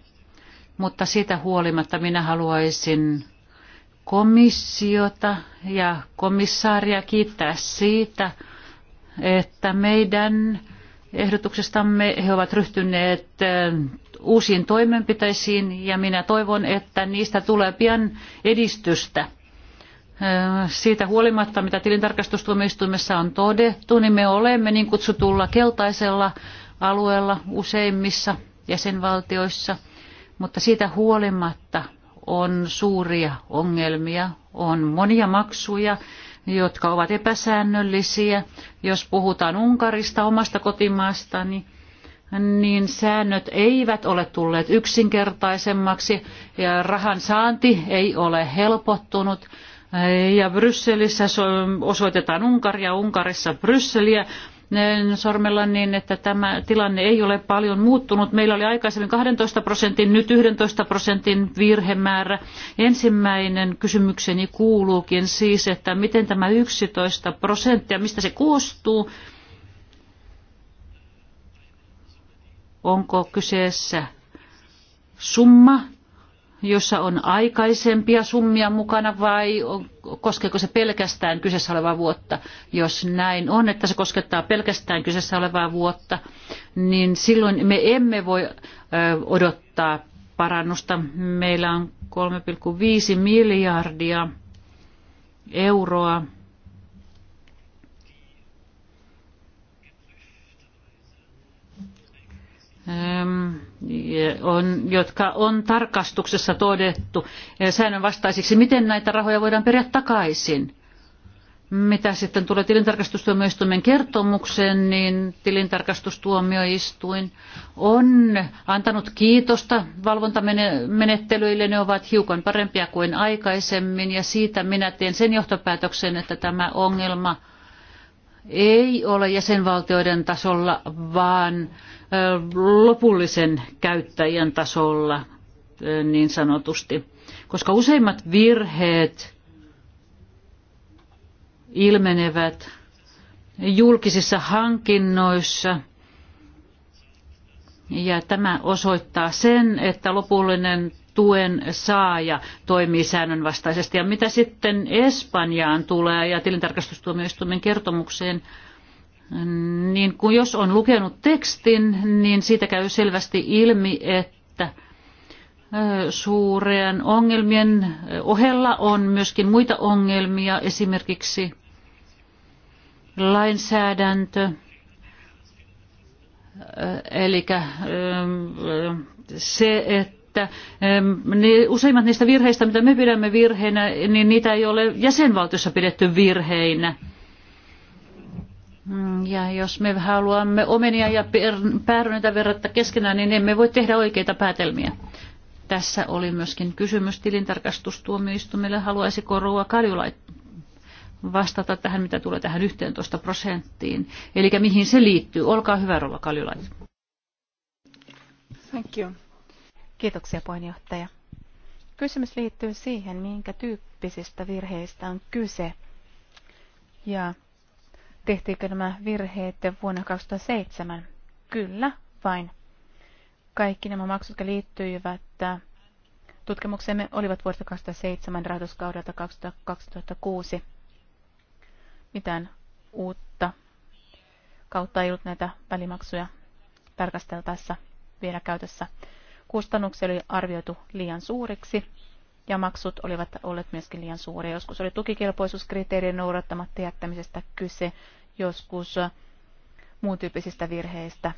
Mutta siitä huolimatta minä haluaisin komissiota ja komissaaria kiittää siitä, että meidän ehdotuksestamme. He ovat ryhtyneet uusiin toimenpiteisiin ja minä toivon, että niistä tulee pian edistystä. Siitä huolimatta, mitä tilintarkastustuomioistuimessa on todettu, niin me olemme niin kutsutulla keltaisella alueella useimmissa jäsenvaltioissa, mutta siitä huolimatta on suuria ongelmia, on monia maksuja, jotka ovat epäsäännöllisiä. Jos puhutaan Unkarista, omasta kotimaastani, niin, niin säännöt eivät ole tulleet yksinkertaisemmaksi ja rahan saanti ei ole helpottunut. Ja Brysselissä osoitetaan Unkaria, Unkarissa Brysseliä, sormella niin, että tämä tilanne ei ole paljon muuttunut. Meillä oli aikaisemmin 12 prosentin, nyt 11 prosentin virhemäärä. Ensimmäinen kysymykseni kuuluukin siis, että miten tämä 11 prosenttia, mistä se koostuu? Onko kyseessä summa jossa on aikaisempia summia mukana vai koskeeko se pelkästään kyseessä olevaa vuotta? Jos näin on, että se koskettaa pelkästään kyseessä olevaa vuotta, niin silloin me emme voi odottaa parannusta. Meillä on 3,5 miljardia euroa Ähm, on, jotka on tarkastuksessa todettu äh, säännönvastaisiksi, miten näitä rahoja voidaan periä takaisin. Mitä sitten tulee tilintarkastustuomioistuimen kertomukseen, niin tilintarkastustuomioistuin on antanut kiitosta valvontamenettelyille. Ne ovat hiukan parempia kuin aikaisemmin ja siitä minä teen sen johtopäätöksen, että tämä ongelma ei ole jäsenvaltioiden tasolla, vaan lopullisen käyttäjän tasolla niin sanotusti, koska useimmat virheet ilmenevät julkisissa hankinnoissa ja tämä osoittaa sen, että lopullinen tuen saaja toimii säännönvastaisesti. Ja mitä sitten Espanjaan tulee ja tilintarkastustuomioistuimen kertomukseen, niin kuin jos on lukenut tekstin, niin siitä käy selvästi ilmi, että suureen ongelmien ohella on myöskin muita ongelmia, esimerkiksi lainsäädäntö, eli se, että että useimmat niistä virheistä, mitä me pidämme virheinä, niin niitä ei ole jäsenvaltiossa pidetty virheinä – Mm, ja jos me haluamme omenia ja päärynäitä verrata keskenään, niin emme voi tehdä oikeita päätelmiä. Tässä oli myöskin kysymys tilintarkastustuomioistumille. Haluaisiko Rouva Karjula vastata tähän, mitä tulee tähän 11 prosenttiin? Eli mihin se liittyy? Olkaa hyvä, Rouva Kaljulait. Thank you. Kiitoksia, puheenjohtaja. Kysymys liittyy siihen, minkä tyyppisistä virheistä on kyse. Ja Tehtiinkö nämä virheet vuonna 2007? Kyllä, vain. Kaikki nämä maksut, jotka liittyivät äh, tutkimuksemme, olivat vuodesta 2007 rahoituskaudelta 2006. Mitään uutta kautta ei ollut näitä välimaksuja tarkasteltaessa vielä käytössä. Kustannuksia oli arvioitu liian suuriksi ja maksut olivat olleet myöskin liian suuria. Joskus oli tukikelpoisuuskriteerien noudattamatta jättämisestä kyse, joskus muun tyyppisistä virheistä.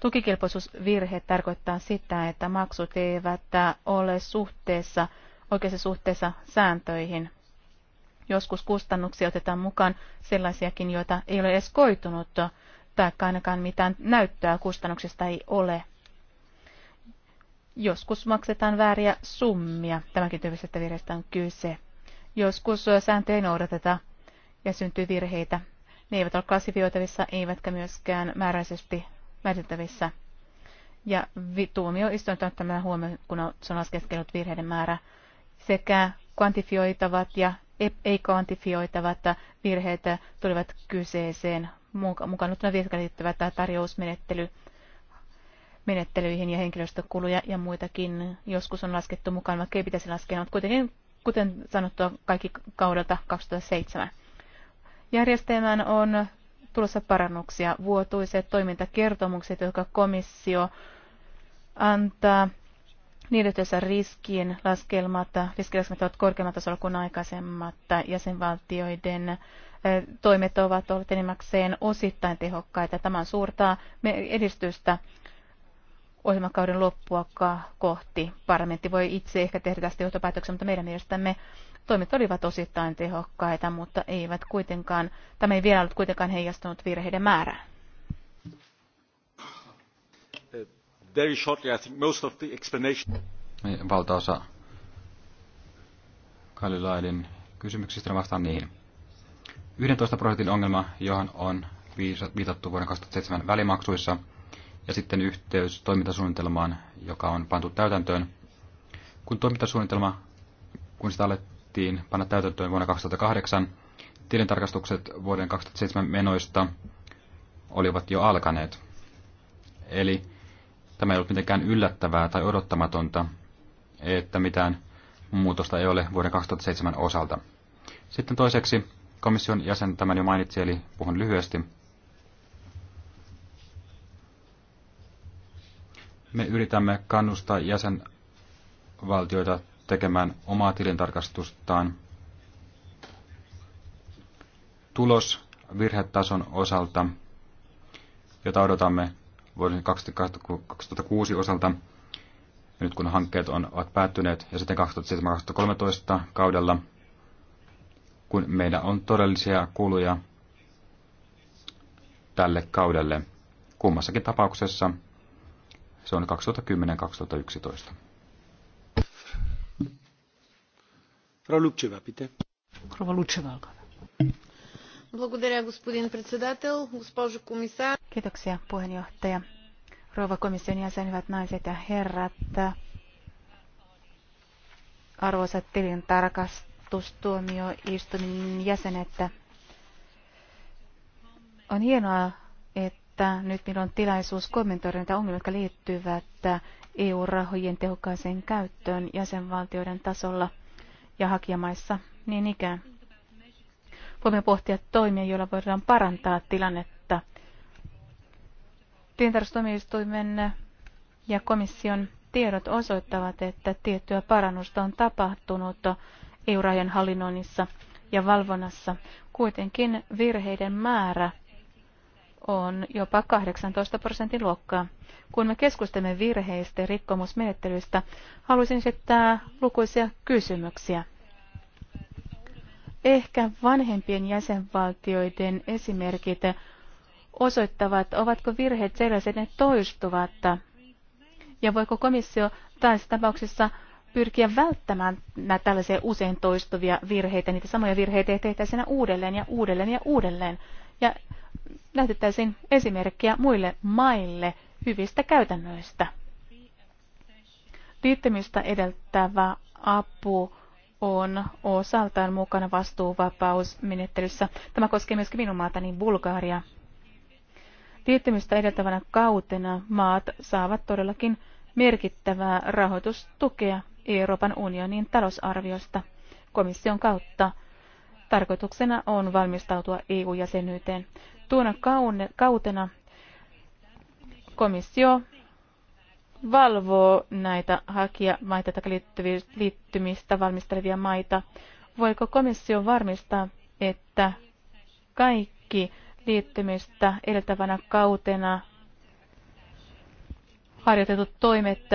Tukikelpoisuusvirhe tarkoittaa sitä, että maksut eivät ole suhteessa, oikeassa suhteessa sääntöihin. Joskus kustannuksia otetaan mukaan sellaisiakin, joita ei ole edes koitunut, tai ainakaan mitään näyttöä kustannuksesta ei ole. Joskus maksetaan vääriä summia. Tämäkin tyyppisestä virheestä on kyse. Joskus sääntöjä ei noudateta ja syntyy virheitä. Ne eivät ole klassifioitavissa, eivätkä myöskään määräisesti määritettävissä. Ja vi- tuomioistuin ottamalla huomioon, kun se on laskeskellut virheiden määrä, sekä kvantifioitavat ja ei-kvantifioitavat virheet tulevat kyseeseen, mukaan luettuna virkaan liittyvä tarjousmenettely menettelyihin ja henkilöstökuluja ja muitakin. Joskus on laskettu mukaan, vaikka ei pitäisi laskea, mutta kuitenkin, kuten sanottua, kaikki kaudelta 2007. Järjestelmään on tulossa parannuksia. Vuotuiset toimintakertomukset, jotka komissio antaa, niiden työssä riskien laskelmat, riskilaskelmat ovat korkeammalla tasolla kuin aikaisemmat. Jäsenvaltioiden eh, toimet ovat olleet enimmäkseen osittain tehokkaita. Tämä on suurta edistystä ohjelmakauden loppua kohti. Parlamentti voi itse ehkä tehdä tästä johtopäätöksen, mutta meidän mielestämme toimet olivat osittain tehokkaita, mutta eivät kuitenkaan, tämä ei vielä ollut kuitenkaan heijastunut virheiden määrään. Very shortly, I think most of the explanation... Niin, valtaosa Kalilaidin kysymyksistä vastaan niihin. 11 prosentin ongelma, johon on viitattu vuoden 2007 välimaksuissa – ja sitten yhteys toimintasuunnitelmaan, joka on pantu täytäntöön. Kun toimintasuunnitelma, kun sitä alettiin panna täytäntöön vuonna 2008, tilintarkastukset vuoden 2007 menoista olivat jo alkaneet. Eli tämä ei ollut mitenkään yllättävää tai odottamatonta, että mitään muutosta ei ole vuoden 2007 osalta. Sitten toiseksi komission jäsen tämän jo mainitsi, eli puhun lyhyesti. me yritämme kannustaa jäsenvaltioita tekemään omaa tilintarkastustaan. Tulos virhetason osalta, jota odotamme vuoden 2006 osalta, nyt kun hankkeet on, ovat päättyneet, ja sitten 2007-2013 kaudella, kun meillä on todellisia kuluja tälle kaudelle. Kummassakin tapauksessa se on 2010-2011. Frau Lukčeva, pite. Frau Lukčeva, olkaa Благодаря, господин председател, госпожо комисар. Kiitoksia, puheenjohtaja. Rouva komission jäsen, hyvät naiset ja herrat. Arvoisat tilin tarkastustuomioistuminen jäsenet. On hienoa että nyt meillä on tilaisuus kommentoida niitä ongelmia, jotka liittyvät EU-rahojen tehokkaaseen käyttöön jäsenvaltioiden tasolla ja hakijamaissa niin ikään. Voimme pohtia toimia, joilla voidaan parantaa tilannetta. Tilintarkastustoimistoimen ja komission tiedot osoittavat, että tiettyä parannusta on tapahtunut EU-rahojen hallinnoinnissa ja valvonnassa. Kuitenkin virheiden määrä on jopa 18 prosentin luokkaa. Kun me keskustelemme virheistä ja rikkomusmenettelyistä, haluaisin esittää lukuisia kysymyksiä. Ehkä vanhempien jäsenvaltioiden esimerkit osoittavat, ovatko virheet sellaiset, ne toistuvat, ja voiko komissio tässä tapauksessa pyrkiä välttämään näitä tällaisia usein toistuvia virheitä, niitä samoja virheitä ei tehtäisi uudelleen ja uudelleen ja uudelleen. Ja näytettäisiin esimerkkiä muille maille hyvistä käytännöistä. Liittymistä edeltävä apu on osaltaan mukana vastuuvapausmenettelyssä. Tämä koskee myös minun niin Bulgaria. Liittymistä edeltävänä kautena maat saavat todellakin merkittävää rahoitustukea Euroopan unionin talousarviosta komission kautta. Tarkoituksena on valmistautua EU-jäsenyyteen. Tuona kautena komissio valvoo näitä hakijamaita tai liittymistä valmistelevia maita. Voiko komissio varmistaa, että kaikki liittymistä edeltävänä kautena harjoitetut toimet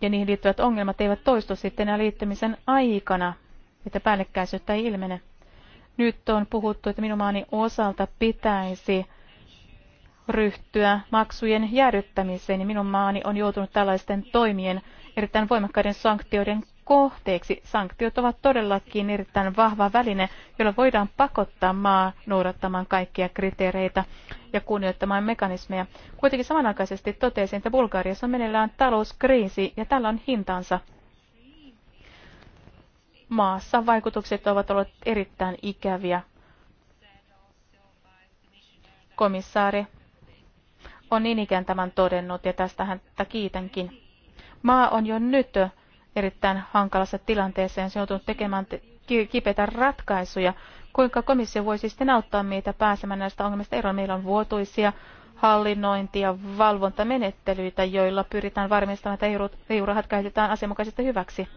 ja niihin liittyvät ongelmat eivät toistu sitten enää liittymisen aikana, että päällekkäisyyttä ei ilmene. Nyt on puhuttu, että minun maani osalta pitäisi ryhtyä maksujen jäädyttämiseen, niin minun maani on joutunut tällaisten toimien erittäin voimakkaiden sanktioiden kohteeksi. Sanktiot ovat todellakin erittäin vahva väline, jolla voidaan pakottaa maa noudattamaan kaikkia kriteereitä ja kunnioittamaan mekanismeja. Kuitenkin samanaikaisesti totesin, että Bulgariassa on meneillään talouskriisi ja tällä on hintansa. Maassa vaikutukset ovat olleet erittäin ikäviä. Komissaari on niin ikään tämän todennut ja tästä häntä kiitänkin. Maa on jo nyt erittäin hankalassa tilanteessa ja se on joutunut tekemään kipeitä ratkaisuja. Kuinka komissio voisi siis sitten auttaa meitä pääsemään näistä ongelmista eroon? Meillä on vuotuisia hallinnointi- ja valvontamenettelyitä, joilla pyritään varmistamaan, että EU-rahat käytetään asianmukaisesti hyväksi.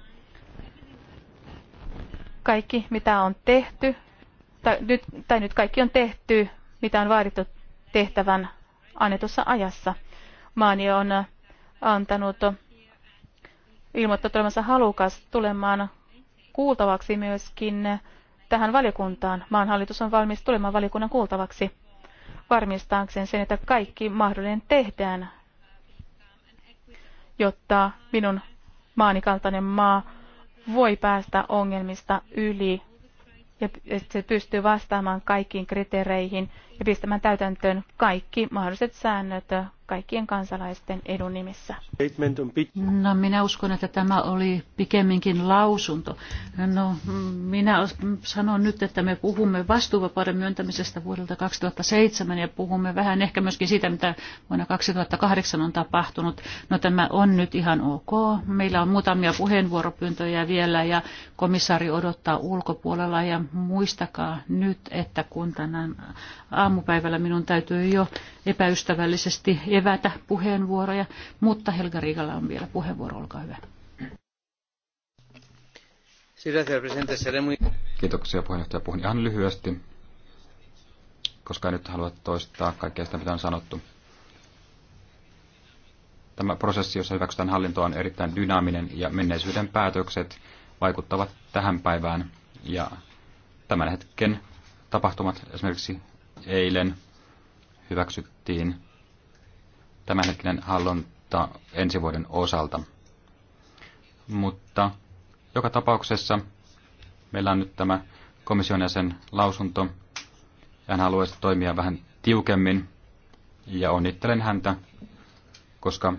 Kaikki, mitä on tehty, tai nyt, tai nyt kaikki on tehty, mitä on vaadittu tehtävän annetussa ajassa. Maani on äh, antanut Ilmoittautumassa olevansa halukas tulemaan kuultavaksi myöskin tähän valiokuntaan. maanhallitus on valmis tulemaan valiokunnan kuultavaksi varmistaakseen sen, että kaikki mahdollinen tehdään, jotta minun maani kaltainen maa voi päästä ongelmista yli ja se pystyy vastaamaan kaikkiin kriteereihin, ja pistämään täytäntöön kaikki mahdolliset säännöt kaikkien kansalaisten edun nimissä. No, minä uskon, että tämä oli pikemminkin lausunto. No, minä sanon nyt, että me puhumme vastuuvapauden myöntämisestä vuodelta 2007 ja puhumme vähän ehkä myöskin siitä, mitä vuonna 2008 on tapahtunut. No tämä on nyt ihan ok. Meillä on muutamia puheenvuoropyyntöjä vielä ja komissaari odottaa ulkopuolella ja muistakaa nyt, että kun tänään aamupäivällä minun täytyy jo epäystävällisesti evätä puheenvuoroja, mutta Helga Riikalla on vielä puheenvuoro, olkaa hyvä. Kiitoksia puheenjohtaja. Puhun ihan lyhyesti, koska en nyt halua toistaa kaikkea sitä, mitä on sanottu. Tämä prosessi, jossa hyväksytään hallintoa, on erittäin dynaaminen ja menneisyyden päätökset vaikuttavat tähän päivään. Ja tämän hetken tapahtumat esimerkiksi eilen hyväksyttiin tämänhetkinen hallonta ensi vuoden osalta. Mutta joka tapauksessa meillä on nyt tämä komission jäsen lausunto. Hän haluaisi toimia vähän tiukemmin ja onnittelen häntä, koska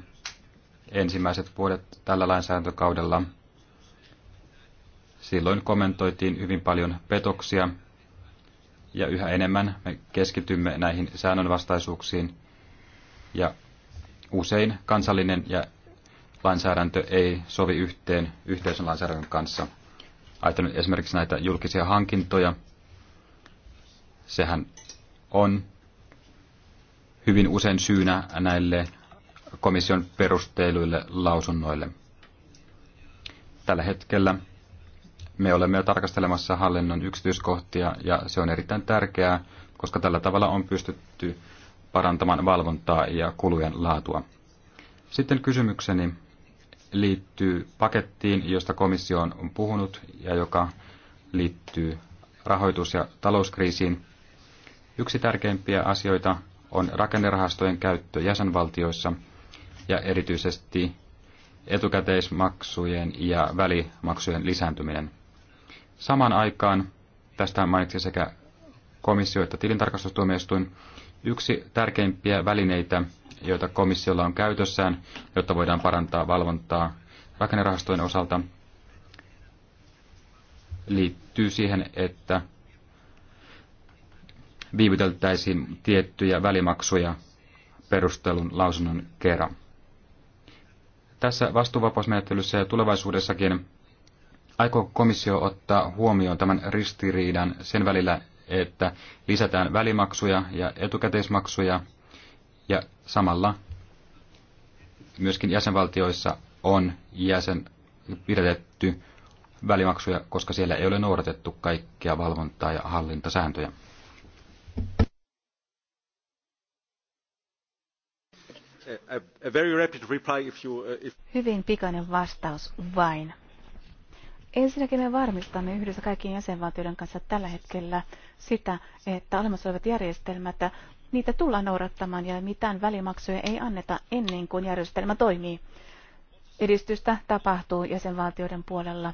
ensimmäiset vuodet tällä lainsäädäntökaudella silloin kommentoitiin hyvin paljon petoksia ja yhä enemmän me keskitymme näihin säännönvastaisuuksiin ja usein kansallinen ja lainsäädäntö ei sovi yhteen yhteisön lainsäädännön kanssa. Ajatellaan esimerkiksi näitä julkisia hankintoja. Sehän on hyvin usein syynä näille komission perusteluille lausunnoille. Tällä hetkellä me olemme jo tarkastelemassa hallinnon yksityiskohtia ja se on erittäin tärkeää, koska tällä tavalla on pystytty parantamaan valvontaa ja kulujen laatua. Sitten kysymykseni liittyy pakettiin, josta komissio on puhunut ja joka liittyy rahoitus- ja talouskriisiin. Yksi tärkeimpiä asioita on rakennerahastojen käyttö jäsenvaltioissa ja erityisesti etukäteismaksujen ja välimaksujen lisääntyminen. Samaan aikaan, tästä mainitsi sekä komissio että tilintarkastustuomioistuin, yksi tärkeimpiä välineitä, joita komissiolla on käytössään, jotta voidaan parantaa valvontaa rakennerahastojen osalta, liittyy siihen, että viivyteltäisiin tiettyjä välimaksuja perustelun lausunnon kerran. Tässä vastuuvapausmenettelyssä ja tulevaisuudessakin Aikooko komissio ottaa huomioon tämän ristiriidan sen välillä, että lisätään välimaksuja ja etukäteismaksuja ja samalla myöskin jäsenvaltioissa on jäsen pidätetty välimaksuja, koska siellä ei ole noudatettu kaikkia valvontaa ja hallintasääntöjä. Uh, Hyvin pikainen vastaus vain, Ensinnäkin me varmistamme yhdessä kaikkien jäsenvaltioiden kanssa tällä hetkellä sitä, että olemassa olevat järjestelmät, niitä tullaan noudattamaan ja mitään välimaksuja ei anneta ennen kuin järjestelmä toimii. Edistystä tapahtuu jäsenvaltioiden puolella.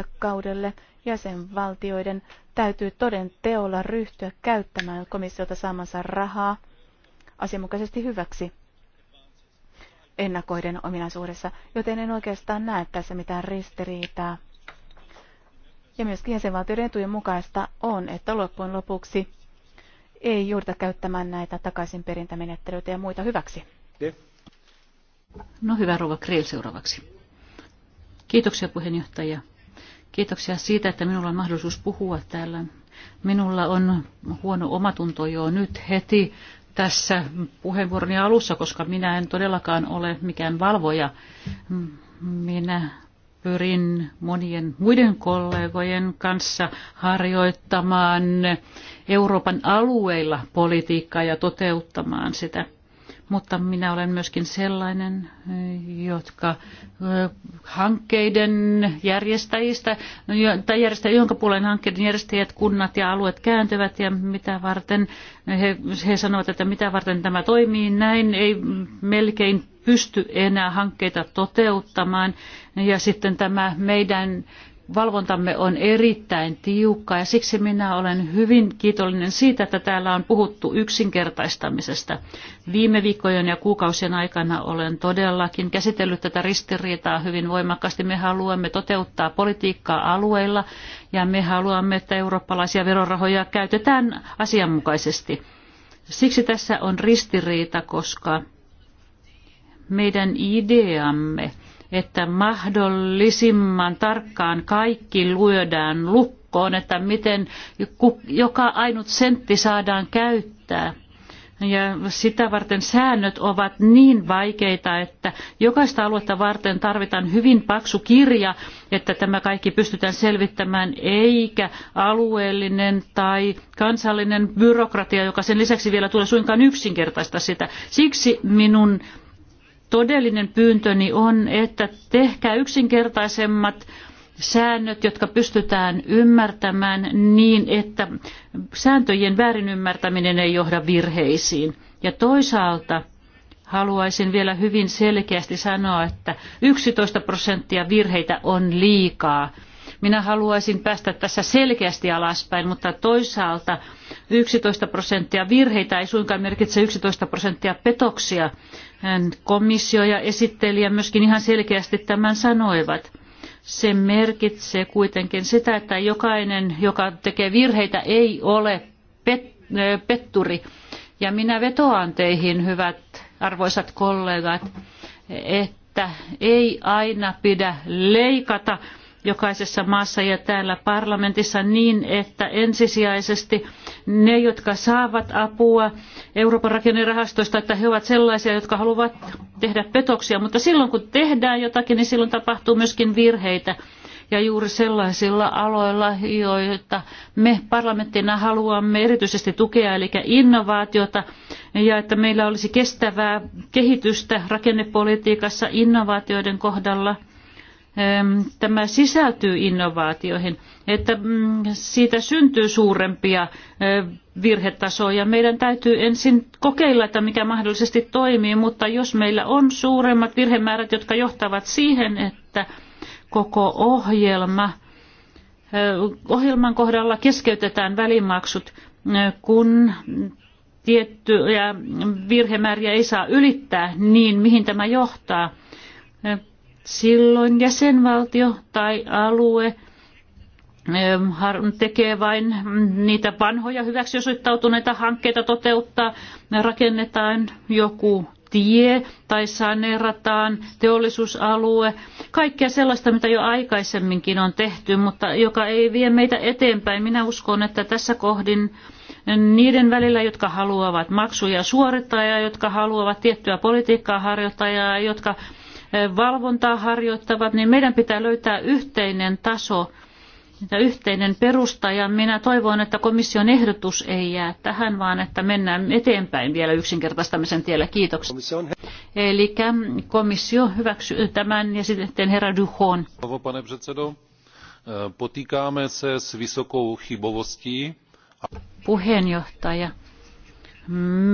2007-2013 kaudelle jäsenvaltioiden täytyy toden teolla ryhtyä käyttämään komissiota saamansa rahaa asianmukaisesti hyväksi ennakoiden ominaisuudessa, joten en oikeastaan näe tässä mitään ristiriitaa. Ja myös jäsenvaltioiden etujen mukaista on, että loppujen lopuksi ei juurta käyttämään näitä takaisinperintämenettelyitä ja muita hyväksi. No hyvä rouva Kriil seuraavaksi. Kiitoksia puheenjohtaja. Kiitoksia siitä, että minulla on mahdollisuus puhua täällä. Minulla on huono omatunto jo nyt heti tässä puheenvuoroni alussa, koska minä en todellakaan ole mikään valvoja. Minä pyrin monien muiden kollegojen kanssa harjoittamaan Euroopan alueilla politiikkaa ja toteuttamaan sitä mutta minä olen myöskin sellainen, jotka hankkeiden järjestäjistä, no, tai järjestäjä, jonka puolen hankkeiden järjestäjät, kunnat ja alueet kääntyvät ja mitä varten, he, he sanovat, että mitä varten tämä toimii näin, ei melkein pysty enää hankkeita toteuttamaan. Ja sitten tämä meidän valvontamme on erittäin tiukka ja siksi minä olen hyvin kiitollinen siitä, että täällä on puhuttu yksinkertaistamisesta. Viime viikkojen ja kuukausien aikana olen todellakin käsitellyt tätä ristiriitaa hyvin voimakkaasti. Me haluamme toteuttaa politiikkaa alueilla ja me haluamme, että eurooppalaisia verorahoja käytetään asianmukaisesti. Siksi tässä on ristiriita, koska meidän ideamme että mahdollisimman tarkkaan kaikki lyödään lukkoon, että miten joka ainut sentti saadaan käyttää. Ja sitä varten säännöt ovat niin vaikeita, että jokaista aluetta varten tarvitaan hyvin paksu kirja, että tämä kaikki pystytään selvittämään, eikä alueellinen tai kansallinen byrokratia, joka sen lisäksi vielä tulee suinkaan yksinkertaista sitä. Siksi minun todellinen pyyntöni on, että tehkää yksinkertaisemmat säännöt, jotka pystytään ymmärtämään niin, että sääntöjen väärinymmärtäminen ei johda virheisiin. Ja toisaalta haluaisin vielä hyvin selkeästi sanoa, että 11 prosenttia virheitä on liikaa minä haluaisin päästä tässä selkeästi alaspäin, mutta toisaalta 11 prosenttia virheitä ei suinkaan merkitse 11 prosenttia petoksia. Komissio ja esittelijä myöskin ihan selkeästi tämän sanoivat. Se merkitsee kuitenkin sitä, että jokainen, joka tekee virheitä, ei ole petturi. Ja minä vetoan teihin, hyvät arvoisat kollegat, että ei aina pidä leikata jokaisessa maassa ja täällä parlamentissa niin, että ensisijaisesti ne, jotka saavat apua Euroopan rakennerahastoista, että he ovat sellaisia, jotka haluavat tehdä petoksia, mutta silloin kun tehdään jotakin, niin silloin tapahtuu myöskin virheitä ja juuri sellaisilla aloilla, joita me parlamenttina haluamme erityisesti tukea, eli innovaatiota, ja että meillä olisi kestävää kehitystä rakennepolitiikassa innovaatioiden kohdalla – tämä sisältyy innovaatioihin, että mm, siitä syntyy suurempia e, virhetasoja. Meidän täytyy ensin kokeilla, että mikä mahdollisesti toimii, mutta jos meillä on suuremmat virhemäärät, jotka johtavat siihen, että koko ohjelma, e, ohjelman kohdalla keskeytetään välimaksut, e, kun tiettyjä virhemääriä ei saa ylittää, niin mihin tämä johtaa? silloin jäsenvaltio tai alue eh, tekee vain niitä vanhoja hyväksi osoittautuneita hankkeita toteuttaa, rakennetaan joku tie tai saneerataan teollisuusalue, kaikkea sellaista, mitä jo aikaisemminkin on tehty, mutta joka ei vie meitä eteenpäin. Minä uskon, että tässä kohdin niiden välillä, jotka haluavat maksuja suorittaa ja jotka haluavat tiettyä politiikkaa harjoittaa ja jotka valvontaa harjoittavat, niin meidän pitää löytää yhteinen taso ja yhteinen perusta. Ja minä toivon, että komission ehdotus ei jää tähän, vaan että mennään eteenpäin vielä yksinkertaistamisen tiellä. Kiitoksia. Eli komissio hyväksyy tämän ja sitten herra Duhon. Potýkáme se s vysokou chybovostí. Puheenjohtaja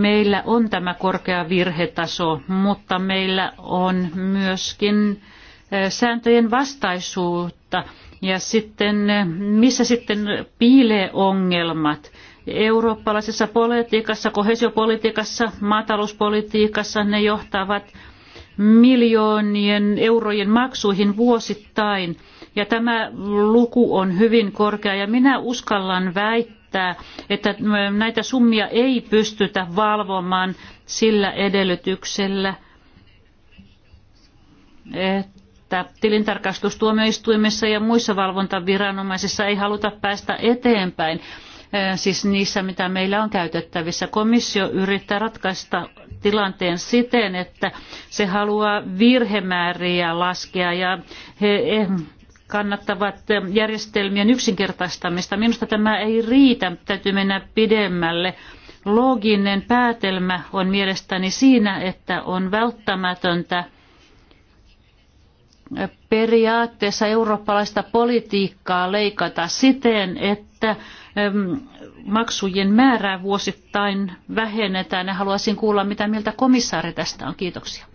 Meillä on tämä korkea virhetaso, mutta meillä on myöskin eh, sääntöjen vastaisuutta. Ja sitten, eh, missä sitten piilee ongelmat? Eurooppalaisessa politiikassa, kohesiopolitiikassa, maatalouspolitiikassa ne johtavat miljoonien eurojen maksuihin vuosittain. Ja tämä luku on hyvin korkea ja minä uskallan väittää, päättää, että näitä summia ei pystytä valvomaan sillä edellytyksellä, että tilintarkastustuomioistuimessa ja muissa valvontaviranomaisissa ei haluta päästä eteenpäin, eh, siis niissä, mitä meillä on käytettävissä. Komissio yrittää ratkaista tilanteen siten, että se haluaa virhemääriä laskea ja he eh, kannattavat järjestelmien yksinkertaistamista. Minusta tämä ei riitä, täytyy mennä pidemmälle. Looginen päätelmä on mielestäni siinä, että on välttämätöntä periaatteessa eurooppalaista politiikkaa leikata siten, että maksujen määrää vuosittain vähennetään. Ja haluaisin kuulla, mitä mieltä komissaari tästä on. Kiitoksia.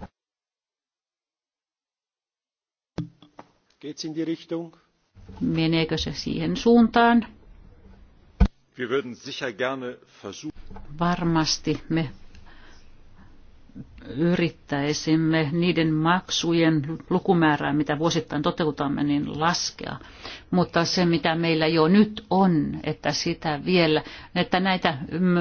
Geht's in die Richtung? Meneekö se siihen suuntaan? Varmasti me yrittäisimme niiden maksujen lukumäärää, mitä vuosittain toteutamme, niin laskea. Mutta se, mitä meillä jo nyt on, että sitä vielä, että näitä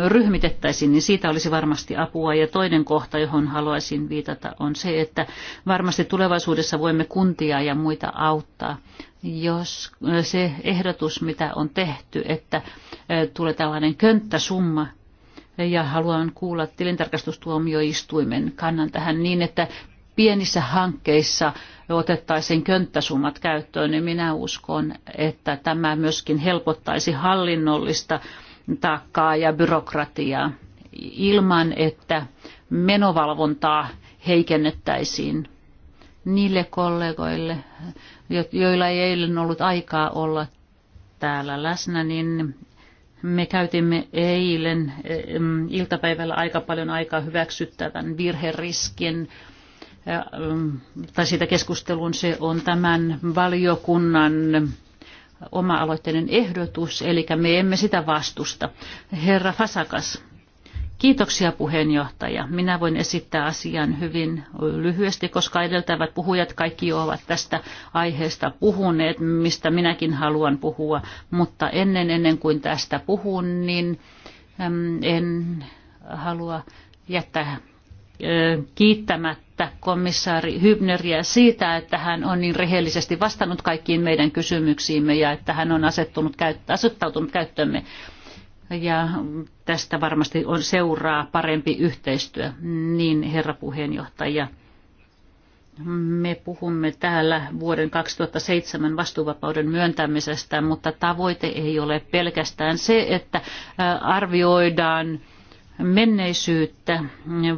ryhmitettäisiin, niin siitä olisi varmasti apua. Ja toinen kohta, johon haluaisin viitata, on se, että varmasti tulevaisuudessa voimme kuntia ja muita auttaa. Jos se ehdotus, mitä on tehty, että tulee tällainen könttäsumma, ja haluan kuulla tilintarkastustuomioistuimen kannan tähän niin, että pienissä hankkeissa otettaisiin könttäsummat käyttöön, niin minä uskon, että tämä myöskin helpottaisi hallinnollista taakkaa ja byrokratiaa ilman, että menovalvontaa heikennettäisiin niille kollegoille, joilla ei eilen ollut aikaa olla täällä läsnä, niin me käytimme eilen iltapäivällä aika paljon aikaa hyväksyttävän virheriskin tai siitä keskusteluun se on tämän valiokunnan oma-aloitteinen ehdotus, eli me emme sitä vastusta. Herra Fasakas, Kiitoksia puheenjohtaja. Minä voin esittää asian hyvin lyhyesti, koska edeltävät puhujat kaikki ovat tästä aiheesta puhuneet, mistä minäkin haluan puhua. Mutta ennen, ennen kuin tästä puhun, niin en halua jättää kiittämättä komissaari Hybneriä siitä, että hän on niin rehellisesti vastannut kaikkiin meidän kysymyksiimme ja että hän on asettunut, asettautunut käyttöömme ja tästä varmasti on, seuraa parempi yhteistyö. Niin, herra puheenjohtaja, me puhumme täällä vuoden 2007 vastuuvapauden myöntämisestä, mutta tavoite ei ole pelkästään se, että arvioidaan menneisyyttä,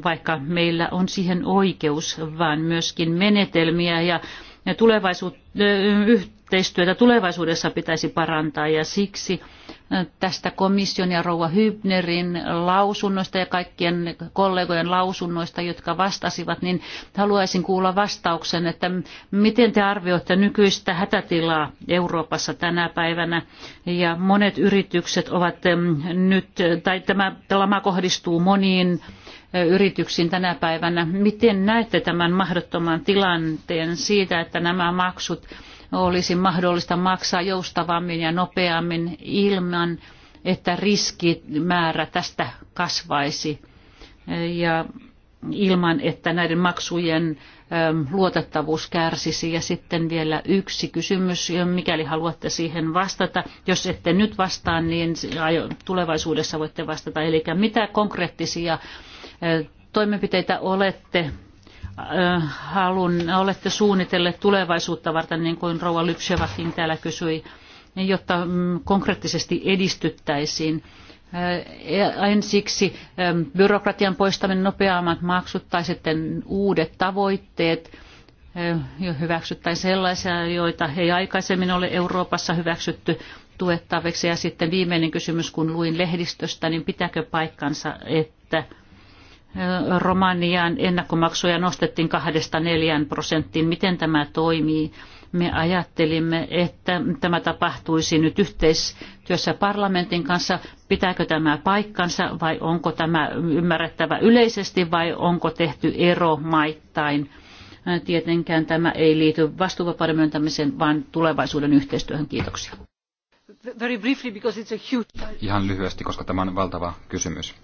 vaikka meillä on siihen oikeus, vaan myöskin menetelmiä ja tulevaisuut, yhteistyötä tulevaisuudessa pitäisi parantaa ja siksi – tästä komission ja rouva Hybnerin lausunnoista ja kaikkien kollegojen lausunnoista, jotka vastasivat, niin haluaisin kuulla vastauksen, että miten te arvioitte nykyistä hätätilaa Euroopassa tänä päivänä ja monet yritykset ovat nyt, tai tämä lama kohdistuu moniin yrityksiin tänä päivänä. Miten näette tämän mahdottoman tilanteen siitä, että nämä maksut olisi mahdollista maksaa joustavammin ja nopeammin ilman, että riskimäärä tästä kasvaisi ja ilman, että näiden maksujen ähm, luotettavuus kärsisi. Ja sitten vielä yksi kysymys, mikäli haluatte siihen vastata. Jos ette nyt vastaa, niin tulevaisuudessa voitte vastata. Eli mitä konkreettisia äh, toimenpiteitä olette Äh, halun, olette suunnitelleet tulevaisuutta varten, niin kuin Rouva Lypsevakin täällä kysyi, jotta mm, konkreettisesti edistyttäisiin. Ensiksi äh, ähm, byrokratian poistaminen, nopeammat maksut tai sitten uudet tavoitteet äh, jo hyväksyttäisiin sellaisia, joita ei aikaisemmin ole Euroopassa hyväksytty tuettaviksi. Ja sitten viimeinen kysymys, kun luin lehdistöstä, niin pitääkö paikkansa, että Romanian ennakkomaksuja nostettiin kahdesta neljään prosenttiin. Miten tämä toimii? Me ajattelimme, että tämä tapahtuisi nyt yhteistyössä parlamentin kanssa. Pitääkö tämä paikkansa vai onko tämä ymmärrettävä yleisesti vai onko tehty ero maittain? Tietenkään tämä ei liity vastuuvapauden myöntämiseen, vaan tulevaisuuden yhteistyöhön. Kiitoksia. Ihan lyhyesti, koska tämä on valtava kysymys.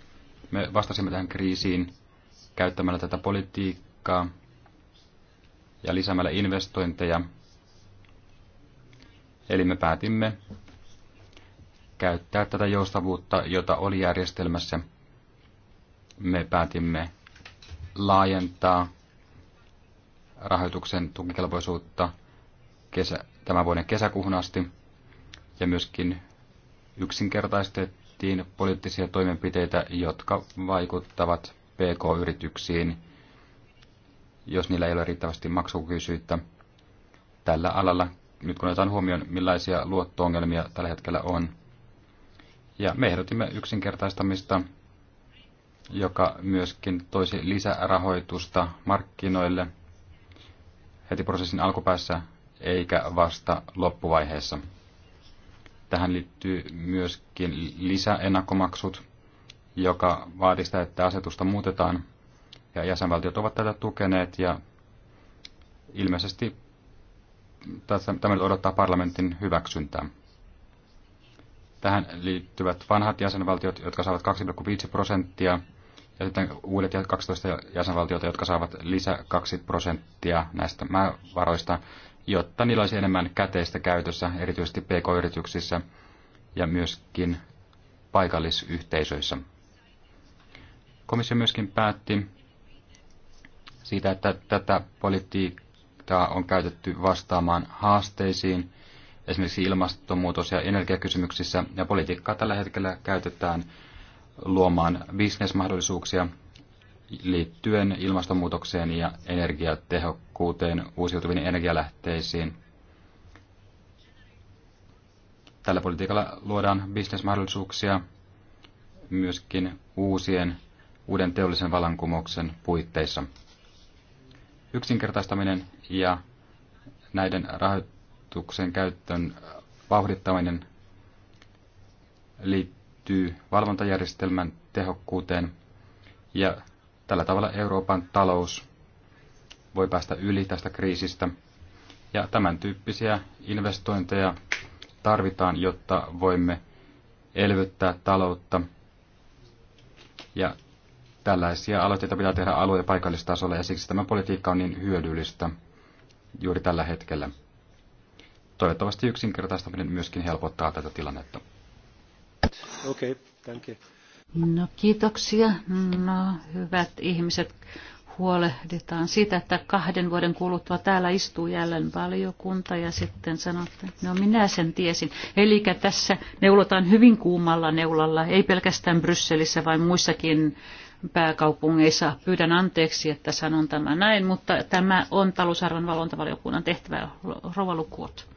Me vastasimme tähän kriisiin käyttämällä tätä politiikkaa ja lisäämällä investointeja. Eli me päätimme käyttää tätä joustavuutta, jota oli järjestelmässä. Me päätimme laajentaa rahoituksen tukikelpoisuutta kesä, tämän vuoden kesäkuuhun asti ja myöskin yksinkertaistettiin tehtiin poliittisia toimenpiteitä, jotka vaikuttavat PK-yrityksiin, jos niillä ei ole riittävästi maksukykyisyyttä tällä alalla, nyt kun otetaan huomioon, millaisia luottoongelmia tällä hetkellä on. Ja me ehdotimme yksinkertaistamista, joka myöskin toisi lisärahoitusta markkinoille heti prosessin alkupäässä eikä vasta loppuvaiheessa. Tähän liittyy myöskin lisäennakomaksut, joka vaatii sitä, että asetusta muutetaan. Ja jäsenvaltiot ovat tätä tukeneet ja ilmeisesti tässä, tämä nyt odottaa parlamentin hyväksyntää. Tähän liittyvät vanhat jäsenvaltiot, jotka saavat 2,5 prosenttia, ja sitten uudet 12 jäsenvaltiota, jotka saavat lisä 2 prosenttia näistä määrävaroista, jotta niillä olisi enemmän käteistä käytössä, erityisesti pk-yrityksissä ja myöskin paikallisyhteisöissä. Komissio myöskin päätti siitä, että tätä politiikkaa on käytetty vastaamaan haasteisiin, esimerkiksi ilmastonmuutos- ja energiakysymyksissä, ja politiikkaa tällä hetkellä käytetään luomaan bisnesmahdollisuuksia liittyen ilmastonmuutokseen ja energiatehokkuuteen, uusiutuviin energialähteisiin. Tällä politiikalla luodaan bisnesmahdollisuuksia myöskin uusien, uuden teollisen vallankumouksen puitteissa. Yksinkertaistaminen ja näiden rahoituksen käyttöön vauhdittaminen liittyy valvontajärjestelmän tehokkuuteen ja Tällä tavalla Euroopan talous voi päästä yli tästä kriisistä. Ja tämän tyyppisiä investointeja tarvitaan, jotta voimme elvyttää taloutta. Ja tällaisia aloitteita pitää tehdä alue- ja paikallistasolla, ja siksi tämä politiikka on niin hyödyllistä juuri tällä hetkellä. Toivottavasti yksinkertaistaminen myöskin helpottaa tätä tilannetta. Okei, okay, thank you. No kiitoksia. No hyvät ihmiset, huolehditaan siitä, että kahden vuoden kuluttua täällä istuu jälleen valiokunta ja sitten sanotte, no minä sen tiesin. Eli tässä neulotaan hyvin kuumalla neulalla, ei pelkästään Brysselissä, vaan muissakin pääkaupungeissa. Pyydän anteeksi, että sanon tämä näin, mutta tämä on talousarvon valvontavaliokunnan tehtävä Rova Lukuot.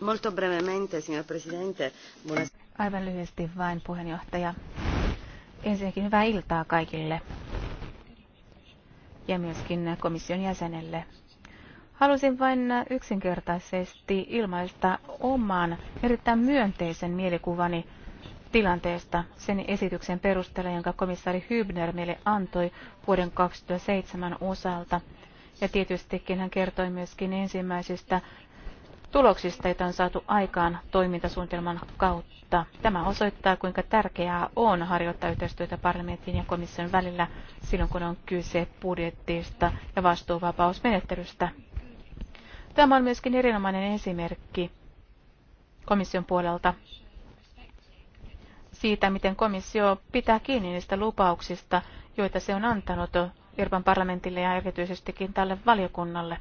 Molto brevemente, signor Presidente. Buonasera. Aivan lyhyesti vain puheenjohtaja. Ensinnäkin hyvää iltaa kaikille ja myöskin komission jäsenelle. Halusin vain yksinkertaisesti ilmaista oman erittäin myönteisen mielikuvani tilanteesta sen esityksen perusteella, jonka komissaari Hübner meille antoi vuoden 2007 osalta. Ja tietystikin hän kertoi myöskin ensimmäisistä tuloksista, joita on saatu aikaan toimintasuunnitelman kautta. Tämä osoittaa, kuinka tärkeää on harjoittaa yhteistyötä parlamentin ja komission välillä silloin, kun on kyse budjettista ja vastuuvapausmenettelystä. Tämä on myöskin erinomainen esimerkki komission puolelta siitä, miten komissio pitää kiinni niistä lupauksista, joita se on antanut Euroopan parlamentille ja erityisestikin tälle valiokunnalle.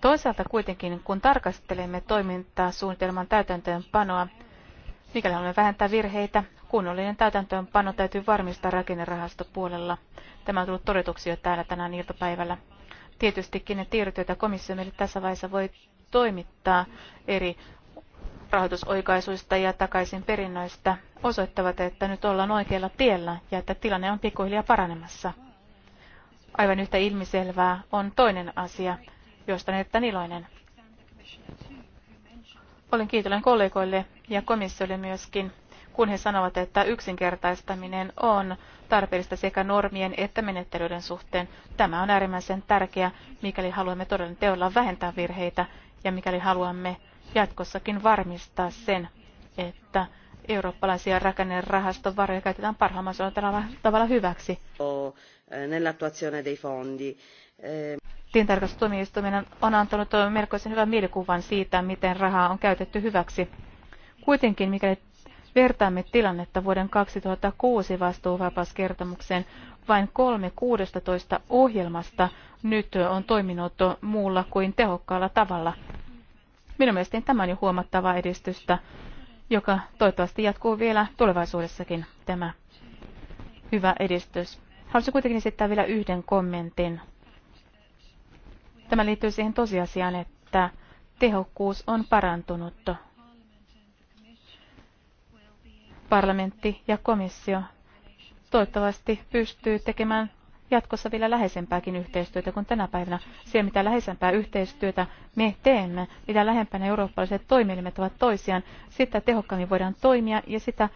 Toisaalta kuitenkin, kun tarkastelemme toimintaa suunnitelman täytäntöönpanoa, mikäli haluamme vähentää virheitä, kunnollinen täytäntöönpano täytyy varmistaa rakennerahastopuolella. Tämä on tullut todetuksi jo täällä tänään iltapäivällä. Tietystikin ne tiedot, joita komissio meille tässä vaiheessa voi toimittaa eri rahoitusoikaisuista ja takaisin perinnöistä, osoittavat, että nyt ollaan oikealla tiellä ja että tilanne on pikkuhiljaa paranemassa. Aivan yhtä ilmiselvää on toinen asia, joista olen erittäin iloinen. Olen kiitollinen kollegoille ja komissiolle myöskin, kun he sanovat, että yksinkertaistaminen on tarpeellista sekä normien että menettelyiden suhteen. Tämä on äärimmäisen tärkeä, mikäli haluamme todella teolla vähentää virheitä ja mikäli haluamme jatkossakin varmistaa sen, että eurooppalaisia rakennerahaston varoja käytetään parhaimmalla tavalla hyväksi. Eh, Tilintarkastustuomioistuimen on antanut melkoisen hyvän mielikuvan siitä, miten rahaa on käytetty hyväksi. Kuitenkin, mikäli vertaamme tilannetta vuoden 2006 vastuuvapauskertomukseen, vain kolme 16 ohjelmasta nyt on toiminut muulla kuin tehokkaalla tavalla. Minun mielestäni tämä on jo huomattavaa edistystä joka toivottavasti jatkuu vielä tulevaisuudessakin tämä hyvä edistys. Haluaisin kuitenkin esittää vielä yhden kommentin. Tämä liittyy siihen tosiasiaan, että tehokkuus on parantunut. Parlamentti ja komissio toivottavasti pystyy tekemään jatkossa vielä läheisempääkin yhteistyötä kuin tänä päivänä. Se, mitä läheisempää yhteistyötä me teemme, mitä lähempänä eurooppalaiset toimielimet ovat toisiaan, sitä tehokkaammin voidaan toimia ja sitä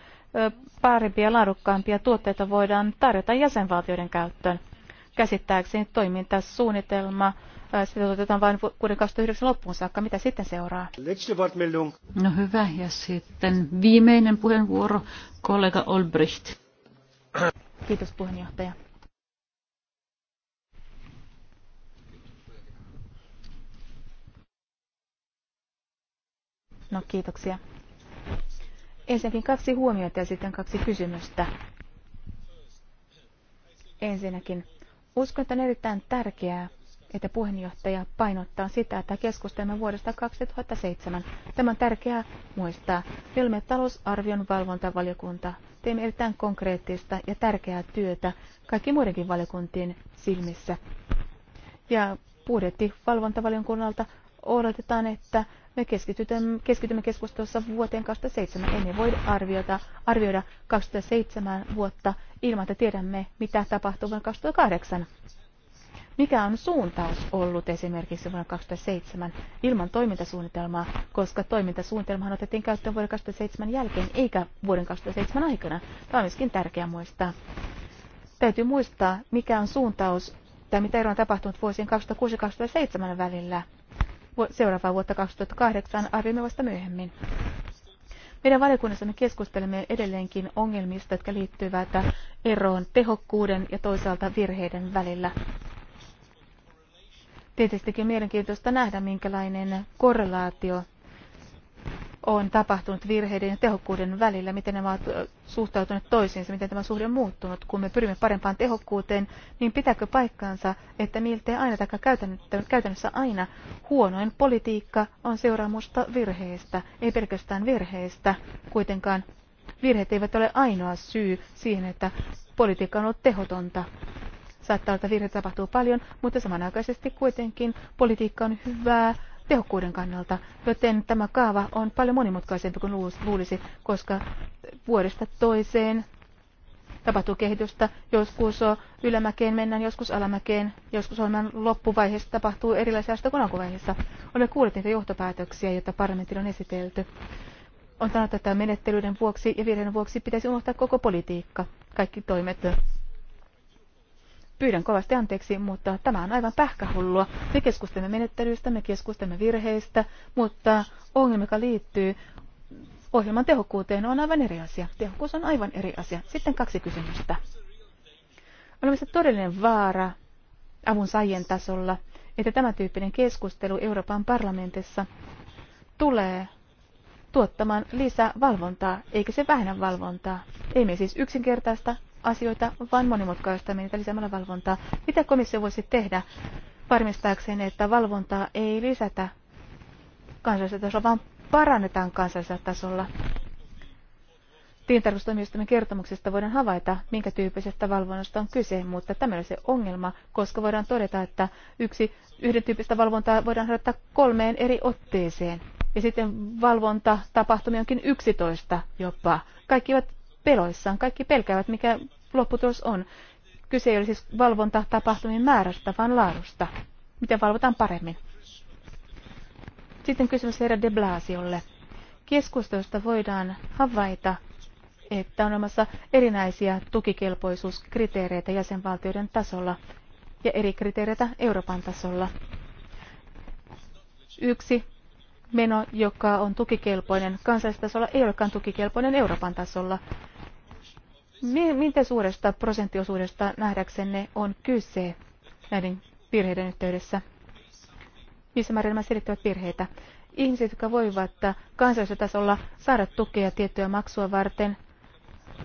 parempia ja laadukkaampia tuotteita voidaan tarjota jäsenvaltioiden käyttöön. Käsittääkseni toimintasuunnitelma sitä otetaan vain vuoden 2009 loppuun saakka. Mitä sitten seuraa? No hyvä, ja sitten viimeinen puheenvuoro kollega Olbricht. Kiitos puheenjohtaja. No, kiitoksia. Ensinnäkin kaksi huomiota ja sitten kaksi kysymystä. Ensinnäkin, uskon, että on erittäin tärkeää, että puheenjohtaja painottaa sitä, että keskustelemme vuodesta 2007. Tämä on tärkeää muistaa. Me olemme talousarvion valvontavaliokunta. Teemme erittäin konkreettista ja tärkeää työtä kaikki muidenkin valiokuntien silmissä. Ja budjettivalvontavaliokunnalta odotetaan, että me keskitymme, keskustelussa vuoteen 2007. Emme voi arvioida arvioida 2007 vuotta ilman, että tiedämme, mitä tapahtuu vuonna 2008. Mikä on suuntaus ollut esimerkiksi vuonna 2007 ilman toimintasuunnitelmaa, koska toimintasuunnitelmahan otettiin käyttöön vuoden 2007 jälkeen eikä vuoden 2007 aikana. Tämä on myöskin tärkeää muistaa. Täytyy muistaa, mikä on suuntaus tai mitä eroa on tapahtunut vuosien 2006 ja 2007 välillä seuraavaa vuotta 2008 arvioimme vasta myöhemmin. Meidän valiokunnassamme keskustelemme edelleenkin ongelmista, jotka liittyvät eroon tehokkuuden ja toisaalta virheiden välillä. Tietystikin mielenkiintoista nähdä, minkälainen korrelaatio on tapahtunut virheiden ja tehokkuuden välillä, miten ne ovat suhtautuneet toisiinsa, miten tämä suhde on muuttunut. Kun me pyrimme parempaan tehokkuuteen, niin pitääkö paikkaansa, että miltei aina tai käytännössä aina huonoin politiikka on seuraamusta virheestä, ei pelkästään virheestä. Kuitenkaan virheet eivät ole ainoa syy siihen, että politiikka on ollut tehotonta. Saattaa olla, että virheitä tapahtuu paljon, mutta samanaikaisesti kuitenkin politiikka on hyvää, tehokkuuden kannalta, joten tämä kaava on paljon monimutkaisempi kuin luulisi, koska vuodesta toiseen tapahtuu kehitystä. Joskus ylämäkeen mennään, joskus alamäkeen, joskus ohjelman loppuvaiheessa tapahtuu erilaisia asioita kuin alkuvaiheessa. Olemme kuulleet niitä johtopäätöksiä, joita parlamentti on esitelty. On sanottu, että menettelyiden vuoksi ja virheiden vuoksi pitäisi unohtaa koko politiikka, kaikki toimet Pyydän kovasti anteeksi, mutta tämä on aivan pähkähullua. Me keskustelemme menettelyistä, me keskustelemme virheistä, mutta ongelma, joka liittyy ohjelman tehokkuuteen, on aivan eri asia. Tehokkuus on aivan eri asia. Sitten kaksi kysymystä. Olemassa todellinen vaara avun saajien tasolla, että tämä tyyppinen keskustelu Euroopan parlamentissa tulee tuottamaan lisää valvontaa, eikä se vähennä valvontaa. me siis yksinkertaista asioita, vaan monimutkaistaminen ja lisäämällä valvontaa. Mitä komissio voisi tehdä varmistaakseen, että valvontaa ei lisätä kansallisella tasolla, vaan parannetaan kansallisella tasolla? Tiintarkastustoimistomme kertomuksesta voidaan havaita, minkä tyyppisestä valvonnasta on kyse, mutta tämä on se ongelma, koska voidaan todeta, että yksi yhden tyyppistä valvontaa voidaan harjoittaa kolmeen eri otteeseen. Ja sitten valvonta tapahtumia onkin 11 jopa. Kaikki eivät peloissaan. Kaikki pelkäävät, mikä lopputulos on. Kyse ei ole siis valvonta tapahtumien määrästä, vaan laadusta. Miten valvotaan paremmin? Sitten kysymys herra de Blasiolle. Keskustelusta voidaan havaita, että on olemassa erinäisiä tukikelpoisuuskriteereitä jäsenvaltioiden tasolla ja eri kriteereitä Euroopan tasolla. Yksi meno, joka on tukikelpoinen kansallistasolla, ei olekaan tukikelpoinen Euroopan tasolla. Miltä suuresta prosenttiosuudesta nähdäksenne on kyse näiden virheiden yhteydessä? Missä määrin nämä selittävät virheitä? Ihmiset, jotka voivat kansallisella tasolla saada tukea tiettyä maksua varten,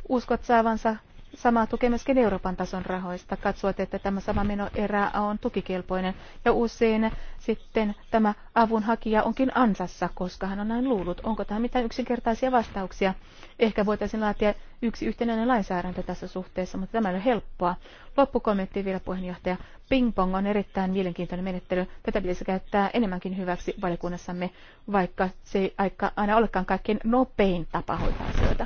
uskot saavansa Sama tukee myöskin Euroopan tason rahoista. Katsovat, että tämä sama menoerä on tukikelpoinen ja usein sitten tämä avunhakija onkin ansassa, koska hän on näin luullut. Onko tähän mitään yksinkertaisia vastauksia? Ehkä voitaisiin laatia yksi yhtenäinen lainsäädäntö tässä suhteessa, mutta tämä ei ole helppoa. Loppukommentti vielä puheenjohtaja. Pingpong on erittäin mielenkiintoinen menettely. Tätä pitäisi käyttää enemmänkin hyväksi valiokunnassamme, vaikka se ei aina olekaan kaikkein nopein tapa hoitaa asioita.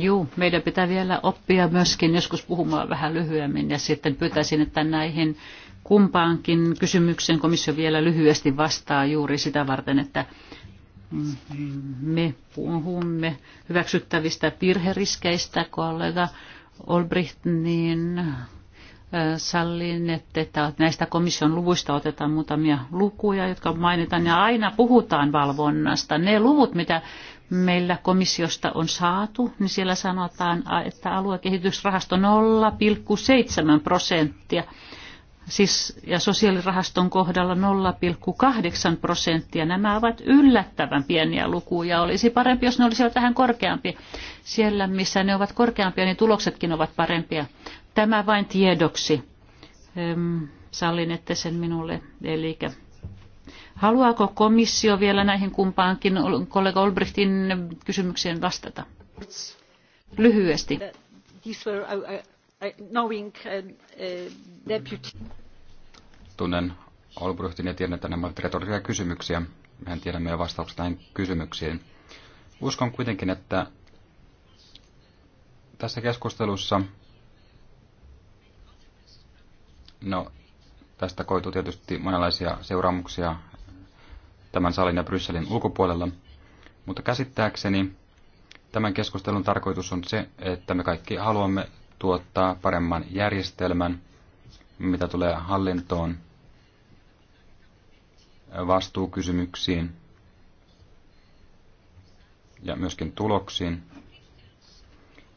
Juu, meidän pitää vielä oppia myöskin joskus puhumaan vähän lyhyemmin ja sitten pyytäisin, että näihin kumpaankin kysymykseen komissio vielä lyhyesti vastaa juuri sitä varten, että mm, me puhumme hyväksyttävistä virheriskeistä, kollega Olbricht, niin sallin, että näistä komission luvuista otetaan muutamia lukuja, jotka mainitaan, ja aina puhutaan valvonnasta. Ne luvut, mitä meillä komissiosta on saatu, niin siellä sanotaan, että aluekehitysrahasto 0,7 prosenttia, siis, ja sosiaalirahaston kohdalla 0,8 prosenttia. Nämä ovat yllättävän pieniä lukuja. Olisi parempi, jos ne olisivat vähän korkeampia. Siellä, missä ne ovat korkeampia, niin tuloksetkin ovat parempia. Tämä vain tiedoksi. Öm, sallin, että sen minulle. Eli Haluaako komissio vielä näihin kumpaankin kollega Olbrichtin kysymykseen vastata? Lyhyesti. Tunnen Olbrichtin ja tiedän, että nämä ovat retorisia kysymyksiä. Mehän tiedämme jo vastaukset näihin kysymyksiin. Uskon kuitenkin, että tässä keskustelussa no, Tästä koituu tietysti monenlaisia seuraamuksia tämän salin ja Brysselin ulkopuolella, mutta käsittääkseni tämän keskustelun tarkoitus on se, että me kaikki haluamme tuottaa paremman järjestelmän, mitä tulee hallintoon, vastuukysymyksiin ja myöskin tuloksiin.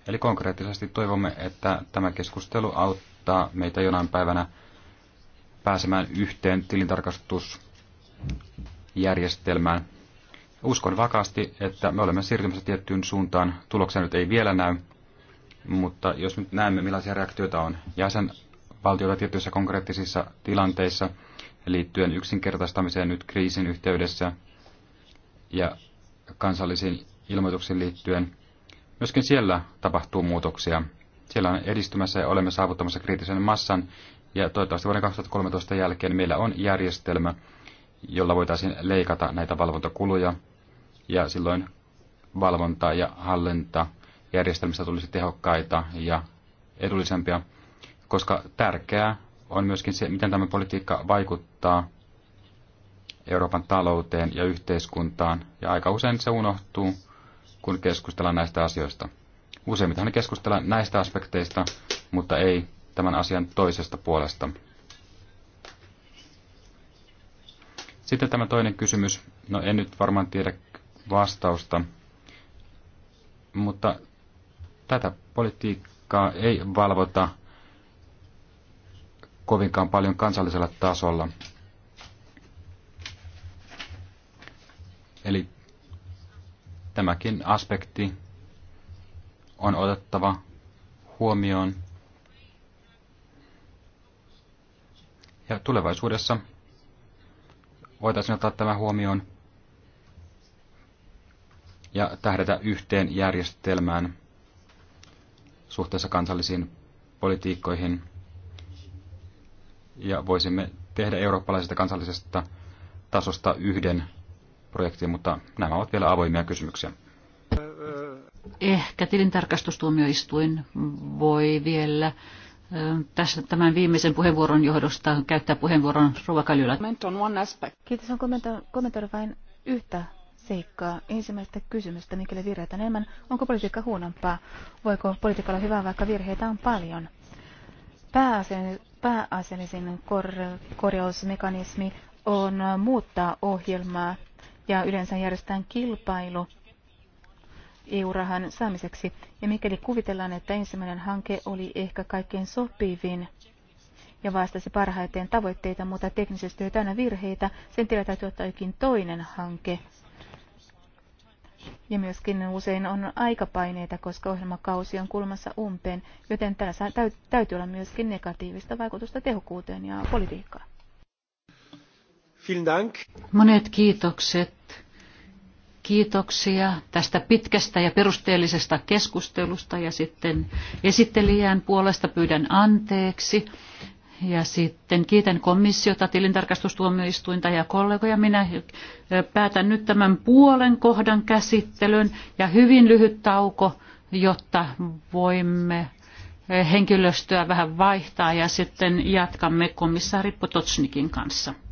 Eli konkreettisesti toivomme, että tämä keskustelu auttaa meitä jonain päivänä pääsemään yhteen tilintarkastusjärjestelmään. Uskon vakaasti, että me olemme siirtymässä tiettyyn suuntaan. Tuloksia nyt ei vielä näy, mutta jos nyt näemme, millaisia reaktioita on jäsenvaltioita tietyissä konkreettisissa tilanteissa liittyen yksinkertaistamiseen nyt kriisin yhteydessä ja kansallisiin ilmoituksiin liittyen, myöskin siellä tapahtuu muutoksia. Siellä on edistymässä ja olemme saavuttamassa kriittisen massan, ja toivottavasti vuoden 2013 jälkeen meillä on järjestelmä, jolla voitaisiin leikata näitä valvontakuluja. Ja silloin valvonta ja hallinta järjestelmistä tulisi tehokkaita ja edullisempia, koska tärkeää on myöskin se, miten tämä politiikka vaikuttaa Euroopan talouteen ja yhteiskuntaan, ja aika usein se unohtuu, kun keskustellaan näistä asioista. Useimmitenhan keskustellaan näistä aspekteista, mutta ei tämän asian toisesta puolesta. Sitten tämä toinen kysymys. No en nyt varmaan tiedä vastausta, mutta tätä politiikkaa ei valvota kovinkaan paljon kansallisella tasolla. Eli tämäkin aspekti on otettava huomioon Ja tulevaisuudessa voitaisiin ottaa tämä huomioon ja tähdätä yhteen järjestelmään suhteessa kansallisiin politiikkoihin. Ja voisimme tehdä eurooppalaisesta kansallisesta tasosta yhden projektin, mutta nämä ovat vielä avoimia kysymyksiä. Ehkä tilintarkastustuomioistuin voi vielä tässä tämän viimeisen puheenvuoron johdosta käyttää puheenvuoron Rova Kaljula. Kiitos, on kommentoida, kommentoida vain yhtä seikkaa. Ensimmäistä kysymystä Mikeli Virreitä enemmän. Onko politiikka huonompaa? Voiko politiikka olla hyvää, vaikka virheitä on paljon? pääasiallisin kor, korjausmekanismi on muuttaa ohjelmaa ja yleensä järjestetään kilpailu – EU-rahan saamiseksi. Ja mikäli kuvitellaan, että ensimmäinen hanke oli ehkä kaikkein sopivin ja vastasi parhaiten tavoitteita, mutta teknisesti on aina virheitä, sen tilalle täytyy ottaa jokin toinen hanke. Ja myöskin usein on aikapaineita, koska ohjelmakausi on kulmassa umpeen, joten tässä täytyy olla myöskin negatiivista vaikutusta tehokkuuteen ja politiikkaan. Monet kiitokset Kiitoksia tästä pitkästä ja perusteellisesta keskustelusta ja sitten esittelijän puolesta pyydän anteeksi. Ja sitten kiitän komissiota, tilintarkastustuomioistuinta ja kollegoja. Minä eh, päätän nyt tämän puolen kohdan käsittelyn ja hyvin lyhyt tauko, jotta voimme eh, henkilöstöä vähän vaihtaa ja sitten jatkamme komissaari Potocnikin kanssa.